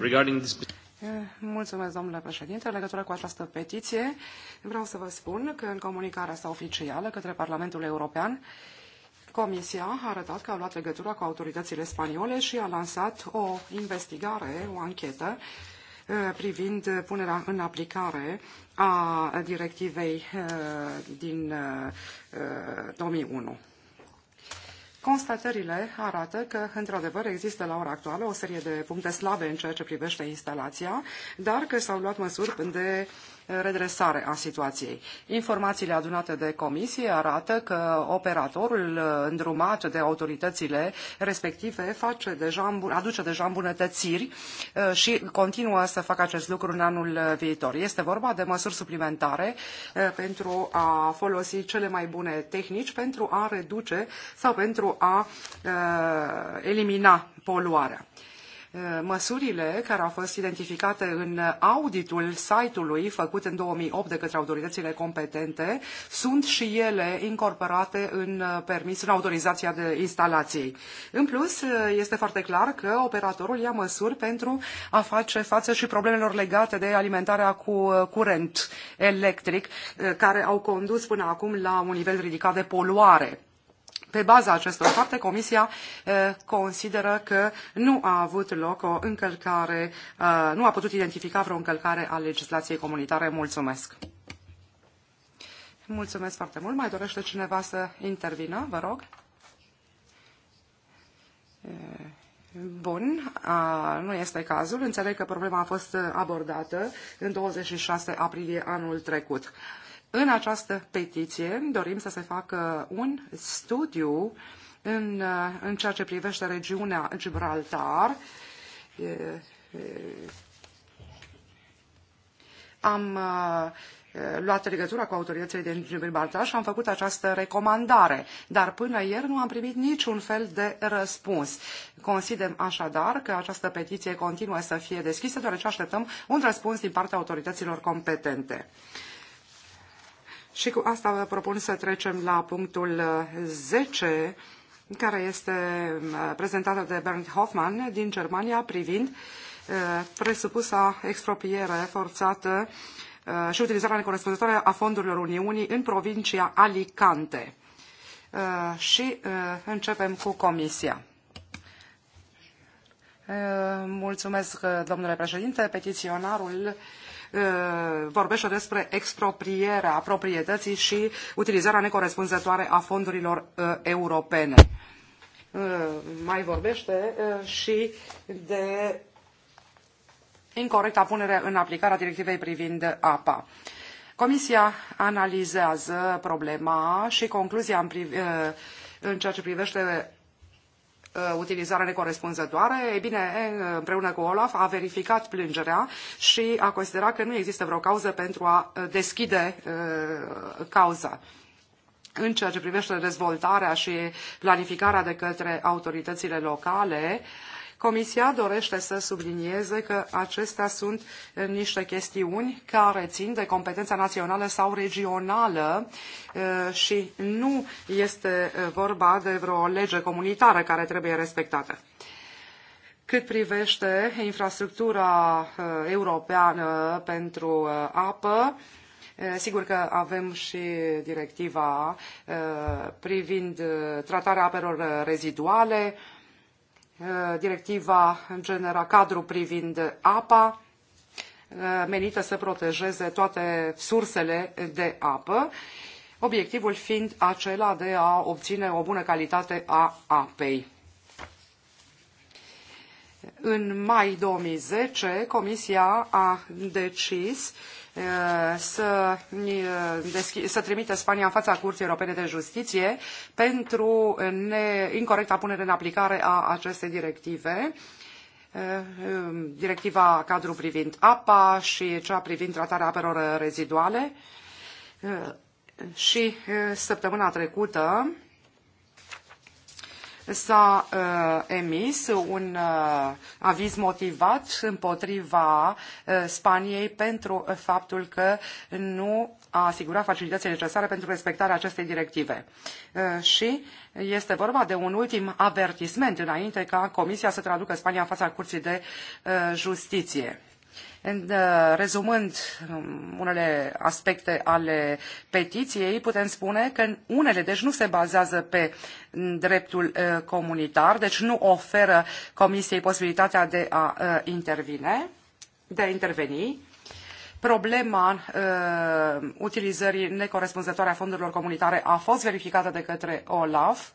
Regarding this...
Eh, mulțumesc, domnule președinte. În legătură cu această petiție, vreau să vă spun că în comunicarea sa oficială către Parlamentul European, Comisia a arătat că a luat legătura cu autoritățile spaniole și a lansat o investigare, o anchetă uh, privind punerea în aplicare a directivei uh, din 2001. Uh, Constatările arată că, într-adevăr, există la ora actuală o serie de puncte slabe în ceea ce privește instalația, dar că s-au luat măsuri de redresare a situației. Informațiile adunate de comisie arată că operatorul uh, îndrumat de autoritățile respective face deja, aduce deja îmbunătățiri uh, și continuă să facă acest lucru în anul viitor. Este vorba de măsuri suplimentare uh, pentru a folosi cele mai bune tehnici pentru a reduce sau pentru a elimina poluarea. Eh, măsurile care au fost identificate în auditul site-ului făcut în 2008 de către autoritățile competente sunt și ele incorporate în eh, permis, în autorizația de instalații. În plus, eh, este foarte clar că operatorul ia măsuri pentru a face față și problemelor legate de alimentarea cu curent electric, care au condus până acum la un nivel ridicat de poluare. Pe baza acestor fapte, Comisia eh, consideră că nu a avut loc o încălcare, eh, nu a putut identifica vreo încălcare a legislației comunitare. Mulțumesc! Mulțumesc foarte mult. Mai dorește cineva să intervină? Vă rog. Eh, bun, a, nu este cazul. Înțeleg că problema a fost abordată în 26 aprilie anul trecut. În această petiție dorim să se facă un studiu în, în ceea ce privește regiunea Gibraltar. am luat legătura cu autoritățile din Gibraltar și am făcut această recomandare, dar până ieri nu am primit niciun fel de răspuns. Considerăm așadar că această petiție continuă să fie deschisă, deoarece așteptăm un răspuns din partea autorităților competente. Și cu asta vă propun să trecem la punctul 10, uh, care este uh, prezentată de Bernd Hoffmann din Germania privind uh, presupusa expropiere forțată și utilizarea necorespunzătoare a fondurilor Uniunii în provincia Alicante. Și începem cu comisia. Mulțumesc, domnule președinte. Petiționarul uh, Uh, vorbește despre exproprierea proprietății și utilizarea necorespunzătoare a fondurilor uh, europene. Uh, mai vorbește și de incorrecta punere în aplicare a directivei privind apa. Comisia analizează problema și concluzia în, priv- în ceea ce privește Uh, utilizare necorespunzătoare, e bine, uh, împreună cu Olaf, a verificat plângerea și a considerat că nu există vreo cauză pentru a uh, deschide cauza în ceea ce privește dezvoltarea și planificarea de către autoritățile locale, uh, Comisia dorește să sublinieze că acestea sunt eh, niște chestiuni care țin de competența națională sau regională eh, și nu este eh, vorba de vreo lege comunitară care trebuie respectată. Cât privește infrastructura europeană pentru apă, Sigur că avem și directiva privind tratarea apelor reziduale, Eh, directiva în genera cadru privind apa, eh, menită să protejeze toate sursele de apă, obiectivul fiind acela de a obține o bună calitate a apei. În mai 2010, Comisia a decis uh, Uh, să, uh, să trimită Spania în fața Curții Europene de Justiție pentru ne, incorrecta punere în aplicare a acestei directive uh, um, directiva cadru privind apa și cea privind tratarea apelor reziduale și săptămâna trecută s-a uh, emis un uh, aviz motivat împotriva uh, Spaniei pentru uh, faptul că nu a asigurat facilitățile necesare pentru respectarea acestei directive. Uh, și este vorba de un ultim avertisment înainte ca Comisia să traducă Spania în fața Curții de uh, Justiție Uh, rezumând um, unele aspecte ale petiției, putem spune că unele, deci nu se bazează pe mm, dreptul uh, comunitar, deci nu oferă Comisiei posibilitatea de a uh, intervine, de a interveni. Problema uh, utilizării necorespunzătoare a fondurilor comunitare a fost verificată de către OLAF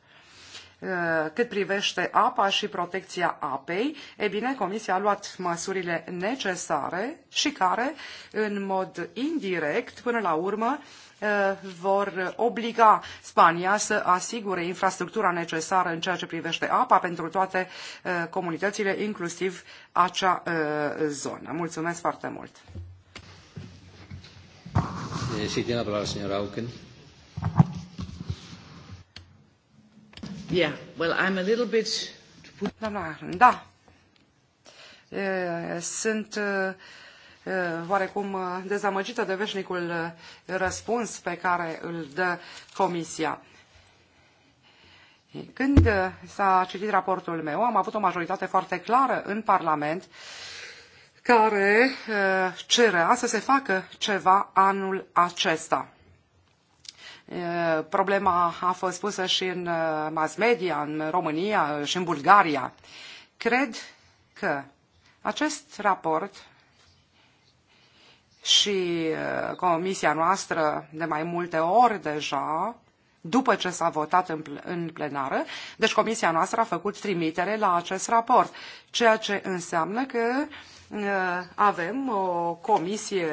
Uh, cât privește apa și protecția apei, e bine, Comisia a luat măsurile necesare și care, în mod indirect, până la urmă, uh, vor obliga Spania să asigure infrastructura necesară în ceea ce privește apa pentru toate uh, comunitățile, inclusiv acea zonă. Mulțumesc foarte mult!
Eh, sí, tiene la palabra, señora Auken.
Yeah, well, I'm a little bit... Doamna, da. Sunt oarecum dezamăgită de veșnicul răspuns pe care îl dă Comisia. Când s-a citit raportul meu, am avut o majoritate foarte clară în Parlament care cerea să se facă ceva anul acesta. Problema a fost pusă și în mass media, în România și în Bulgaria. Cred că acest raport și comisia noastră de mai multe ori deja, după ce s-a votat în, plenară, deci comisia noastră a făcut trimitere la acest raport, ceea ce înseamnă că avem o comisie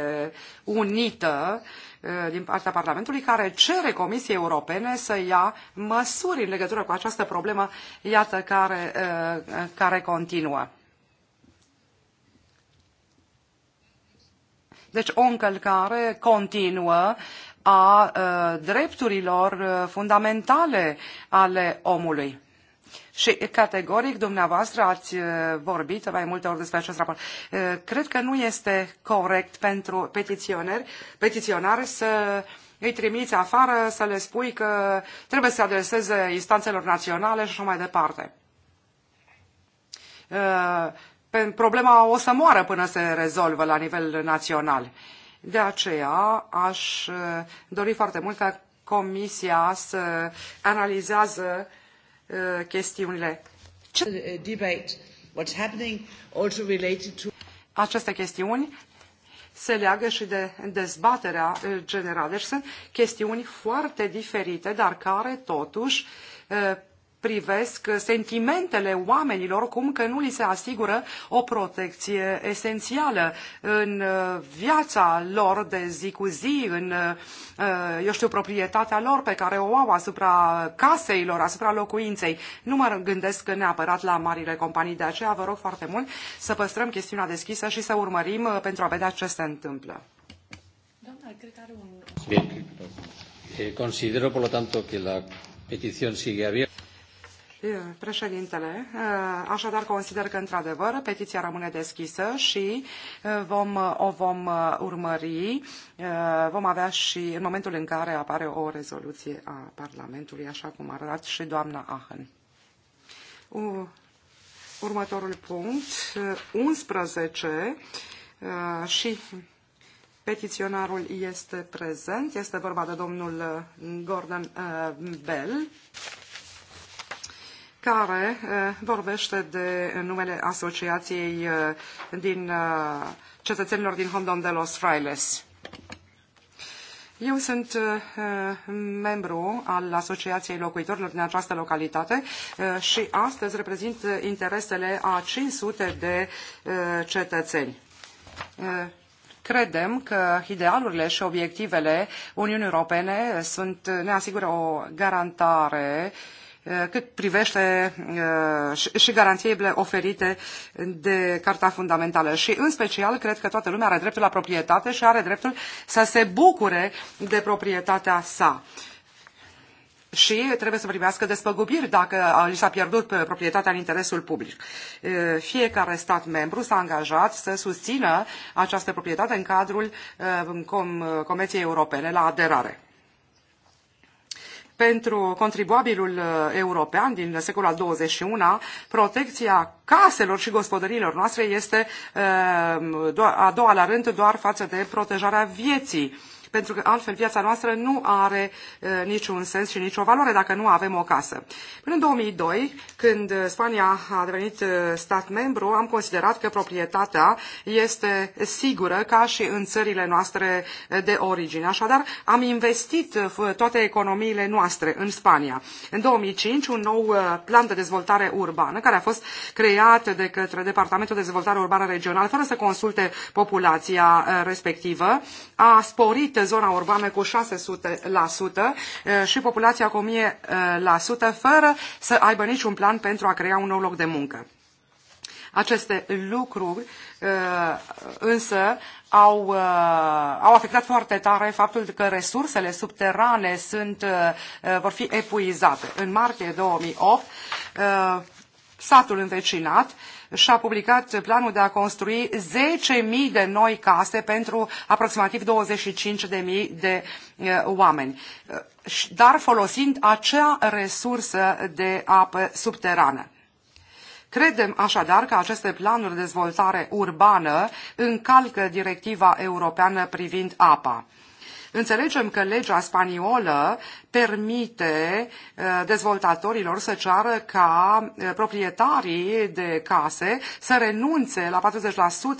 unită Eh, din partea Parlamentului care cere Comisiei Europene să ia măsuri în legătură cu această problemă, iată, care, eh, care continuă. Deci o încălcare continuă a eh, drepturilor fundamentale ale omului. Și categoric dumneavoastră ați uh, vorbit mai multe ori despre acest raport. Uh, cred că nu este corect pentru petiționeri, petiționari să îi trimiți afară, să le spui că trebuie să se adreseze instanțelor naționale și așa mai departe. Uh, problema o să moară până se rezolvă la nivel național. De aceea aș dori foarte mult ca Comisia să analizează Uh, chestiunile. Ce... Uh, debate, Aceste chestiuni se leagă și de dezbaterea uh, generală. Deci sunt chestiuni foarte diferite, dar care totuși privesc sentimentele oamenilor, cum că nu li se asigură o protecție esențială în uh, viața lor de zi cu zi, în, uh, eu știu, proprietatea lor pe care o au asupra lor, asupra locuinței. Nu mă gândesc neapărat la marile companii, de aceea vă rog foarte mult să păstrăm chestiunea deschisă și să urmărim uh, pentru a vedea ce se întâmplă.
Doamna, cred că are un...
Bine. Eh, considero, por lo tanto, que la petición sigue abierta.
Eh, președintele, eh, așadar consider că într-adevăr petiția rămâne deschisă și eh, vom, o vom urmări. Vom avea și în momentul în care apare o rezoluție a Parlamentului, așa cum a arătat și doamna Ahen. Următorul punct, 11 și petiționarul este prezent. Este vorba de domnul Gordon Bell care vorbește de numele asociației din cetățenilor din Hondon de los Frailes. Eu sunt membru al Asociației Locuitorilor din această localitate și astăzi reprezint interesele a 500 de cetățeni. Credem că idealurile și obiectivele Uniunii Europene sunt, ne asigură o garantare uh, cât privește uh, și garanțiile oferite de Carta Fundamentală. Și, în special, cred că toată lumea are dreptul la proprietate și are dreptul să se bucure de proprietatea sa și trebuie să primească despăgubiri dacă li s-a pierdut uh, proprietatea în interesul public. Uh, fiecare stat membru s-a angajat să susțină această proprietate în cadrul Convenției Europene la aderare pentru contribuabilul uh, european din secolul al XXI-a, protecția caselor și gospodăriilor noastre este uh, a doua la rând doar față de protejarea vieții pentru că altfel viața noastră nu are uh, niciun sens și nicio valoare dacă nu avem o casă. Până în 2002, când Spania a devenit uh, stat membru, am considerat că proprietatea este sigură ca și în țările noastre uh, de origine. Așadar, am investit toate economiile noastre în Spania. În 2005, un nou plan de dezvoltare urbană, care a fost creat de către Departamentul de Dezvoltare Urbană Regional, fără să consulte populația respectivă, a sporit crește zona urbană cu 600% și populația cu 1000% fără să aibă niciun plan pentru a crea un nou loc de muncă. Aceste lucruri însă au, au afectat foarte tare faptul că resursele subterane sunt, vor fi epuizate. În martie 2008, satul învecinat și-a publicat planul de a construi 10.000 de noi case pentru aproximativ 25.000 de uh, oameni, uh, dar folosind acea resursă de apă subterană. Credem așadar că aceste planuri de dezvoltare urbană încalcă directiva europeană privind apa. Înțelegem că legea spaniolă permite uh, dezvoltatorilor să ceară ca uh, proprietarii de case să renunțe la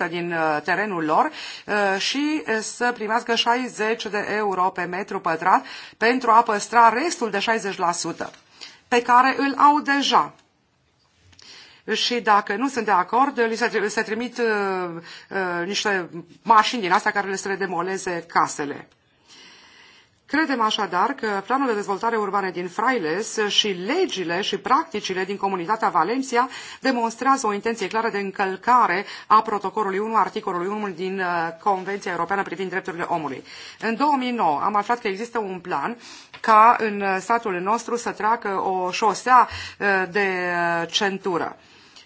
40% din uh, terenul lor și să primească 60 de euro pe metru pătrat pentru a păstra restul de 60% pe care îl au deja și dacă nu sunt de acord, li se, se trimit uh, uh, niște mașini din astea care le să le demoleze casele. Credem așadar că planul de dezvoltare urbane din Frailes și legile și practicile din comunitatea Valencia demonstrează o intenție clară de încălcare a protocolului 1, articolului 1 din uh, Convenția Europeană privind drepturile omului. În 2009 am aflat că există un plan ca în uh, statul nostru să treacă o șosea uh, de centură.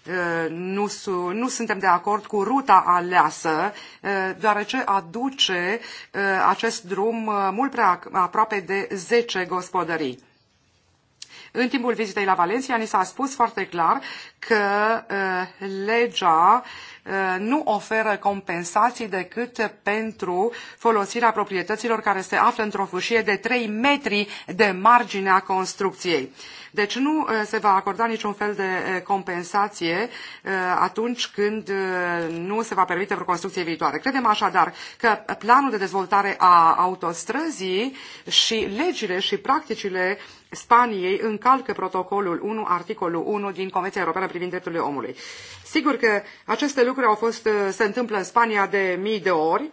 Uh, nu, nu suntem de acord cu ruta aleasă, uh, deoarece aduce uh, acest drum mult prea aproape de 10 gospodării. În timpul vizitei la Valencia ni s-a spus foarte clar că uh, legea uh, nu oferă compensații decât pentru folosirea proprietăților care se află într-o fâșie de 3 metri de marginea construcției. Uh, deci nu uh, se va acorda niciun fel de uh, compensație uh, atunci când nu se va permite vreo construcție viitoare. Credem așadar că planul de dezvoltare a autostrăzii și legile și practicile Spaniei încalcă protocolul 1, articolul 1 din Convenția Europeană privind drepturile omului. Sigur că aceste lucruri au fost, se întâmplă în Spania de mii de ori,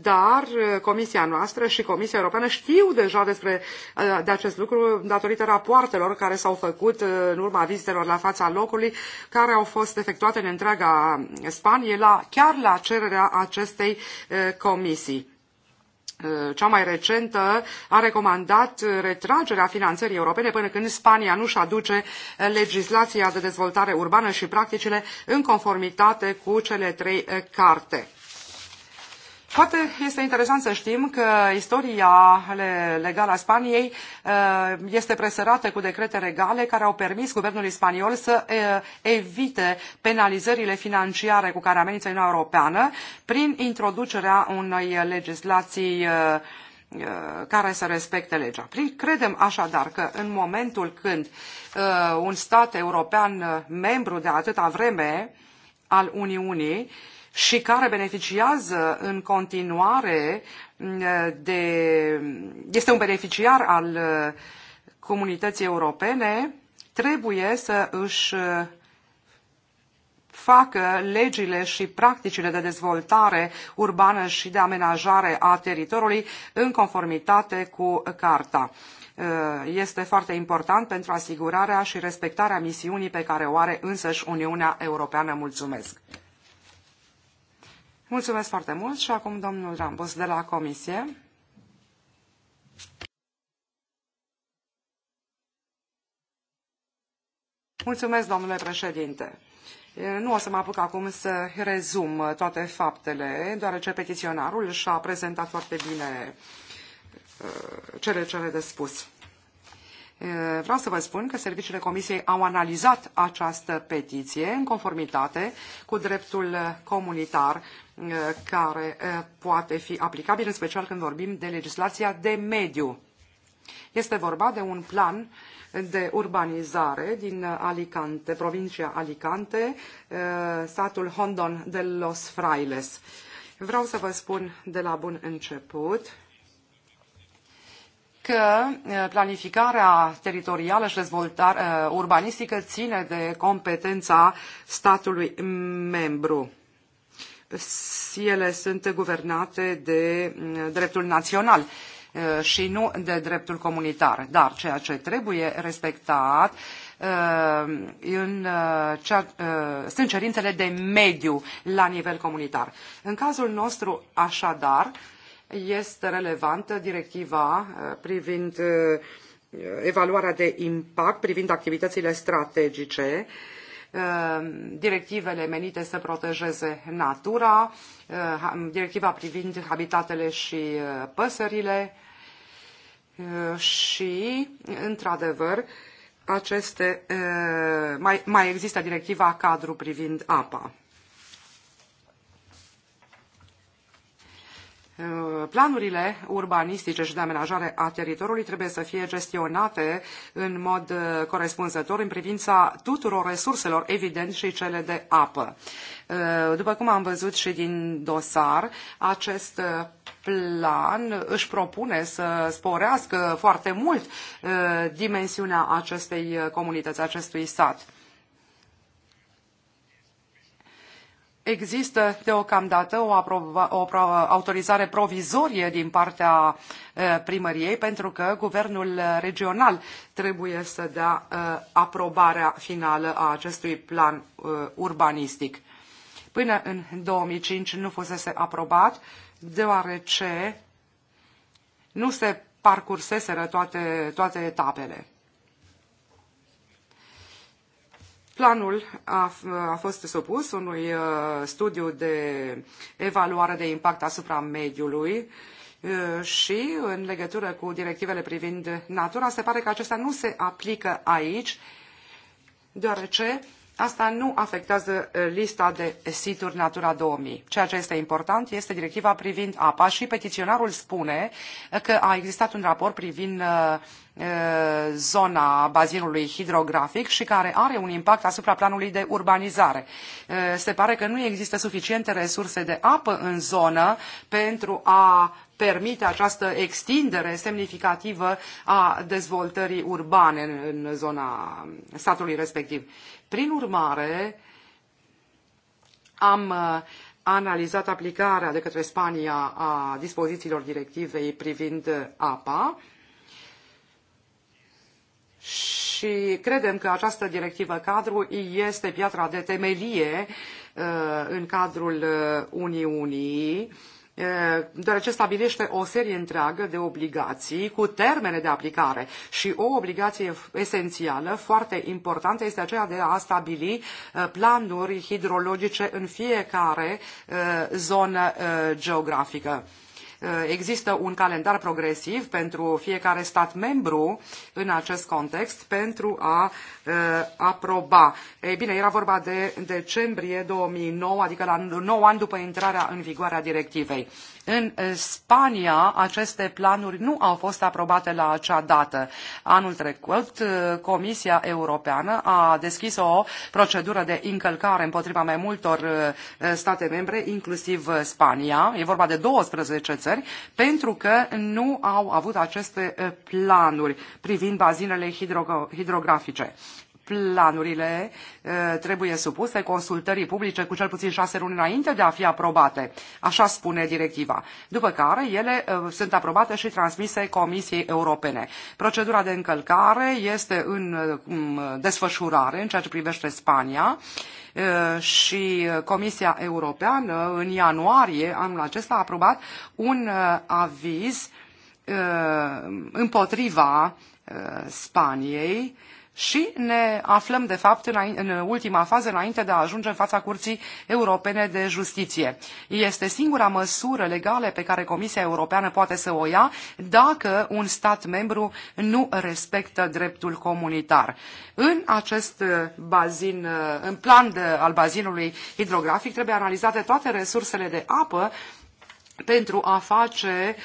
dar uh, Comisia noastră și Comisia Europeană știu deja despre uh, de acest lucru datorită rapoartelor care s-au făcut uh, în urma vizitelor la fața locului, care au fost efectuate în întreaga Spanie, la, chiar la cererea acestei comisii cea mai recentă, a recomandat retragerea finanțării europene până când Spania nu își aduce legislația de dezvoltare urbană și practicile în conformitate cu cele trei carte. Poate este interesant să știm că istoria legală a Spaniei uh, este presărată cu decrete regale care au permis guvernului spaniol să uh, evite penalizările financiare cu care amenință Uniunea Europeană prin introducerea unei legislații uh, care să respecte legea. Credem așadar că în momentul când un stat european membru de atâta vreme al Uniunii și care beneficiază în continuare mm, de... este un beneficiar al uh, comunității europene, trebuie să își uh, facă legile și practicile de dezvoltare urbană și de amenajare a teritoriului în conformitate cu Carta. Uh, este foarte important pentru asigurarea și respectarea misiunii pe care o are însăși Uniunea Europeană. Mulțumesc! Mulțumesc foarte mult și acum domnul Rambos de la Comisie. Mulțumesc, domnule președinte. Nu o să mă apuc acum să rezum uh, toate faptele, deoarece petiționarul și-a prezentat foarte bine uh, cele ce are de spus. Vreau să vă spun că serviciile Comisiei au analizat această petiție în conformitate cu dreptul comunitar care poate fi aplicabil, în special când vorbim de legislația de mediu. Este vorba de un plan de urbanizare din Alicante, provincia Alicante, satul Hondon de Los Frailes. Vreau să vă spun de la bun început că planificarea teritorială și dezvoltarea urbanistică ține de competența statului membru. Ele sunt guvernate de dreptul național și nu de dreptul comunitar. Dar ceea ce trebuie respectat în cea, sunt cerințele de mediu la nivel comunitar. În cazul nostru, așadar, este relevantă directiva uh, privind uh, evaluarea de impact, privind activitățile strategice, uh, directivele menite să protejeze natura, directiva privind habitatele și păsările și, într-adevăr, aceste, mai, mai există directiva cadru privind apa. Uh, planurile urbanistice și de amenajare a teritoriului trebuie să fie gestionate în mod uh, corespunzător în privința tuturor resurselor, evident, și cele de apă. Uh, după cum am văzut și din dosar, acest plan își propune să sporească foarte mult dimensiunea acestei comunități, acestui sat. Există deocamdată o, aproba, o autorizare provizorie din partea primăriei pentru că guvernul regional trebuie să dea aprobarea finală a acestui plan urbanistic. Până în 2005 nu fusese aprobat deoarece nu se parcurseseră toate, toate etapele. Planul a, a fost supus unui uh, studiu de evaluare de impact asupra mediului uh, și în legătură cu directivele privind natura, se pare că acestea nu se aplică aici, deoarece Asta nu afectează lista de situri Natura 2000. Ceea ce este important este directiva privind apa și petiționarul spune că a existat un raport privind zona bazinului hidrografic și care are un impact asupra planului de urbanizare. Se pare că nu există suficiente resurse de apă în zonă pentru a permite această extindere semnificativă a dezvoltării urbane în, în zona statului respectiv. Prin urmare, am uh, analizat aplicarea de către Spania a dispozițiilor directivei privind uh, apa și credem că această directivă cadru este piatra de temelie uh, în cadrul Uniunii deoarece stabilește o serie întreagă de obligații cu termene de aplicare și o obligație esențială, foarte importantă, este aceea de a stabili planuri hidrologice în fiecare zonă geografică. Uh, există un calendar progresiv pentru fiecare stat membru în acest context pentru a uh, aproba. Ei bine, era vorba de decembrie 2009, adică la 9 ani după intrarea în vigoare a directivei. În eh, Spania, aceste planuri nu au fost aprobate la acea dată. Anul trecut, eh, Comisia Europeană a deschis o procedură de încălcare împotriva mai multor eh, state membre, inclusiv Spania, e vorba de 12 țări, pentru că nu au avut aceste planuri privind bazinele hidro hidrografice planurile uh, trebuie supuse consultării publice cu cel puțin șase luni înainte de a fi aprobate. Așa spune directiva. După care ele uh, sunt aprobate și transmise Comisiei Europene. Procedura de încălcare este în uh, desfășurare în ceea ce privește Spania și Comisia Europeană în ianuarie anul acesta a aprobat un aviz împotriva Spaniei și ne aflăm, de fapt, în, în ultima fază, înainte de a ajunge în fața Curții Europene de Justiție. Este singura măsură legală pe care Comisia Europeană poate să o ia dacă un stat membru nu respectă dreptul comunitar. În acest uh, bazin, uh, în plan de, al bazinului hidrografic, trebuie analizate toate resursele de apă pentru a face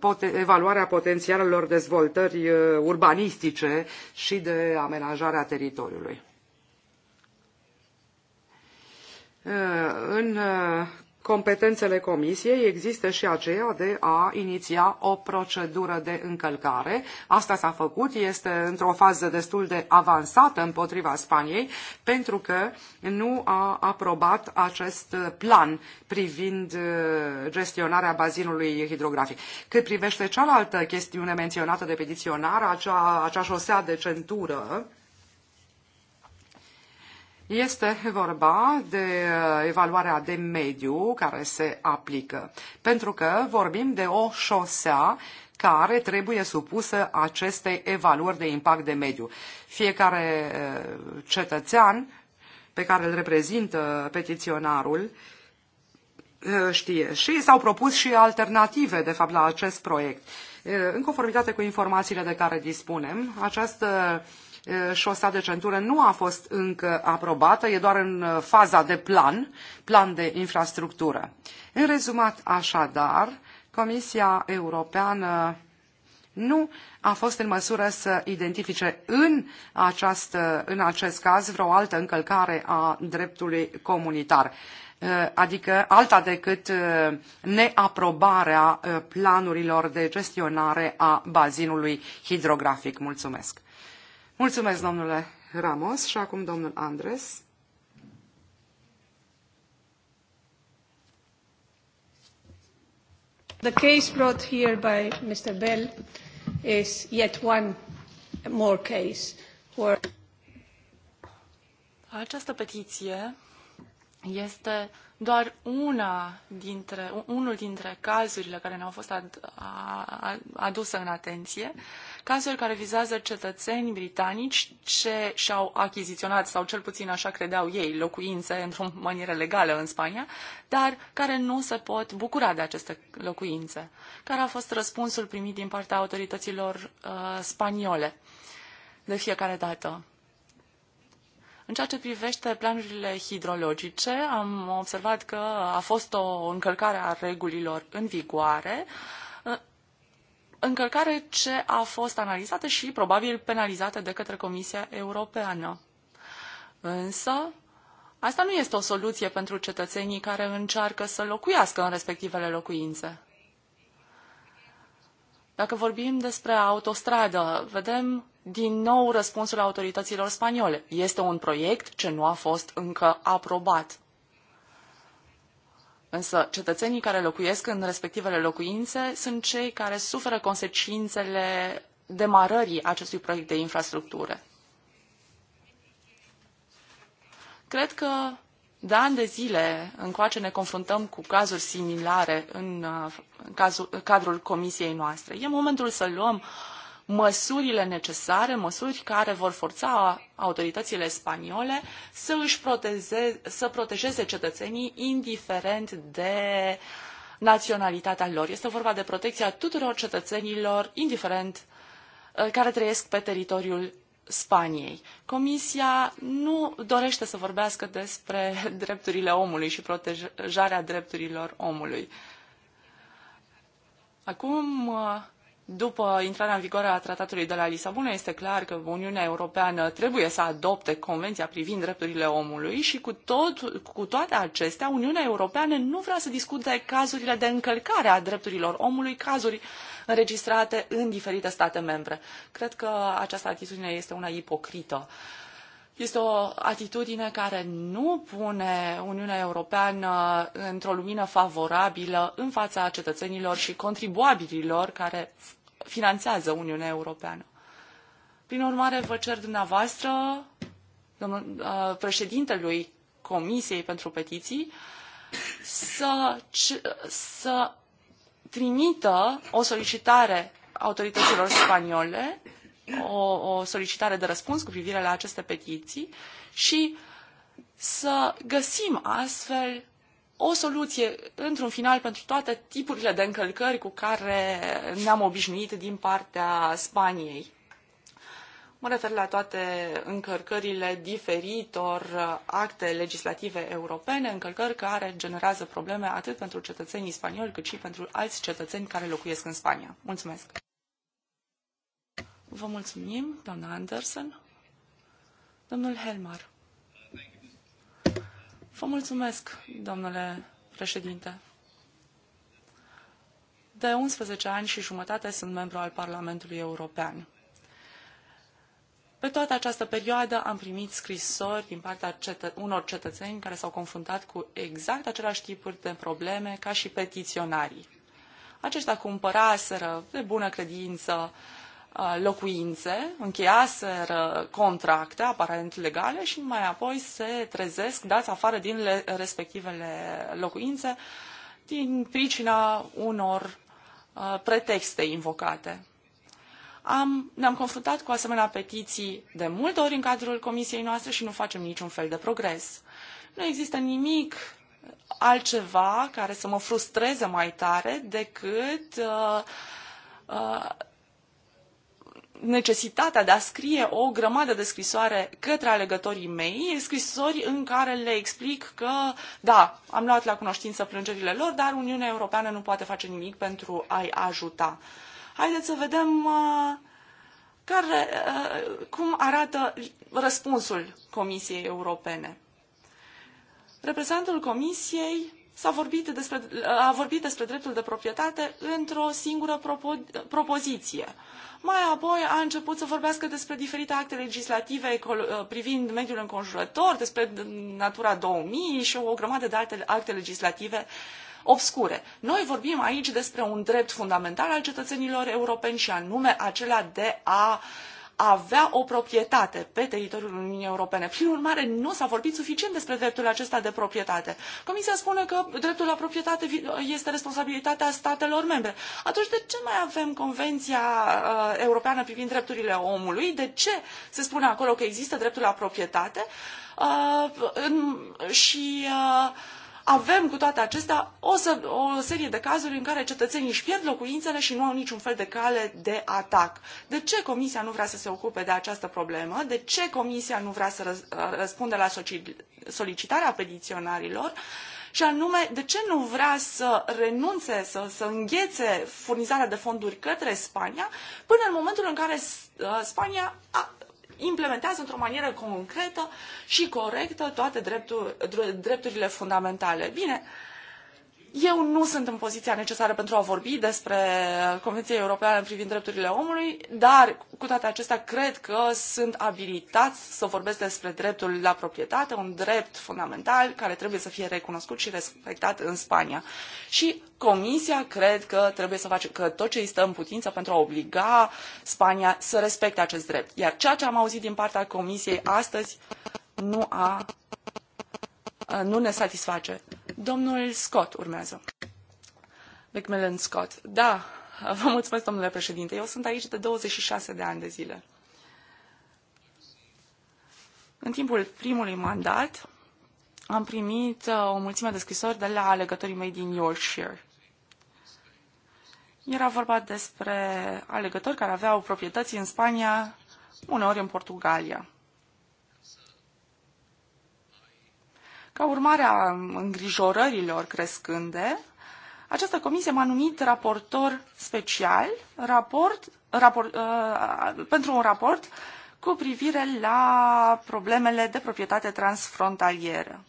uh, evaluarea potențialelor dezvoltări uh, urbanistice și de amenajarea teritoriului. Uh, în competențele comisiei există și aceea de a iniția o procedură de încălcare. Asta s-a făcut, este într-o fază destul de avansată împotriva Spaniei, pentru că nu a aprobat acest plan privind uh, gestionarea bazinului hidrografic. Cât privește cealaltă chestiune menționată de petiționar, acea, acea șosea de centură, este vorba de uh, evaluarea de mediu care se aplică, pentru că vorbim de o șosea care trebuie supusă acestei evaluări de impact de mediu. Fiecare uh, cetățean pe care îl reprezintă petiționarul uh, știe. Și s-au propus și alternative, de fapt, la acest proiect. În conformitate cu informațiile de care dispunem, această uh, Eh, șosea de centură nu a fost încă aprobată, e doar în eh, faza de plan, plan de infrastructură. În rezumat, așadar, Comisia Europeană nu a fost în măsură să identifice în, această, în acest caz vreo altă încălcare a dreptului comunitar eh, adică alta decât neaprobarea planurilor de gestionare a bazinului hidrografic. Mulțumesc! Mulțumesc, domnule Ramos, și acum domnul Andres.
The case brought here by Mr. Bell is yet one more case where... Această petiție este doar una dintre, unul dintre cazurile care ne-au fost ad, a, aduse în atenție, cazuri care vizează cetățeni britanici ce și-au achiziționat, sau cel puțin așa credeau ei, locuințe într-o manieră legală în Spania, dar care nu se pot bucura de aceste locuințe. Care a fost răspunsul primit din partea autorităților uh, spaniole de fiecare dată? În ceea ce privește planurile hidrologice, am observat că a fost o încălcare a regulilor în vigoare, ă, încălcare ce a fost analizată și probabil penalizată de către Comisia Europeană. Însă, asta nu este o soluție pentru cetățenii care încearcă să locuiască în respectivele locuințe. Dacă vorbim despre autostradă, vedem din nou răspunsul autorităților spaniole. Este un proiect ce nu a fost încă aprobat. Însă cetățenii care locuiesc în respectivele locuințe sunt cei care suferă consecințele demarării acestui proiect de infrastructură. Cred că de ani de zile încoace ne confruntăm cu cazuri similare în, uh, cazul, în cadrul comisiei noastre. E momentul să luăm uh, măsurile necesare, măsuri care vor forța autoritățile spaniole să își proteze, să protejeze cetățenii indiferent de naționalitatea lor. Este vorba de protecția tuturor cetățenilor, indiferent uh, care trăiesc pe teritoriul Spaniei. Comisia nu dorește să vorbească despre drepturile omului și protejarea drepturilor omului. Acum uh, după intrarea în vigoare a tratatului de la Lisabona, este clar că Uniunea Europeană trebuie să adopte convenția privind drepturile omului și cu, tot, cu toate acestea, Uniunea Europeană nu vrea să discute cazurile de încălcare a drepturilor omului, cazuri înregistrate în diferite state membre. Cred că această atitudine este una ipocrită. Uh, este o atitudine care nu pune Uniunea Europeană într-o lumină favorabilă în fața cetățenilor și contribuabililor care finanțează Uniunea Europeană. Prin urmare, vă cer dumneavoastră, domnul, uh, președintelui Comisiei pentru Petiții, să, să trimită o solicitare autorităților spaniole o, o solicitare de răspuns cu privire la aceste petiții și să găsim astfel o soluție într-un final pentru toate tipurile de încălcări cu care ne-am obișnuit din partea Spaniei. Mă refer la toate încălcările diferitor acte legislative europene, încălcări care generează probleme atât pentru cetățenii spanioli cât și pentru alți cetățeni care locuiesc în Spania. Mulțumesc! Vă mulțumim, doamna Anderson. Domnul Helmar. Vă mulțumesc, domnule președinte. De 11 ani și jumătate sunt membru al Parlamentului European. Pe toată această perioadă am primit scrisori din partea cetă unor cetățeni care s-au confruntat cu exact același tipuri de probleme ca și petiționarii. Aceștia cumpăraseră de bună credință uh, Uh, locuințe, încheiaseră contracte aparent legale și mai apoi se trezesc dați afară din respectivele locuințe din pricina unor uh, pretexte invocate. Am, ne-am confruntat cu asemenea petiții de multe ori în cadrul comisiei noastre și nu facem niciun fel de progres. Nu există nimic uh, altceva care să mă frustreze mai tare decât uh, uh, necesitatea de a scrie o grămadă de scrisoare către alegătorii mei, scrisori în care le explic că, da, am luat la cunoștință plângerile lor, dar Uniunea Europeană nu poate face nimic pentru a-i ajuta. Haideți să vedem uh, care, uh, cum arată răspunsul Comisiei Europene. Reprezentantul Comisiei s-a vorbit despre, a vorbit despre dreptul de proprietate într-o singură propo, propoziție. Mai apoi a început să vorbească despre diferite acte legislative privind mediul înconjurător, despre Natura 2000 și o grămadă de alte acte legislative obscure. Noi vorbim aici despre un drept fundamental al cetățenilor europeni și anume acela de a uh, avea o proprietate pe teritoriul Uniunii Europene. Prin urmare, nu s-a vorbit suficient despre dreptul acesta de proprietate. Comisia spune că dreptul la proprietate este responsabilitatea statelor membre. Atunci, de ce mai avem Convenția uh, Europeană privind drepturile omului? De ce se spune acolo că există dreptul la proprietate? Uh, în, și uh, avem cu toate acestea o, să, o serie de cazuri în care cetățenii își pierd locuințele și nu au niciun fel de cale de atac. De ce Comisia nu vrea să se ocupe de această problemă? De ce Comisia nu vrea să răz, uh, la solicitarea petiționarilor? Și anume, de ce nu vrea să renunțe, să, să înghețe furnizarea de fonduri către Spania până în momentul în care uh, Spania a, implementează într-o manieră concretă și corectă toate drepturile fundamentale. Bine, eu nu sunt în poziția necesară pentru a vorbi despre Convenția Europeană privind drepturile omului, dar cu toate acestea cred că sunt abilitați să vorbesc despre dreptul la proprietate, un drept fundamental care trebuie să fie recunoscut și respectat în Spania. Și Comisia cred că trebuie să facă că tot ce îi stă în putință pentru a obliga Spania să respecte acest drept. Iar ceea ce am auzit din partea Comisiei astăzi nu, a, nu ne satisface. Domnul Scott urmează. Macmillan Scott. Da, vă mulțumesc, domnule președinte. Eu sunt aici de 26 de ani de zile. În timpul primului mandat am primit uh, o mulțime de scrisori de la alegătorii mei din Yorkshire. Era vorba despre alegători care aveau proprietăți în Spania, uneori în Portugalia. Ca urmare a îngrijorărilor crescânde, această comisie m-a numit raportor special raport, raport, uh, pentru un raport cu privire la problemele de proprietate transfrontalieră.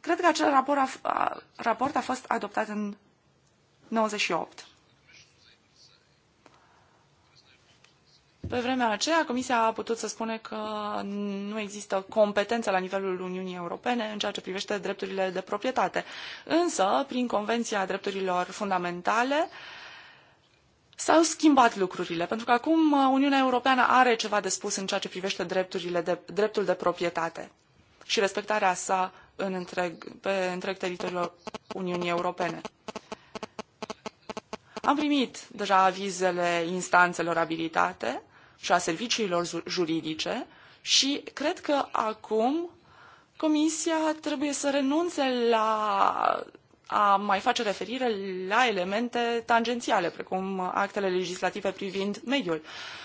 Cred că acel raport a, a, raport a fost adoptat în 98. Pe vremea aceea, Comisia a putut să spune că nu există competență la nivelul Uniunii Europene în ceea ce privește drepturile de proprietate. Însă, prin Convenția Drepturilor Fundamentale, S-au schimbat lucrurile, pentru că acum Uniunea Europeană are ceva de spus în ceea ce privește drepturile de, dreptul de proprietate și respectarea sa în întreg, pe întreg teritoriul Uniunii Europene. Am primit deja avizele instanțelor abilitate și a serviciilor juridice și cred că acum Comisia trebuie să renunțe la a mai face referire la elemente tangențiale, precum actele legislative privind mediul.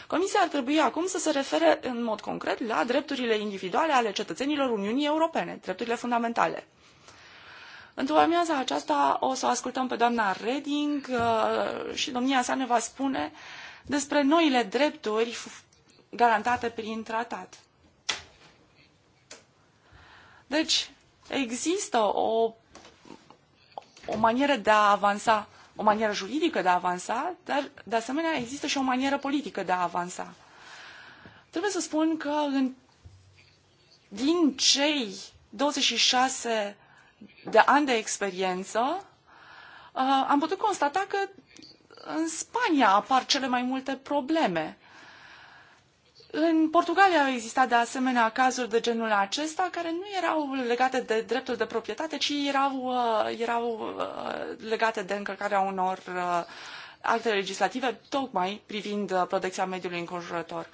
Comisia ar trebui acum să se refere în mod concret la drepturile individuale ale cetățenilor Uniunii Europene, drepturile fundamentale. Într-o amiază aceasta o să o ascultăm pe doamna Reding uh, și domnia sa ne va spune uh, despre noile drepturi garantate prin tratat. Deci, există o, o manieră de a avansa, o manieră juridică de a avansa, dar, de asemenea, există și o manieră politică de a avansa. Trebuie să spun că în, din cei 26 de ani de experiență, uh, am putut constata că în Spania apar cele mai multe probleme. În Portugalia au existat de asemenea cazuri de genul acesta care nu erau legate de dreptul de proprietate, ci erau, uh, erau uh, legate de încălcarea unor uh, acte legislative, tocmai privind protecția mediului înconjurător.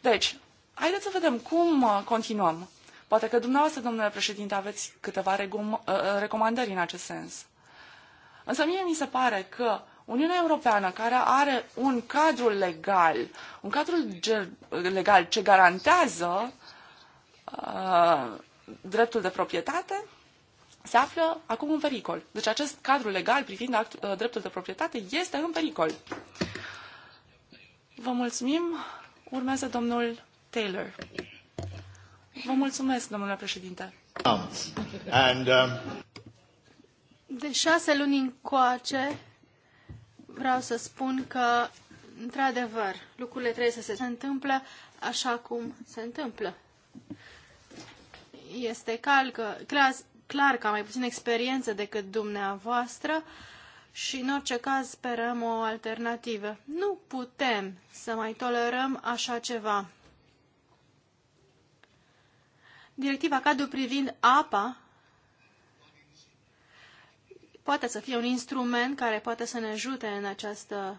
Deci, haideți să vedem cum continuăm. Poate că dumneavoastră, domnule președinte, aveți câteva recomandări în acest sens. Însă mie mi se pare că Uniunea Europeană, care are un cadru legal, un cadru legal ce garantează uh, dreptul de proprietate, se află acum în pericol. Deci acest cadru legal privind act, uh, dreptul de proprietate este în pericol. Vă mulțumim. Urmează domnul Taylor.
Vă mulțumesc, domnule președinte. And, um... De șase luni încoace, vreau să spun că, într-adevăr, lucrurile trebuie să se întâmple așa cum se întâmplă. Este că, clar, clar că am mai puțin experiență decât dumneavoastră și, în orice caz, sperăm o alternativă. Nu putem să mai tolerăm așa ceva. Directiva cadru privind apa poate să fie un instrument care poate să ne ajute în această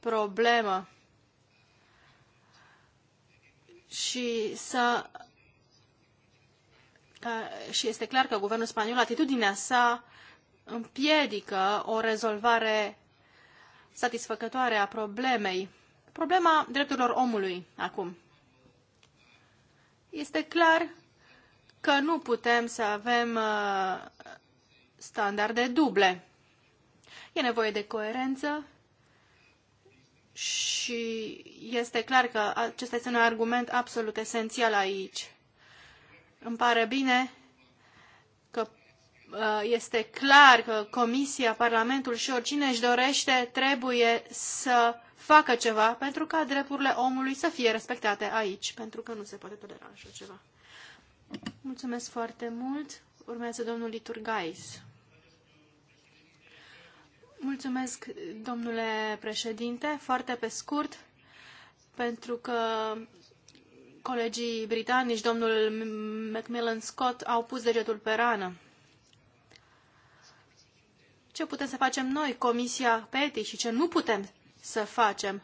problemă și să și este clar că guvernul spaniol, atitudinea sa împiedică o rezolvare satisfăcătoare a problemei. Problema drepturilor omului acum. Este clar că nu putem să avem uh, standarde duble. E nevoie de coerență și este clar că acesta este un argument absolut esențial aici. Îmi pare bine că uh, este clar că Comisia, Parlamentul și oricine își dorește trebuie să facă ceva pentru ca drepturile omului să fie respectate aici, pentru că nu se poate tolera așa ceva. Mulțumesc foarte mult. Urmează domnul Liturgais. Mulțumesc, domnule președinte. Foarte pe scurt, pentru că colegii britanici, domnul Macmillan Scott, au pus degetul pe rană. Ce putem să facem noi, Comisia PETI, și ce nu putem să facem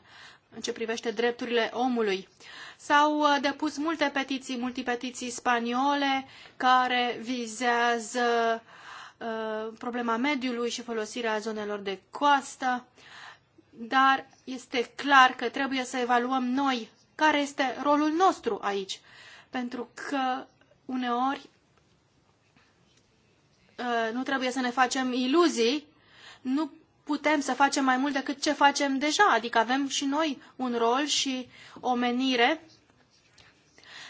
în ce privește drepturile omului? S-au uh, depus multe petiții, multipetiții spaniole, care vizează uh, Uh, problema mediului și folosirea zonelor de coastă, dar este clar că trebuie să evaluăm noi care este rolul nostru aici, pentru că uneori uh, nu trebuie să ne facem iluzii, nu putem să facem mai mult decât ce facem deja, adică avem și noi un rol și o menire.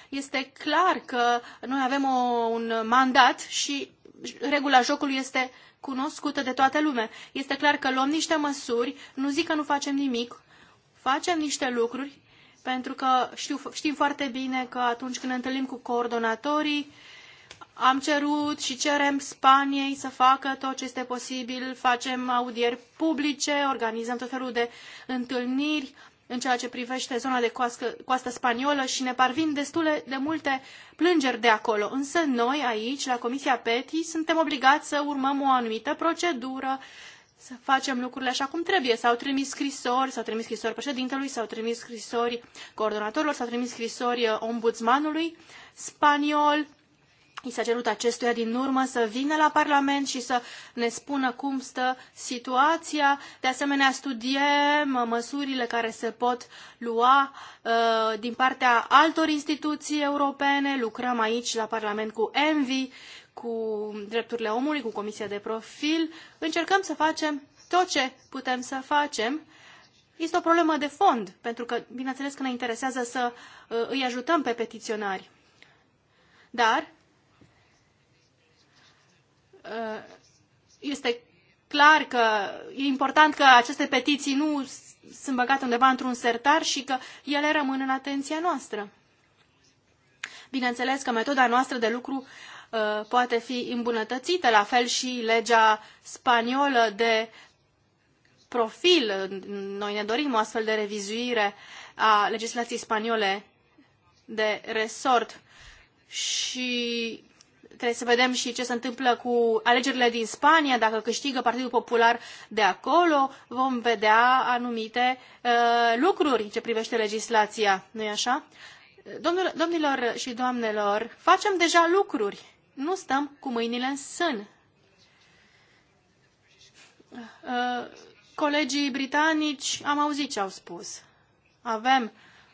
Este clar că noi avem o, un mandat și regula jocului este cunoscută de toată lumea. Este clar că luăm niște măsuri, nu zic că nu facem nimic, facem niște lucruri, pentru că știu, știm foarte bine că atunci când ne întâlnim cu coordonatorii, am cerut și cerem Spaniei să facă tot ce este posibil, facem audieri publice, organizăm tot felul de întâlniri, în ceea ce privește zona de coastă, spaniolă și ne parvin destule de multe plângeri de acolo. Însă noi aici, la Comisia PETI, suntem obligați să urmăm o anumită procedură, să facem lucrurile așa cum trebuie. S-au trimis scrisori, s-au trimis scrisori președintelui, s-au trimis scrisori coordonatorilor, s-au trimis scrisori uh, ombudsmanului spaniol I s-a cerut acestuia din urmă să vină la Parlament și să ne spună cum stă situația. De asemenea, studiem măsurile care se pot lua uh, din partea altor instituții europene. Lucrăm aici la Parlament cu ENVI, cu drepturile omului, cu Comisia de Profil. Încercăm să facem tot ce putem să facem. Este o problemă de fond, pentru că, bineînțeles, că ne interesează să uh, îi ajutăm pe petiționari. Dar Uh, este clar că e important că aceste petiții nu sunt băgate undeva într-un sertar și că ele rămân în atenția noastră. Bineînțeles că metoda noastră de lucru uh, poate fi îmbunătățită, la fel și legea spaniolă de profil. Noi ne dorim o astfel de revizuire a legislației spaniole de resort și Trebuie să vedem și ce se întâmplă cu alegerile din Spania, dacă câștigă Partidul Popular de acolo, vom vedea anumite uh, lucruri în ce privește legislația, nu-i așa? Domnul, domnilor și doamnelor, facem deja lucruri, nu stăm cu mâinile în sân. Uh, colegii britanici, am auzit ce au spus. Avem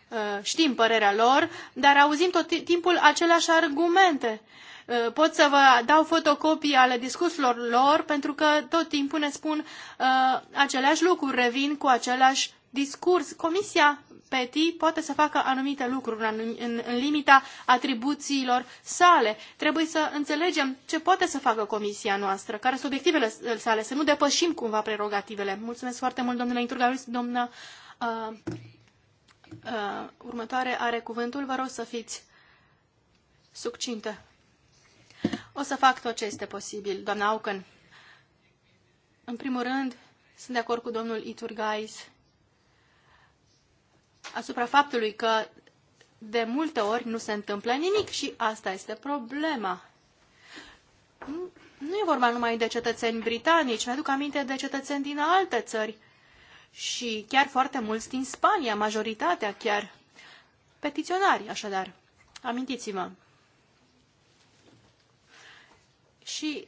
uh, știm părerea lor, dar auzim tot timpul aceleași argumente. Eh, pot să vă dau fotocopii ale discursurilor lor, pentru că tot timpul ne spun uh, aceleași lucruri, revin cu același discurs. Comisia PETI poate să facă anumite lucruri în, în, în limita atribuțiilor sale. Trebuie să înțelegem ce poate să facă comisia noastră, care sunt obiectivele sale, să nu depășim cumva prerogativele. Mulțumesc foarte mult, domnule Inturgaris, doamna uh, uh, următoare are cuvântul. Vă rog să fiți succintă. O să fac tot ce este posibil, doamna Auken. În primul rând, sunt de acord cu domnul Iturgais asupra faptului că de multe ori nu se întâmplă nimic și asta este problema. Nu, nu e vorba numai de cetățeni britanici, mi-aduc aminte de cetățeni din alte țări și chiar foarte mulți din Spania, majoritatea chiar. Petiționari, așadar. Amintiți-mă, și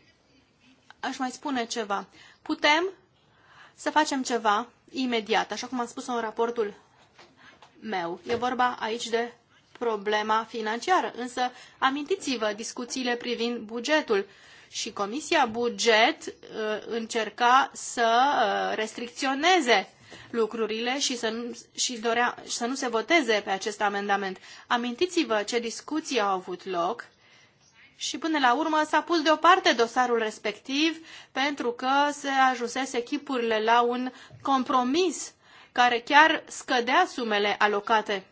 aș mai spune ceva. Putem să facem ceva imediat, așa cum am spus în raportul meu. E vorba aici de problema financiară, însă amintiți-vă discuțiile privind bugetul și Comisia Buget uh, încerca să uh, restricționeze lucrurile și să nu, și dorea, să nu se voteze pe acest amendament. Amintiți-vă ce discuții au avut loc și până la urmă s-a pus deoparte dosarul respectiv pentru că se ajunsese echipurile la un compromis care chiar scădea sumele alocate.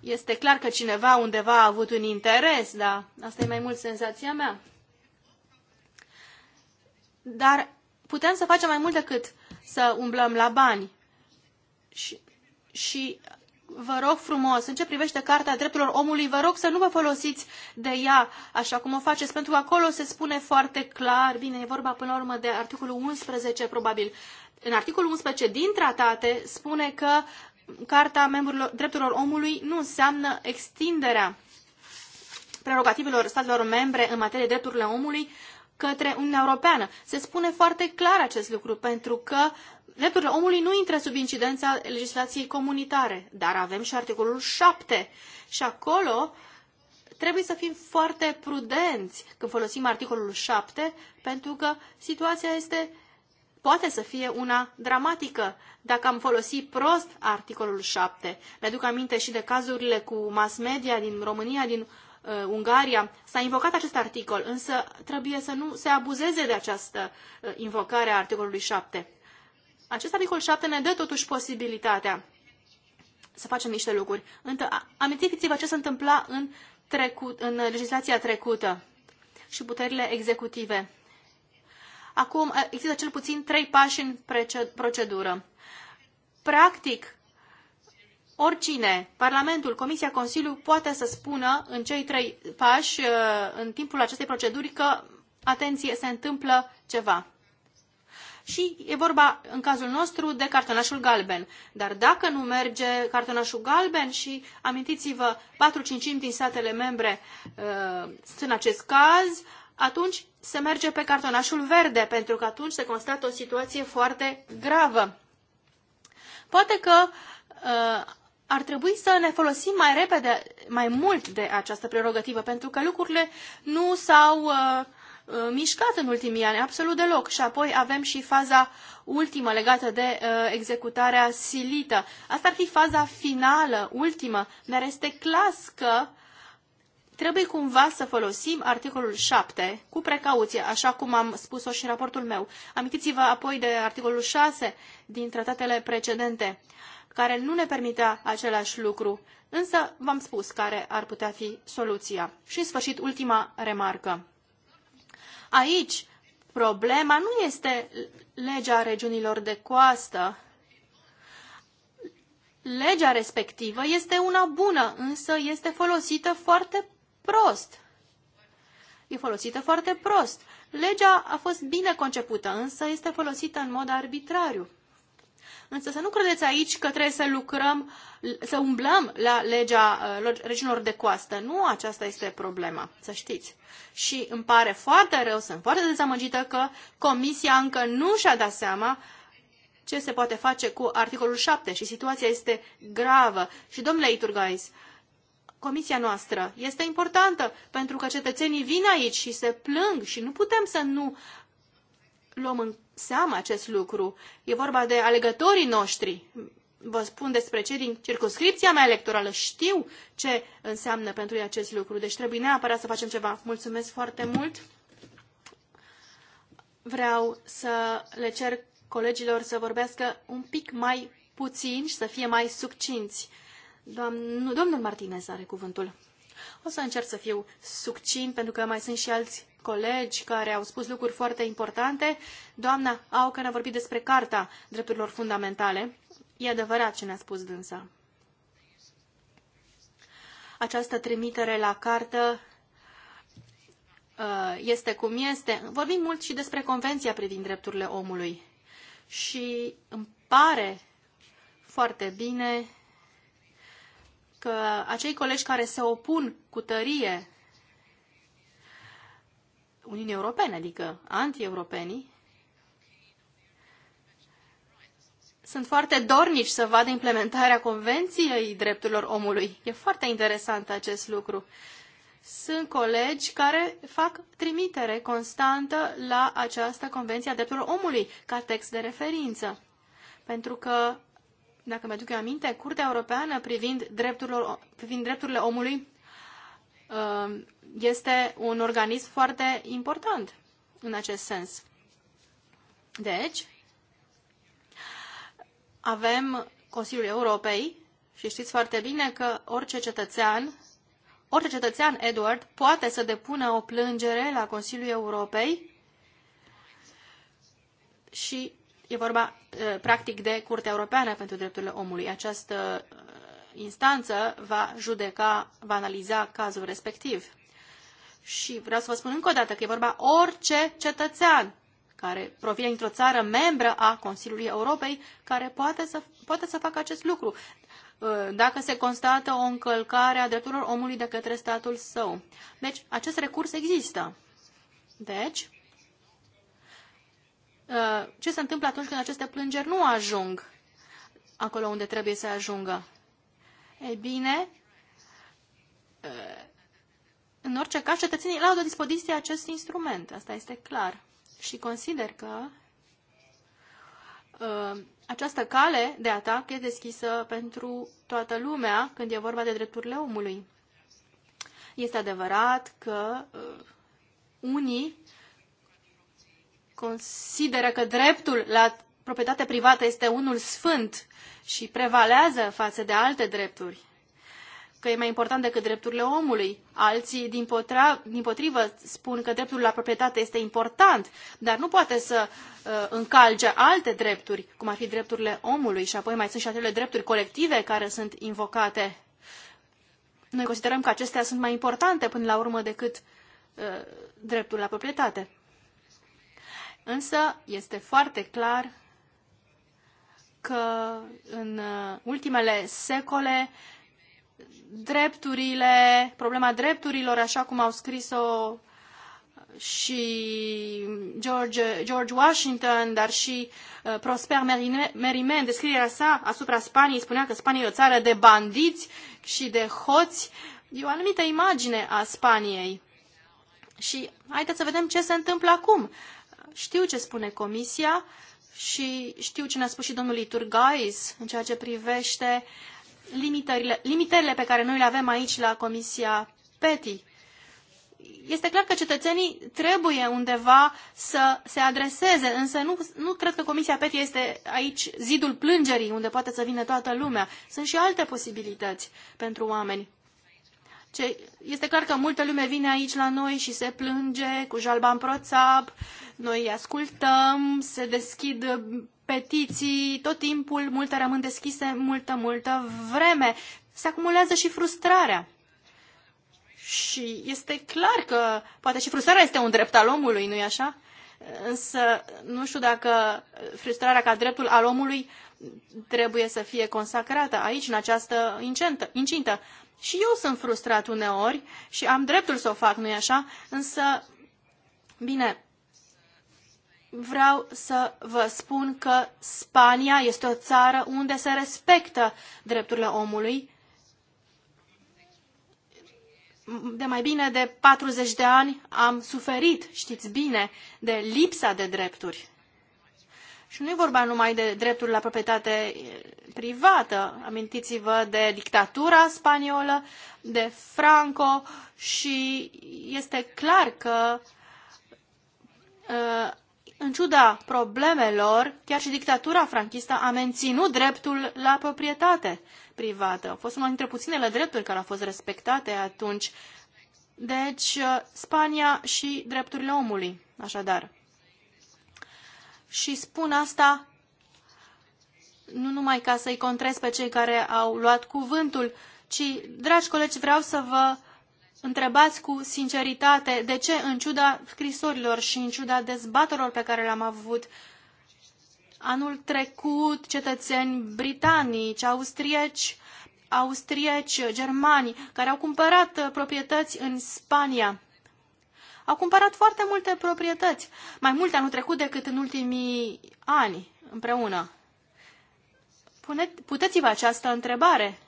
Este clar că cineva undeva a avut un interes, dar asta e mai mult senzația mea. Dar putem să facem mai mult decât să umblăm la bani. Și, și vă rog frumos, în ce privește cartea Drepturilor Omului, vă rog să nu vă folosiți de ea așa cum o faceți, pentru că acolo se spune foarte clar, bine, e vorba până la urmă de articolul 11, probabil. În articolul 11 din tratate spune că Carta membrilor, Drepturilor Omului nu înseamnă extinderea prerogativelor statelor membre în materie de drepturile omului către Uniunea Europeană. Se spune foarte clar acest lucru, pentru că drepturile omului nu intră sub incidența legislației comunitare, dar avem și articolul 7 și acolo trebuie să fim foarte prudenți când folosim articolul 7 pentru că situația este poate să fie una dramatică dacă am folosit prost articolul 7. Mi-aduc aminte și de cazurile cu mass media din România, din uh, Ungaria. S-a invocat acest articol, însă trebuie să nu se abuzeze de această uh, invocare a articolului 7 acest articol 7 ne dă totuși posibilitatea să facem niște lucruri. Amintiți-vă ce se întâmpla în, trecut, în legislația trecută și puterile executive. Acum există cel puțin trei pași în procedură. Practic, oricine, Parlamentul, Comisia, Consiliul, poate să spună în cei trei pași, uh, în timpul acestei proceduri, că, atenție, se întâmplă ceva și e vorba, în cazul nostru, de cartonașul galben. Dar dacă nu merge cartonașul galben și, amintiți-vă, 4-5 din statele membre uh, sunt în acest caz, atunci se merge pe cartonașul verde, pentru că atunci se constată o situație foarte gravă. Poate că uh, ar trebui să ne folosim mai repede, mai mult de această prerogativă, pentru că lucrurile nu s-au uh, Uh, mișcat în ultimii ani, absolut deloc. Și apoi avem și faza ultimă legată de uh, executarea silită. Asta ar fi faza finală, ultimă, dar este clas că trebuie cumva să folosim articolul 7 cu precauție, așa cum am spus-o și în raportul meu. Amintiți-vă apoi de articolul 6 din tratatele precedente, care nu ne permitea același lucru, însă v-am spus care ar putea fi soluția. Și în sfârșit, ultima remarcă. Aici problema nu este legea regiunilor de coastă. Legea respectivă este una bună, însă este folosită foarte prost. E folosită foarte prost. Legea a fost bine concepută, însă este folosită în mod arbitrariu. Însă să nu credeți aici că trebuie să lucrăm, să umblăm la legea uh, regiunilor de coastă. Nu aceasta este problema, să știți. Și îmi pare foarte rău, sunt foarte dezamăgită că Comisia încă nu și-a dat seama ce se poate face cu articolul 7 și situația este gravă. Și domnule Iturgais, comisia noastră este importantă pentru că cetățenii vin aici și se plâng și nu putem să nu luăm în seamă acest lucru. E vorba de alegătorii noștri. Vă spun despre cei din circunscripția mea electorală. Știu ce înseamnă pentru ei acest lucru. Deci trebuie neapărat să facem ceva. Mulțumesc foarte mult. Vreau să le cer colegilor să vorbească un pic mai puțin și să fie mai succinți. Doamn... Domnul Martinez are cuvântul. O să încerc să fiu succint pentru că mai sunt și alți colegi care au spus lucruri foarte importante. Doamna Aucan a vorbit despre Carta Drepturilor Fundamentale. E adevărat ce ne-a spus dânsa. Această trimitere la cartă uh, este cum este. Vorbim mult și despre Convenția privind drepturile omului. Și îmi pare foarte bine că acei colegi care se opun cu tărie Uniunii Europene, adică anti-europenii, sunt foarte dornici să vadă implementarea Convenției Drepturilor Omului. E foarte interesant acest lucru. Sunt colegi care fac trimitere constantă la această Convenție a Drepturilor Omului ca text de referință. Pentru că, dacă mă duc eu aminte, Curtea Europeană privind, drepturilor, privind drepturile omului Um, este un organism foarte important în acest sens. Deci, avem Consiliul Europei și știți foarte bine că orice cetățean, orice cetățean, Edward, poate să depună o plângere la Consiliul Europei și e vorba uh, practic de Curtea Europeană pentru Drepturile Omului. Această instanță va judeca, va analiza cazul respectiv. Și vreau să vă spun încă o dată că e vorba orice cetățean care provine dintr-o țară membră a Consiliului Europei, care poate să, poate să facă acest lucru ă, dacă se constată o încălcare a drepturilor omului de către statul său. Deci, acest recurs există. Deci, ă, ce se întâmplă atunci când aceste plângeri nu ajung acolo unde trebuie să ajungă? E bine, în orice caz, cetățenii au la dispoziție acest instrument, asta este clar. Și consider că această cale de atac e deschisă pentru toată lumea când e vorba de drepturile omului. Este adevărat că unii consideră că dreptul la proprietatea privată este unul sfânt și prevalează față de alte drepturi, că e mai important decât drepturile omului. Alții, din, potra, din potrivă, spun că dreptul la proprietate este important, dar nu poate să uh, încalge alte drepturi, cum ar fi drepturile omului și apoi mai sunt și acele drepturi colective care sunt invocate. Noi considerăm că acestea sunt mai importante până la urmă decât uh, dreptul la proprietate. Însă este foarte clar că în uh, ultimele secole drepturile, problema drepturilor, așa cum au scris-o și George, George Washington, dar și uh, Prosper Merimen, descrierea sa asupra Spaniei, spunea că Spania e o țară de bandiți și de hoți. E o anumită imagine a Spaniei. Și haideți să vedem ce se întâmplă acum. Știu ce spune Comisia, și știu ce ne-a spus și domnul Iturgais în ceea ce privește limitările, limitările pe care noi le avem aici la Comisia PETI. Este clar că cetățenii trebuie undeva să se adreseze, însă nu, nu cred că Comisia PETI este aici zidul plângerii unde poate să vină toată lumea. Sunt și alte posibilități pentru oameni. Ce este clar că multă lume vine aici la noi și se plânge cu jalba în proțap, noi îi ascultăm, se deschid petiții, tot timpul multe rămân deschise multă, multă vreme. Se acumulează și frustrarea. Și este clar că poate și frustrarea este un drept al omului, nu-i așa? Însă nu știu dacă frustrarea ca dreptul al omului trebuie să fie consacrată aici, în această incintă. incintă. Și eu sunt frustrat uneori și am dreptul să o fac, nu-i așa? Însă, bine, vreau să vă spun că Spania este o țară unde se respectă drepturile omului. De mai bine de 40 de ani am suferit, știți bine, de lipsa de drepturi și nu e vorba numai de dreptul la proprietate privată. Amintiți-vă de dictatura spaniolă, de Franco și este clar că în ciuda problemelor, chiar și dictatura franchistă a menținut dreptul la proprietate privată. A fost unul dintre puținele drepturi care au fost respectate atunci. Deci, Spania și drepturile omului, așadar și spun asta nu numai ca să-i contrez pe cei care au luat cuvântul, ci, dragi colegi, vreau să vă întrebați cu sinceritate de ce, în ciuda scrisorilor și în ciuda dezbatelor pe care le-am avut anul trecut, cetățeni britanici, austrieci, austrieci, germani, care au cumpărat proprietăți în Spania, au cumpărat foarte multe proprietăți, mai multe anul trecut decât în ultimii ani împreună. Puteți-vă această întrebare.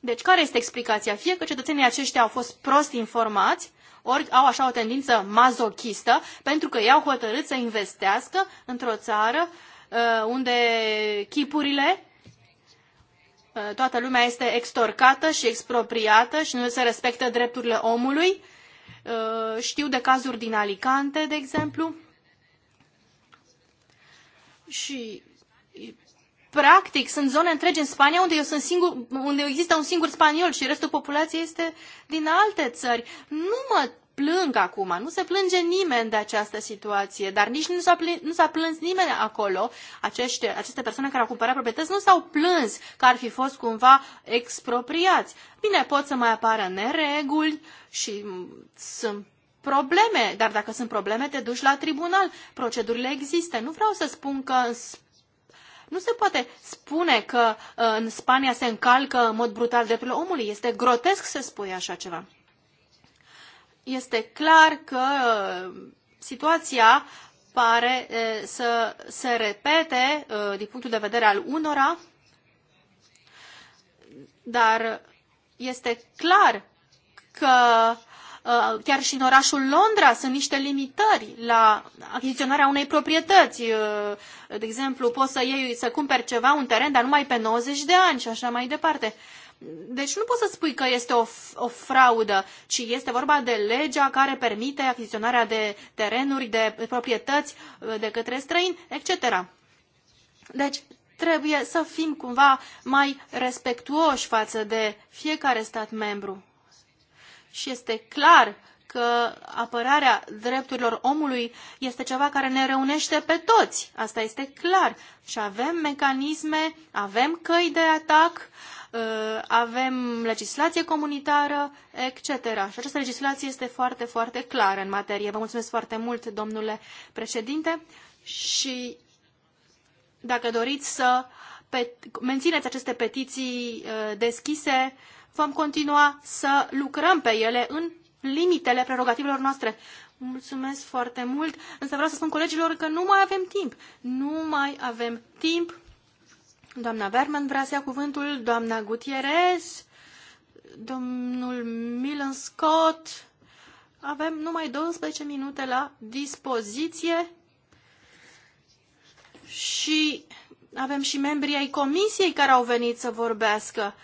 Deci, care este explicația? Fie că cetățenii aceștia au fost prost informați, ori au așa o tendință mazochistă, pentru că i-au hotărât să investească într-o țară uh, unde chipurile, uh, toată lumea este extorcată și expropriată și nu se respectă drepturile omului, Uh, știu de cazuri din Alicante, de exemplu. Și practic sunt zone întregi în Spania unde, eu sunt singur, unde există un singur spaniol și restul populației este din alte țări. Nu mă plâng acum. Nu se plânge nimeni de această situație, dar nici nu s-a, nu s-a plâns nimeni acolo. Acești, aceste persoane care au cumpărat proprietăți nu s-au plâns că ar fi fost cumva expropriați. Bine, pot să mai apară nereguli și sunt probleme, dar dacă sunt probleme, te duci la tribunal. Procedurile există. Nu vreau să spun că în nu se poate spune că uh, în Spania se încalcă în mod brutal drepturile omului. Este grotesc să spui așa ceva este clar că uh, situația pare uh, să se repete uh, din punctul de vedere al unora, dar este clar că chiar și în orașul Londra sunt niște limitări la achiziționarea unei proprietăți. De exemplu, poți să iei, să cumperi ceva, un teren, dar numai pe 90 de ani și așa mai departe. Deci nu poți să spui că este o, o fraudă, ci este vorba de legea care permite achiziționarea de terenuri, de proprietăți uh, de către străini, etc. Deci trebuie să fim cumva mai respectuoși față de fiecare stat membru. Și este clar că apărarea drepturilor omului este ceva care ne reunește pe toți. Asta este clar. Și avem mecanisme, avem căi de atac, Uh, avem legislație comunitară, etc. Și această legislație este foarte, foarte clară în materie. Vă mulțumesc foarte mult, domnule președinte, și dacă doriți să mențineți aceste petiții uh, deschise, vom continua să lucrăm pe ele în limitele prerogativelor noastre. Mulțumesc foarte mult, însă vreau să spun colegilor că nu mai avem timp. Nu mai avem timp Doamna Berman vrea să ia cuvântul, doamna Gutierrez, domnul Milan Scott. Avem numai 12 minute la dispoziție și avem și membrii ai comisiei care au venit să vorbească.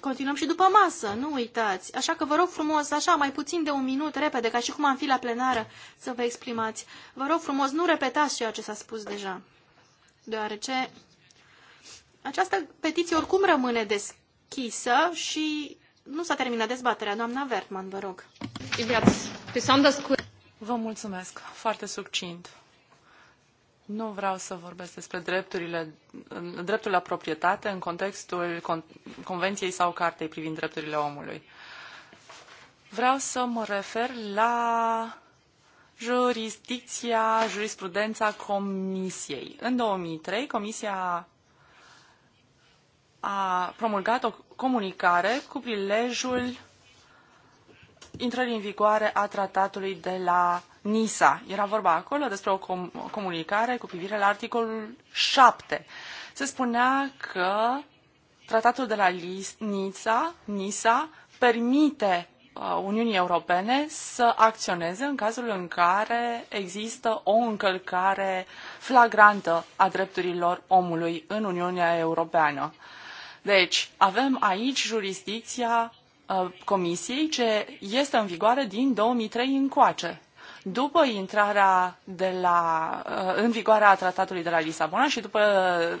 Continuăm și după masă, nu uitați. Așa că vă rog frumos, așa, mai puțin de un minut, repede, ca și cum am fi la plenară, să vă exprimați. Vă rog frumos, nu repetați ceea ce s-a spus deja, deoarece această petiție oricum rămâne deschisă și nu s-a terminat dezbaterea. Doamna Vertman, vă rog. Vă mulțumesc.
Foarte succint. Nu vreau să vorbesc despre drepturile, dreptul la proprietate în contextul con, Convenției sau Cartei privind drepturile omului. Vreau să mă refer la jurisdicția, jurisprudența Comisiei. În 2003, Comisia a promulgat o comunicare cu prilejul intrării în vigoare a tratatului de la Nisa. Era vorba acolo despre o comunicare cu privire la articolul 7. Se spunea că tratatul de la Nisa, Nisa permite uh, Uniunii Europene să acționeze în cazul în care există o încălcare flagrantă a drepturilor omului în Uniunea Europeană. Deci, avem aici jurisdicția ă, Comisiei ce este în vigoare din 2003 încoace. După intrarea de la, ă, în vigoare a tratatului de la Lisabona și după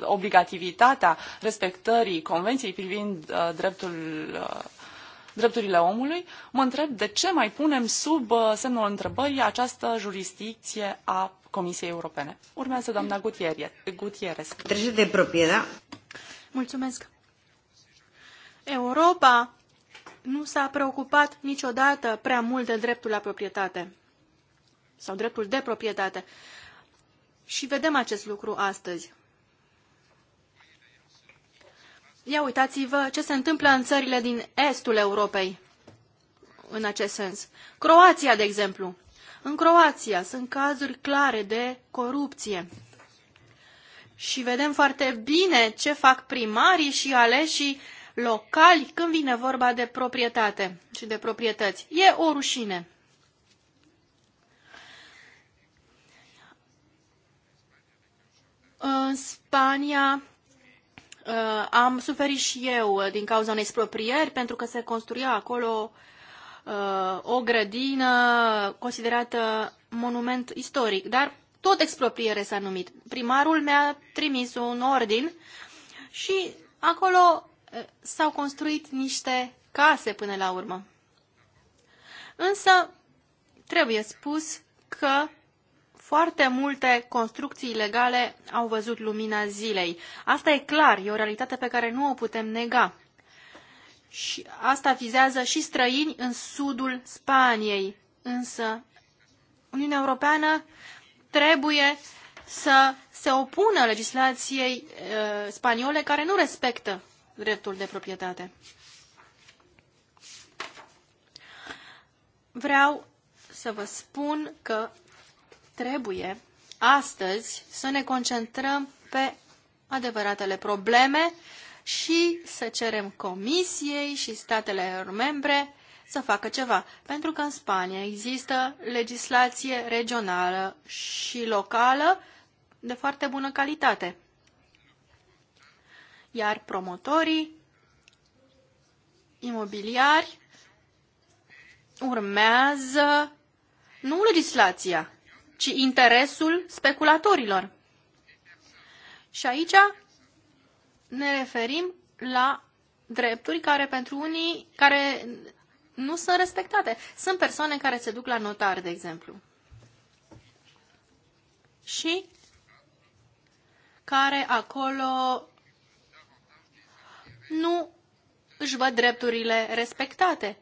obligativitatea respectării Convenției privind ă, dreptul, drepturile omului, mă întreb de ce mai punem sub semnul întrebării această jurisdicție a Comisiei Europene. Urmează doamna Gutierrez. Trece de propriedad.
Mulțumesc. Europa nu s-a preocupat niciodată prea mult de dreptul la proprietate sau dreptul de proprietate. Și vedem acest lucru astăzi. Ia uitați-vă ce se întâmplă în țările din estul Europei în acest sens. Croația, de exemplu. În Croația sunt cazuri clare de corupție. Și vedem foarte bine ce fac primarii și aleșii locali când vine vorba de proprietate și de proprietăți. E o rușine. În Spania uh, am suferit și eu uh, din cauza unei exproprieri pentru că se construia acolo uh, o grădină considerată monument istoric, dar tot expropriere s-a numit. Primarul mi-a trimis un ordin și acolo Eh, s-au construit niște case până la urmă. Însă, trebuie spus că foarte multe construcții ilegale au văzut lumina zilei. Asta e clar, e o realitate pe care nu o putem nega. Și asta vizează și străini în sudul Spaniei. Însă, Uniunea Europeană trebuie să se opună legislației uh, spaniole care nu respectă dreptul de proprietate. Vreau să vă spun că trebuie astăzi să ne concentrăm pe adevăratele probleme și să cerem comisiei și statelor membre să facă ceva. Pentru că în Spania există legislație regională și locală de foarte bună calitate iar promotorii imobiliari urmează nu legislația, ci interesul speculatorilor. Și aici ne referim la drepturi care pentru unii care nu sunt respectate. Sunt persoane care se duc la notar, de exemplu, și care acolo nu își văd drepturile respectate.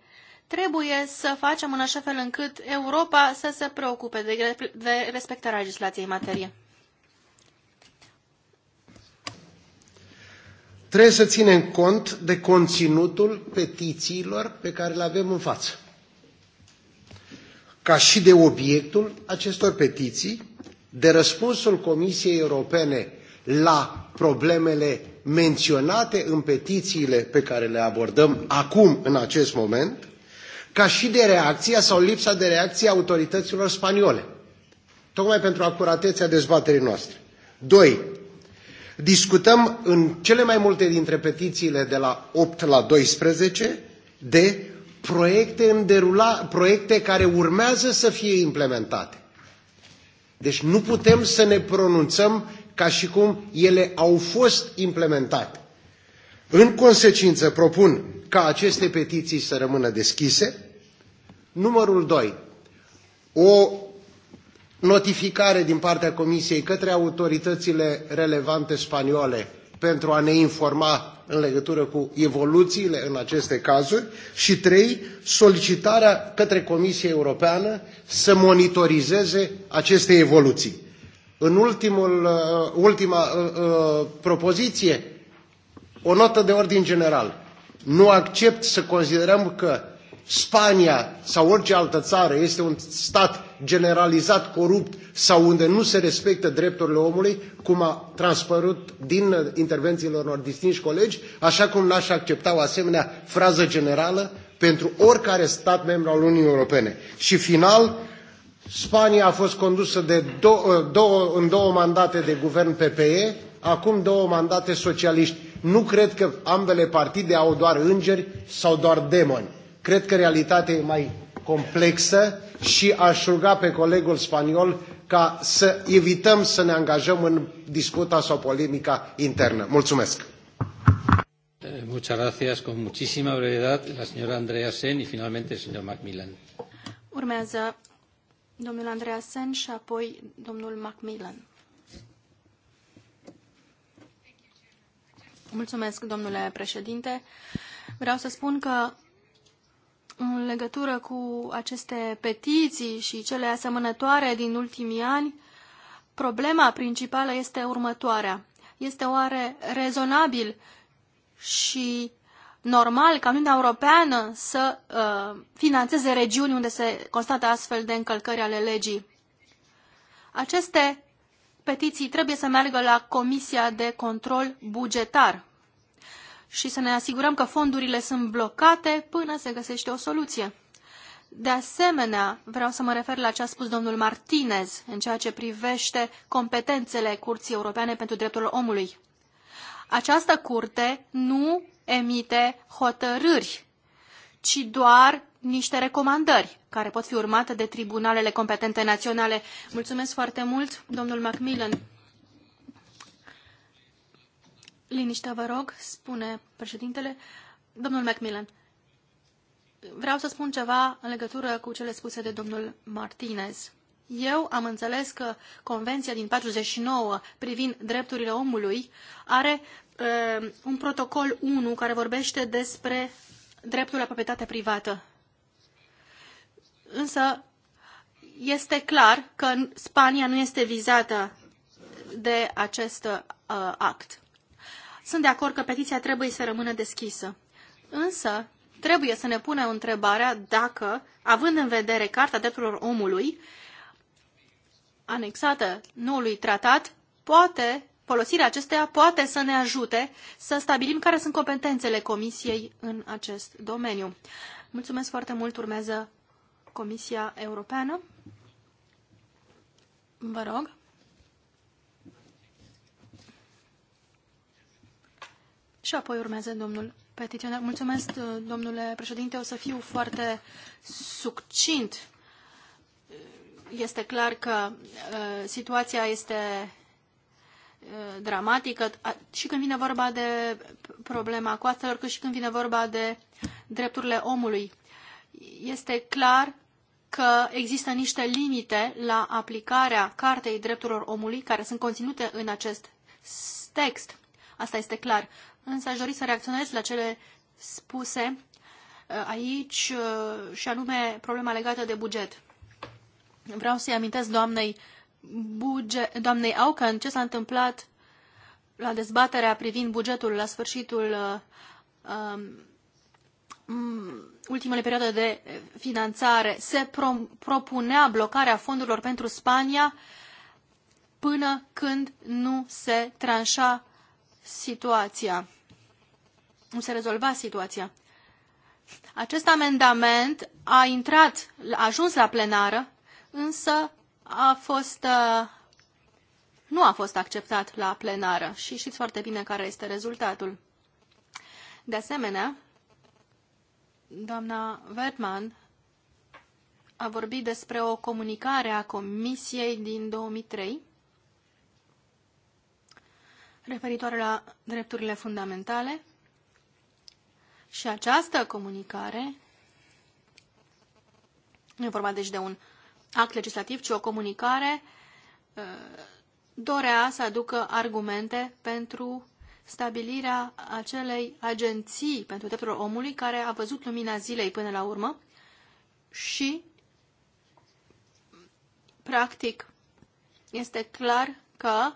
Trebuie să facem în așa fel încât Europa să se preocupe de, de respectarea legislației în materie.
Trebuie să ținem cont de conținutul petițiilor pe care le avem în față, ca și de obiectul acestor petiții, de răspunsul Comisiei Europene la problemele menționate în petițiile pe care le abordăm acum, în acest moment, ca și de reacția sau lipsa de reacție a autorităților spaniole, tocmai pentru acuratețea dezbaterii noastre. Doi, discutăm în cele mai multe dintre petițiile de la 8 la 12 de proiecte, în derula, proiecte care urmează să fie implementate. Deci nu putem să ne pronunțăm ca și cum ele au fost implementate. În consecință, propun ca aceste petiții să rămână deschise. Numărul 2. O notificare din partea Comisiei către autoritățile relevante spaniole pentru a ne informa în legătură cu evoluțiile în aceste cazuri și trei, solicitarea către Comisia Europeană să monitorizeze aceste evoluții în ultimul, uh, ultima uh, uh, propoziție, o notă de ordin general. Nu accept să considerăm că Spania sau orice altă țară este un stat generalizat corupt sau unde nu se respectă drepturile omului, cum a transpărut din intervențiile unor distinși colegi, așa cum n-aș accepta o asemenea frază generală pentru oricare stat membru al Uniunii Europene. Și final, Spania a fost condusă de două, două, în două mandate de guvern PPE, acum două mandate socialiști. Nu cred că ambele partide au doar îngeri sau doar demoni. Cred că realitatea e mai complexă și aș ruga pe colegul spaniol ca să evităm să ne angajăm în disputa sau polemica internă. Mulțumesc!
Eh, muchas gracias. Con muchísima brevedad, la señora Andrea Sen y finalmente el señor Macmillan.
Urmează domnul Andreasen și apoi domnul Macmillan. Mulțumesc, domnule președinte. Vreau să spun că în legătură cu aceste petiții și cele asemănătoare din ultimii ani, problema principală este următoarea. Este oare rezonabil și normal ca Uniunea Europeană să uh, finanțeze regiuni unde se constată astfel de încălcări ale legii. Aceste petiții trebuie să meargă la Comisia de Control Bugetar și să ne asigurăm că fondurile sunt blocate până se găsește o soluție. De asemenea, vreau să mă refer la ce a spus domnul Martinez în ceea ce privește competențele Curții Europene pentru Drepturile Omului. Această curte nu emite hotărâri, ci doar niște recomandări care pot fi urmate de tribunalele competente naționale. Mulțumesc foarte mult, domnul Macmillan. Liniștea, vă rog, spune președintele. Domnul Macmillan, vreau să spun ceva în legătură cu cele spuse de domnul Martinez. Eu am înțeles că Convenția din 49 privind drepturile omului are uh, un protocol 1 care vorbește despre dreptul la proprietate privată. Însă este clar că Spania nu este vizată de acest uh, act. Sunt de acord că petiția trebuie să rămână deschisă. Însă, trebuie să ne punem întrebarea dacă, având în vedere Carta Drepturilor Omului, anexată noului tratat, poate, folosirea acesteia poate să ne ajute să stabilim care sunt competențele Comisiei în acest domeniu. Mulțumesc foarte mult, urmează Comisia Europeană. Vă rog. Și apoi urmează domnul petiționar. Mulțumesc, domnule președinte, o să fiu foarte succint. Este clar că uh, situația este uh, dramatică și când vine vorba de problema coastelor, cât și când vine vorba de drepturile omului. Este clar că există niște limite la aplicarea Cartei Drepturilor Omului care sunt conținute în acest text. Asta este clar. Însă aș dori să reacționez la cele spuse uh, aici uh, și anume problema legată de buget. Vreau să-i amintesc doamnei, buge, doamnei Aucan ce s-a întâmplat la dezbaterea privind bugetul la sfârșitul uh, ultimele perioade de finanțare. Se pro, propunea blocarea fondurilor pentru Spania până când nu se tranșa situația, nu se rezolva situația. Acest amendament a intrat, a ajuns la plenară însă a fost, uh, nu a fost acceptat la plenară și știți foarte bine care este rezultatul. De asemenea, doamna Wertmann a vorbit despre o comunicare a Comisiei din 2003 referitoare la drepturile fundamentale și această comunicare, e vorba deci de un act legislativ, ci o comunicare uh, dorea să aducă argumente pentru stabilirea acelei agenții pentru drepturile omului care a văzut lumina zilei până la urmă și, practic, este clar că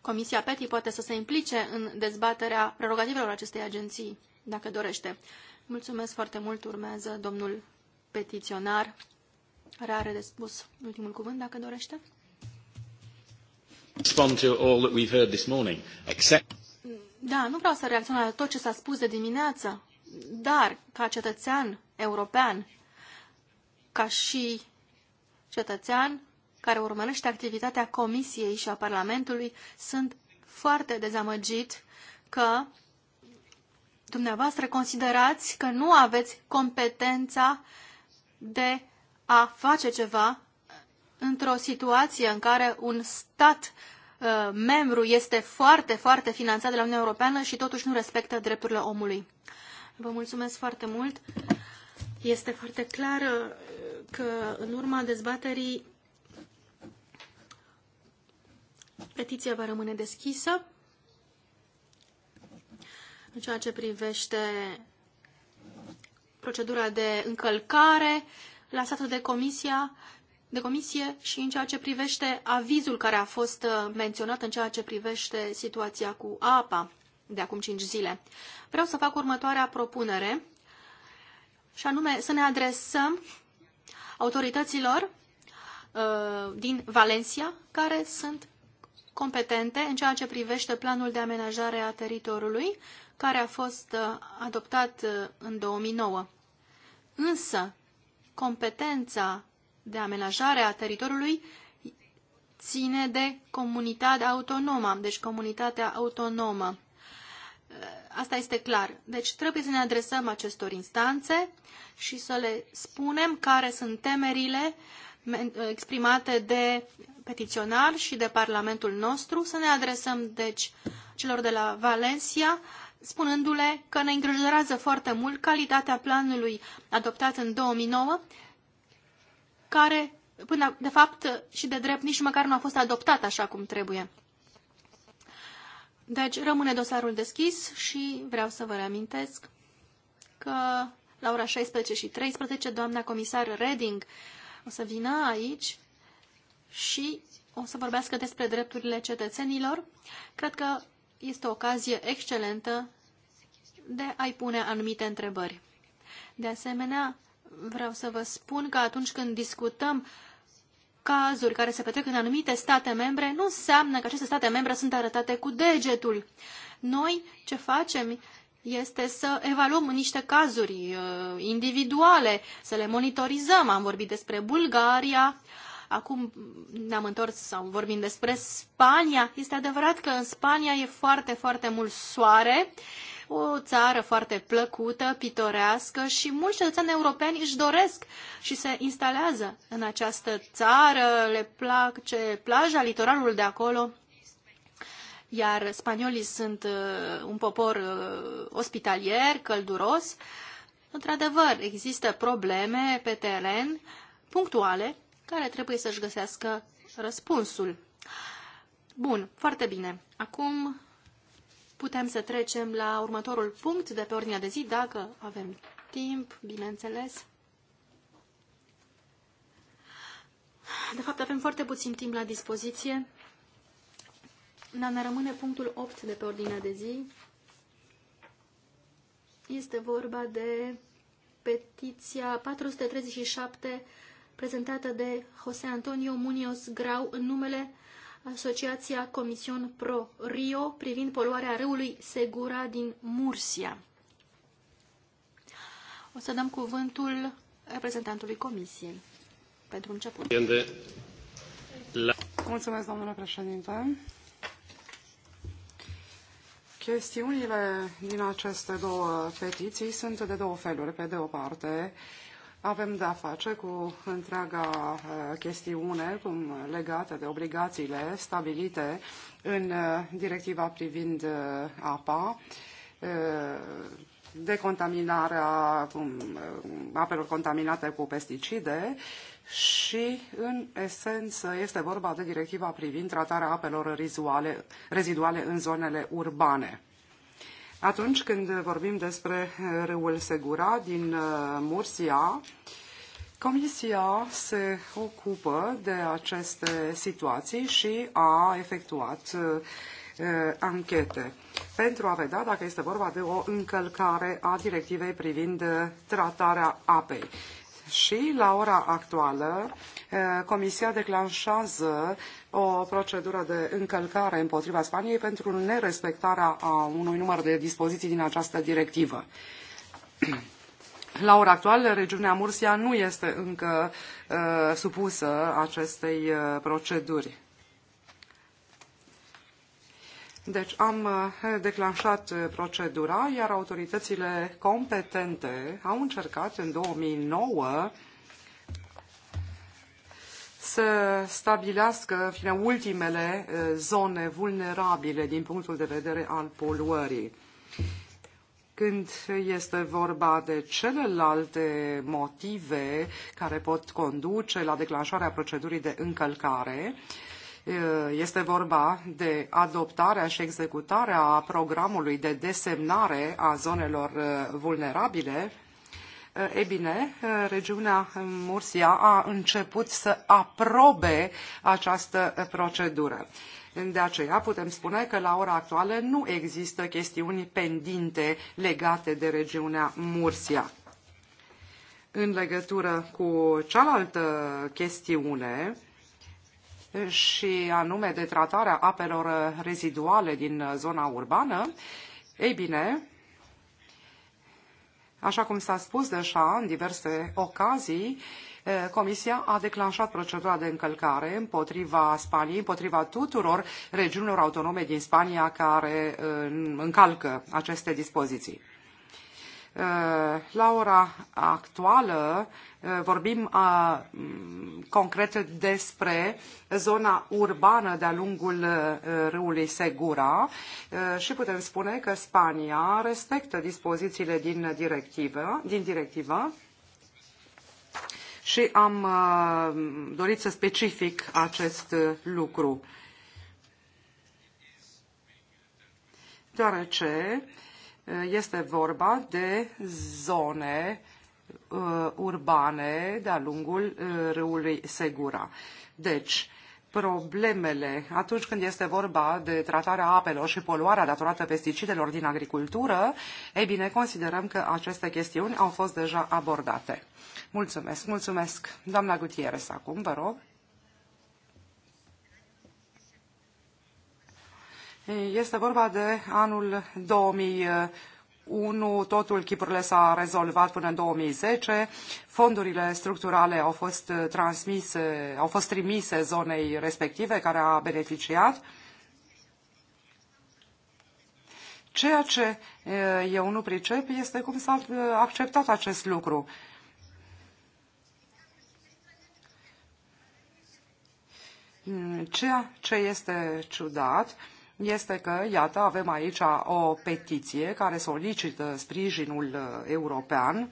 Comisia PETI poate să se implice în dezbaterea prerogativelor acestei agenții, dacă dorește. Mulțumesc foarte mult, urmează domnul petiționar. Rea are de spus ultimul cuvânt, dacă dorește. Da, nu vreau să reacționez la tot ce s-a spus de dimineață, dar ca cetățean european, ca și cetățean care urmărește activitatea Comisiei și a Parlamentului, sunt foarte dezamăgit că dumneavoastră considerați că nu aveți competența de a face ceva într-o situație în care un stat uh, membru este foarte, foarte finanțat de la Uniunea Europeană și totuși nu respectă drepturile omului. Vă mulțumesc foarte mult. Este foarte clar uh, că în urma dezbaterii petiția va rămâne deschisă în ceea ce privește procedura de încălcare lansată de comisia de comisie și în ceea ce privește avizul care a fost uh, menționat în ceea ce privește situația cu apa de acum 5 zile. Vreau să fac următoarea propunere și anume să ne adresăm autorităților uh, din Valencia care sunt competente în ceea ce privește planul de amenajare a teritoriului care a fost uh, adoptat în 2009. Însă, competența de amenajare a teritoriului ține de comunitatea autonomă, deci comunitatea autonomă. Asta este clar. Deci trebuie să ne adresăm acestor instanțe și să le spunem care sunt temerile exprimate de petiționar și de Parlamentul nostru, să ne adresăm, deci, celor de la Valencia spunându-le că ne îngrijorează foarte mult calitatea planului adoptat în 2009, care, până, de fapt, și de drept, nici măcar nu a fost adoptat așa cum trebuie. Deci, rămâne dosarul deschis și vreau să vă reamintesc că la ora 16 și 13, doamna comisar Reding o să vină aici și o să vorbească despre drepturile cetățenilor. Cred că este o ocazie excelentă de a-i pune anumite întrebări. De asemenea, vreau să vă spun că atunci când discutăm cazuri care se petrec în anumite state membre, nu înseamnă că aceste state membre sunt arătate cu degetul. Noi ce facem este să evaluăm niște cazuri uh, individuale, să le monitorizăm. Am vorbit despre Bulgaria, Acum ne-am întors sau vorbim despre Spania. Este adevărat că în Spania e foarte, foarte mult soare, o țară foarte plăcută, pitorească și mulți cetățeni europeni își doresc și se instalează în această țară, le place plaja, litoralul de acolo, iar spaniolii sunt uh, un popor uh, ospitalier, călduros. Într-adevăr, există probleme pe teren punctuale care trebuie să-și găsească răspunsul. Bun, foarte bine. Acum putem să trecem la următorul punct de pe ordinea de zi, dacă avem timp, bineînțeles. De fapt, avem foarte puțin timp la dispoziție. Dar ne rămâne punctul 8 de pe ordinea de zi. Este vorba de petiția 437 prezentată de José Antonio Munoz Grau în numele Asociația Comision Pro Rio privind poluarea râului Segura din Mursia. O să dăm cuvântul reprezentantului Comisiei pentru început. Mulțumesc, domnule președinte.
Chestiunile din aceste două petiții sunt de două feluri. Pe de o parte, avem de-a face cu întreaga uh, chestiune cum legată de obligațiile stabilite în uh, directiva privind uh, apa, decontaminarea apelor contaminate cu pesticide și, în esență, este vorba de directiva privind tratarea apelor reziduale în zonele urbane. Atunci când vorbim despre râul Segura din uh, Mursia, Comisia se ocupă de aceste situații și a efectuat uh, uh, anchete pentru a vedea dacă este vorba de o încălcare a directivei privind tratarea apei. Și la ora actuală, eh, Comisia declanșează o procedură de încălcare împotriva Spaniei pentru nerespectarea a unui număr de dispoziții din această directivă. La ora actuală, regiunea Mursia nu este încă uh, supusă acestei uh, proceduri. Deci am eh, declanșat eh, procedura, iar autoritățile competente au încercat în 2009 să stabilească fine, ultimele eh, zone vulnerabile din punctul de vedere al poluării. Când este vorba de celelalte motive care pot conduce la declanșarea procedurii de încălcare, este vorba de adoptarea și executarea programului de desemnare a zonelor vulnerabile. E bine, regiunea Mursia a început să aprobe această procedură. De aceea putem spune că la ora actuală nu există chestiuni pendinte legate de regiunea Mursia. În legătură cu cealaltă chestiune, și anume de tratarea apelor reziduale din zona urbană, ei bine, așa cum s-a spus deja în diverse ocazii, eh, Comisia a declanșat procedura de încălcare împotriva Spaniei, împotriva tuturor regiunilor autonome din Spania care eh, încalcă aceste dispoziții. Uh, la ora actuală uh, vorbim a, uh, concret despre zona urbană de-a lungul râului Segura și putem spune că Spania respectă dispozițiile din directivă, din directivă și am dorit să specific acest lucru. Deoarece este vorba de zone uh, urbane de-a lungul uh, râului Segura. Deci, problemele atunci când este vorba de tratarea apelor și poluarea datorată pesticidelor din agricultură, ei bine, considerăm că aceste chestiuni au fost deja abordate. Mulțumesc, mulțumesc. Doamna Gutierrez, acum, vă rog. Este vorba de anul 2001, totul Chiprule s-a rezolvat până în 2010, fondurile structurale au fost transmise, au fost trimise zonei respective care a beneficiat. Ceea ce eh, eu nu pricep este cum s-a eh, acceptat acest lucru. Hmm, ceea ce este ciudat este că, iată, avem aici o petiție care solicită sprijinul uh, european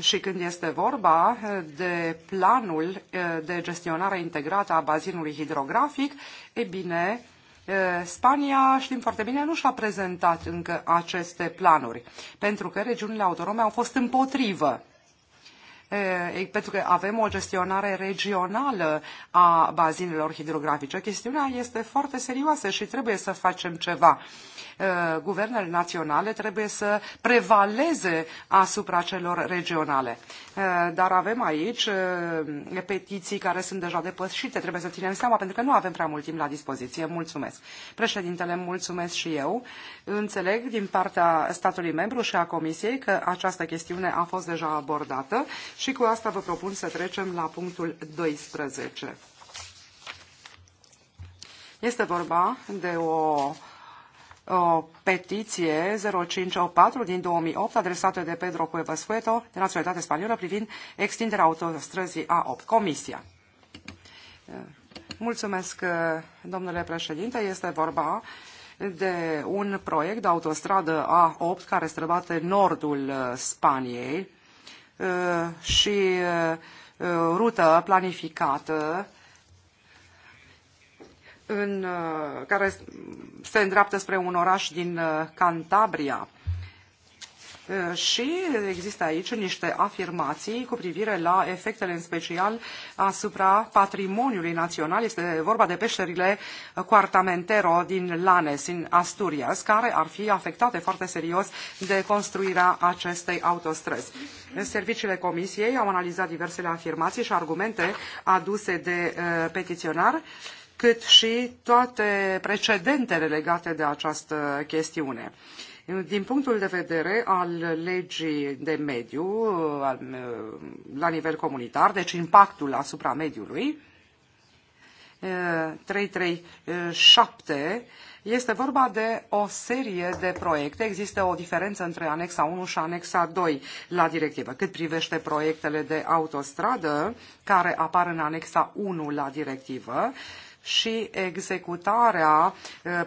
și când este vorba uh, de planul uh, de gestionare integrată a bazinului hidrografic, e bine, Spania, știm foarte bine, nu și-a prezentat încă aceste planuri, pentru că regiunile autonome au fost împotrivă pentru că avem o gestionare regională a bazinelor hidrografice. Chestiunea este foarte serioasă și trebuie să facem ceva. Guvernele naționale trebuie să prevaleze asupra celor regionale. Dar avem aici petiții care sunt deja depășite, trebuie să ținem seama, pentru că nu avem prea mult timp la dispoziție. Mulțumesc. Președintele, mulțumesc și eu. Înțeleg din partea statului membru și a Comisiei că această chestiune a fost deja abordată și cu asta vă propun să trecem la punctul 12. Este vorba de o o petiție 0584 din 2008 adresată de Pedro Cuevas Fueto, de naționalitate spaniolă, privind extinderea autostrăzii A8. Comisia. Mulțumesc, domnule președinte. Este vorba de un proiect de autostradă A8 care străbate nordul Spaniei, Uh, și uh, rută planificată în, uh, care se îndreaptă spre un oraș din Cantabria și există aici niște afirmații cu privire la efectele în special asupra patrimoniului național. Este vorba de peșterile Cuartamentero din Lanes, în Asturias, care ar fi afectate foarte serios de construirea acestei autostrăzi. Serviciile Comisiei au analizat diversele afirmații și argumente aduse de eh, petiționar cât și toate precedentele legate de această chestiune. Uh, din punctul de vedere al legii de mediu uh, uh, la nivel comunitar, deci impactul asupra mediului, 337 uh, este vorba de o serie de proiecte. Există o diferență între anexa 1 și anexa 2 la directivă. Cât privește proiectele de autostradă care apar în anexa 1 la directivă, și executarea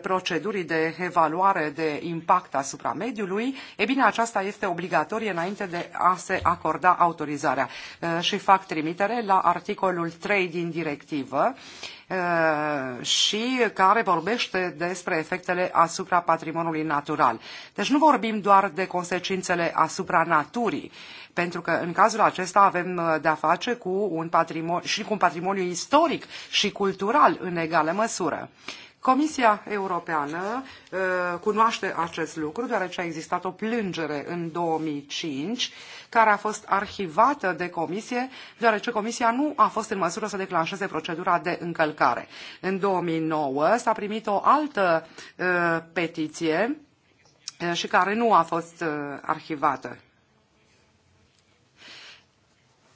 procedurii de evaluare de impact asupra mediului, e bine, aceasta este obligatorie înainte de a se acorda autorizarea. Și fac trimitere la articolul 3 din directivă, Uh, și care vorbește despre efectele asupra patrimoniului natural. Deci nu vorbim doar de consecințele asupra naturii, pentru că în cazul acesta avem uh, de-a face cu un patrimoniu, și cu un patrimoniu istoric și cultural în egală măsură. Comisia Europeană uh, cunoaște acest lucru, deoarece a existat o plângere în 2005, care a fost arhivată de comisie, deoarece comisia nu a fost în măsură să declanșeze procedura de încălcare. În 2009 s-a primit o altă uh, petiție uh, și care nu a fost arhivată.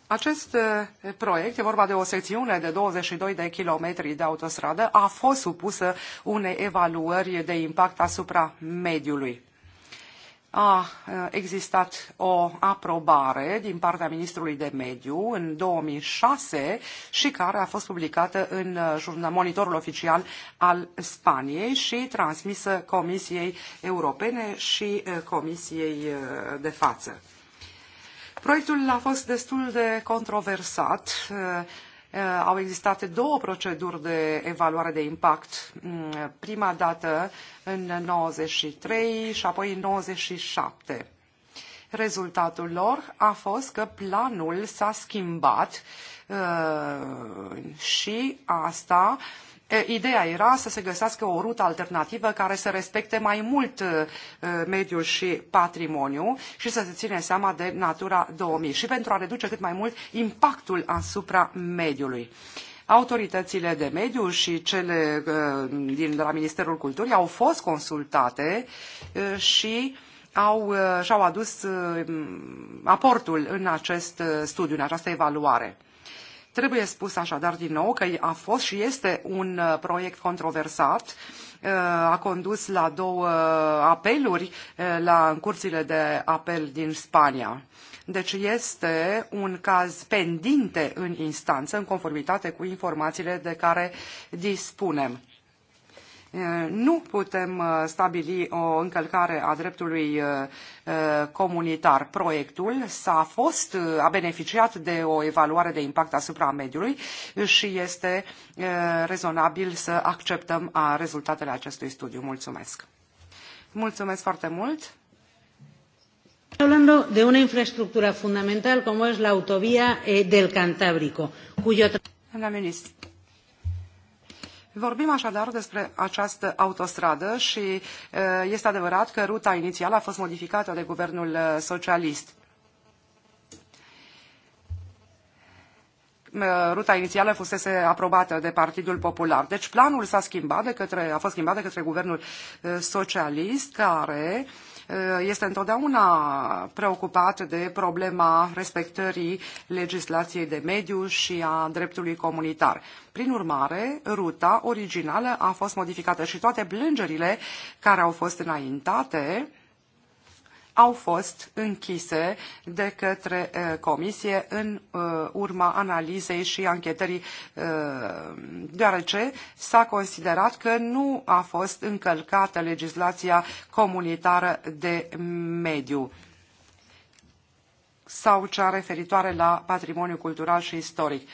Acest proiect, e vorba de o secțiune de 22 de kilometri de autostradă, a fost supusă unei evaluări de impact asupra mediului. A existat o aprobare din partea Ministrului de Mediu în 2006 și care a fost publicată în monitorul oficial al Spaniei și transmisă Comisiei Europene și Comisiei de față. Proiectul a fost destul de controversat. Eh, eh, au existat două proceduri de evaluare de impact. Mm, prima dată în 93 și apoi în 97. Rezultatul lor a fost că planul s-a schimbat eh, și asta Ideea era să se găsească o rută alternativă care să respecte mai mult mediul și patrimoniu și să se ține seama de Natura 2000 și pentru a reduce cât mai mult impactul asupra mediului. Autoritățile de mediu și cele din, de la Ministerul Culturii au fost consultate și au, și-au adus aportul în acest studiu, în această evaluare. Trebuie spus așadar din nou că a fost și este un uh, proiect controversat, uh, a condus la două uh, apeluri la curțile de apel din Spania. Deci este un caz pendinte în instanță, în conformitate cu informațiile de care dispunem. Eh, nu putem eh, stabili o încălcare a dreptului eh, comunitar. Proiectul s-a fost, a beneficiat de o evaluare de impact asupra mediului și este rezonabil să acceptăm rezultatele acestui studiu. Mulțumesc! Mulțumesc foarte mult! hablando de una infraestructura fundamental como es la autovía del Cantábrico, cuyo. Doamna Vorbim așadar despre această autostradă și este adevărat că ruta inițială a fost modificată de guvernul socialist. ruta inițială fusese aprobată de Partidul Popular. Deci planul s-a schimbat de către, a fost schimbat de către guvernul socialist care uh, Eh, este întotdeauna preocupat de problema respectării legislației de mediu și a dreptului comunitar. Prin urmare, ruta originală a fost modificată și toate plângerile care au fost înaintate uh, au fost închise de către uh, comisie în uh, urma analizei și anchetării, uh, deoarece s-a considerat că nu a fost încălcată legislația comunitară de mediu sau cea referitoare la patrimoniul cultural și istoric.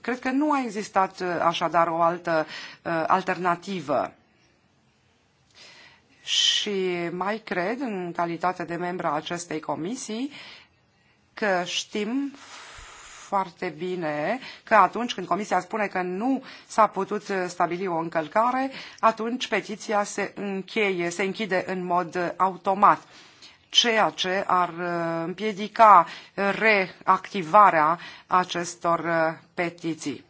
Cred că nu a existat așadar o altă alternativă și mai cred, în calitate de membra acestei comisii, că știm foarte bine că atunci când Comisia spune că nu s-a putut stabili o încălcare, atunci petiția se încheie, se închide în mod automat ceea ce ar uh, împiedica reactivarea acestor uh, petiții.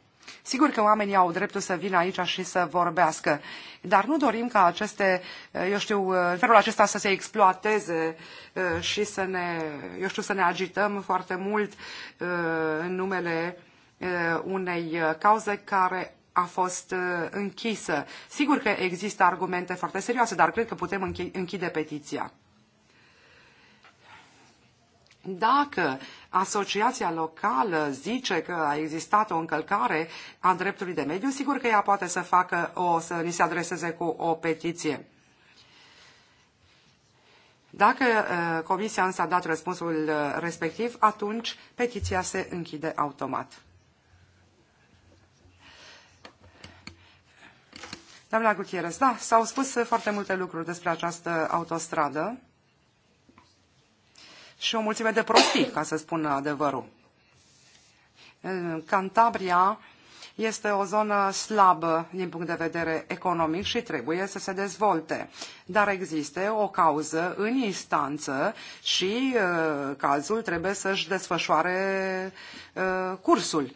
Sigur că oamenii au dreptul să vină aici și să vorbească, dar nu dorim ca aceste, eu știu, felul acesta să se exploateze uh, și să ne, eu știu, să ne agităm foarte mult uh, în numele uh, unei cauze care a fost închisă. Sigur că există argumente foarte serioase, dar cred că putem închide petiția. Dacă asociația locală zice că a existat o încălcare a dreptului de mediu, sigur că ea poate să facă o, să ni se adreseze cu o petiție. Dacă ă, comisia însă a dat răspunsul ă, respectiv, atunci petiția se închide automat. Doamna Gutierrez, da, s-au spus foarte multe lucruri despre această autostradă și o mulțime de prostii, ca să spun adevărul. Cantabria este o zonă slabă din punct de vedere economic și trebuie să se dezvolte. Dar există o cauză în instanță și uh, cazul trebuie să-și desfășoare uh, cursul.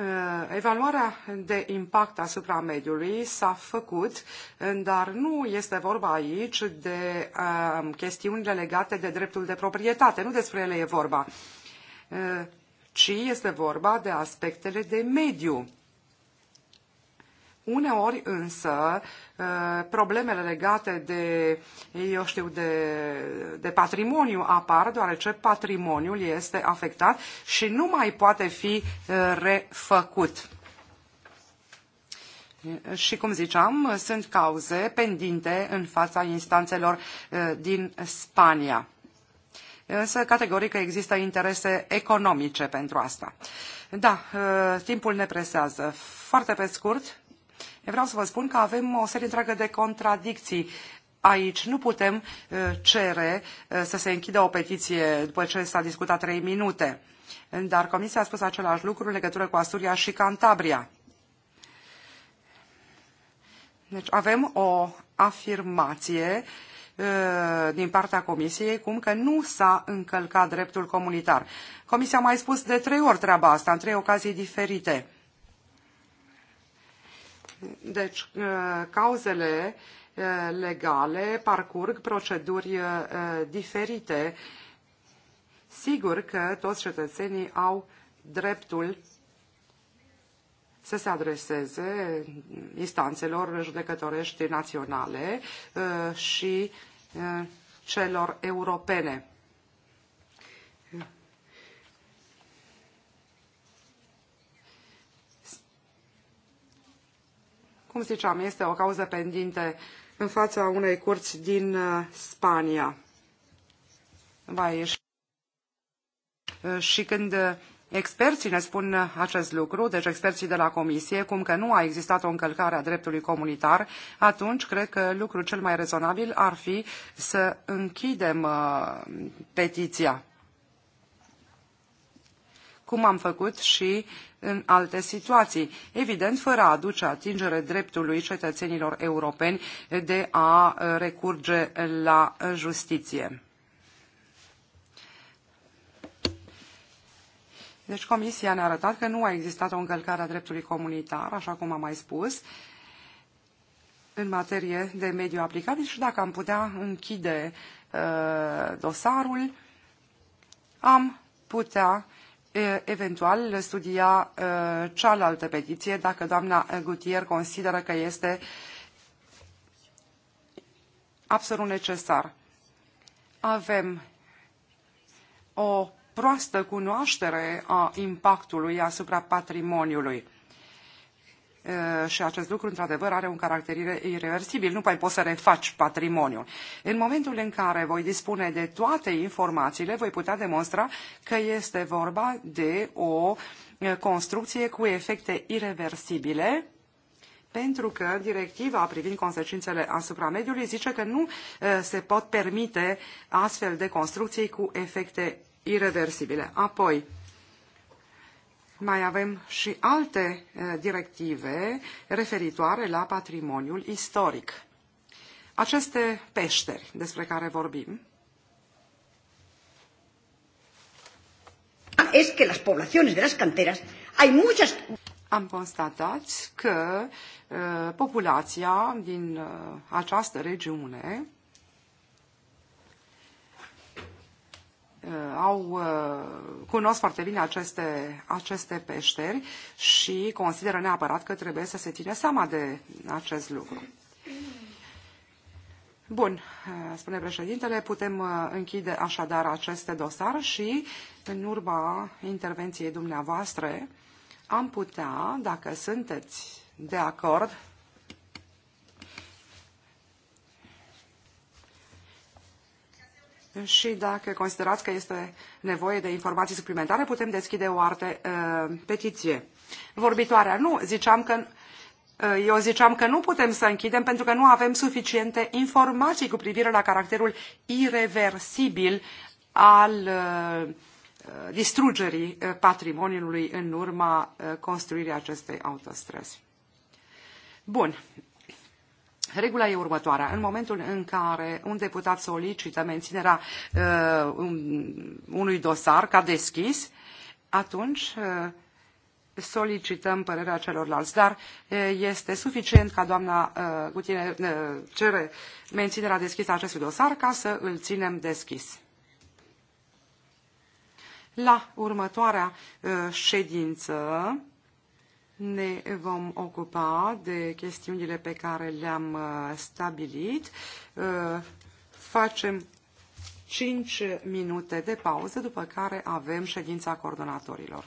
Eh, evaluarea de impact asupra mediului s-a făcut, eh, dar nu este vorba aici de eh, chestiunile legate de dreptul de proprietate, nu despre ele e vorba, ci este vorba de aspectele de mediu Uneori însă uh, problemele legate de, eu știu, de, de patrimoniu apar, deoarece patrimoniul este afectat și nu mai poate fi uh, refăcut. Și cum ziceam, sunt cauze pendinte în fața instanțelor uh, din Spania. Însă, categoric, există interese economice pentru asta. Da, timpul ne presează. Foarte pe scurt, vreau să vă spun că avem o serie întreagă de contradicții aici nu putem uh, cere uh, să se închidă o petiție după ce s-a discutat trei minute. Dar Comisia a spus același lucru în legătură cu Asturia și Cantabria. Deci avem o afirmație uh, din partea Comisiei cum că nu s-a încălcat dreptul comunitar. Comisia a mai spus de trei ori treaba asta, în trei ocazii diferite. Deci, uh, cauzele uh, legale parcurg proceduri uh, diferite. Sigur că toți cetățenii au dreptul să se adreseze instanțelor judecătorești naționale și celor europene. cum ziceam, este o cauză pendinte în fața unei curți din uh, Spania. Va ieși. Uh, și când uh, experții ne spun acest lucru, deci experții de la Comisie, cum că nu a existat o încălcare a dreptului comunitar, atunci cred că lucrul cel mai rezonabil ar fi să închidem petiția cum am făcut și în alte situații, evident fără a aduce atingere dreptului cetățenilor europeni de a uh, recurge la uh, justiție. Deci Comisia ne-a arătat că nu a existat o încălcare a dreptului comunitar, așa cum am mai spus, în materie de mediu aplicabil și dacă am putea închide uh, dosarul, am putea uh, eventual studia cealaltă petiție dacă doamna Gutier consideră că este absolut necesar. Avem o proastă cunoaștere a impactului asupra patrimoniului și acest lucru, într-adevăr, are un caracter irreversibil. Nu mai poți să refaci patrimoniul. În momentul în care voi dispune de toate informațiile, voi putea demonstra că este vorba de o construcție cu efecte irreversibile, pentru că directiva privind consecințele asupra mediului zice că nu se pot permite astfel de construcții cu efecte irreversibile. Apoi, mai avem și alte directive referitoare la patrimoniul istoric. Aceste peșteri despre care vorbim es que las poblaciones de las canteras hay muchas am constatat că uh, populația din uh, această regiune Uh, au, uh, cunosc foarte bine aceste, aceste peșteri și consideră neapărat că trebuie să se ține seama de acest lucru. Bun, uh, spune președintele, putem închide așadar aceste dosar și în urma intervenției dumneavoastră am putea, dacă sunteți de acord, și dacă considerați că este nevoie de informații suplimentare, putem deschide o arte uh, petiție. Vorbitoarea, nu, ziceam că, uh, eu ziceam că nu putem să închidem pentru că nu avem suficiente informații cu privire la caracterul irreversibil al uh, uh distrugerii uh, patrimoniului în urma uh, construirii acestei autostrăzi. Bun, Regula e următoarea. În momentul în care un deputat solicită menținerea uh, unui dosar ca deschis, atunci uh, solicităm părerea celorlalți. Dar uh, este suficient ca doamna uh, Gutine uh, cere menținerea deschisă a acestui dosar ca să îl ținem deschis. La următoarea uh, ședință ne vom ocupa de chestiunile pe care le-am uh, stabilit. Uh, facem 5 minute de pauză, după care avem ședința coordonatorilor.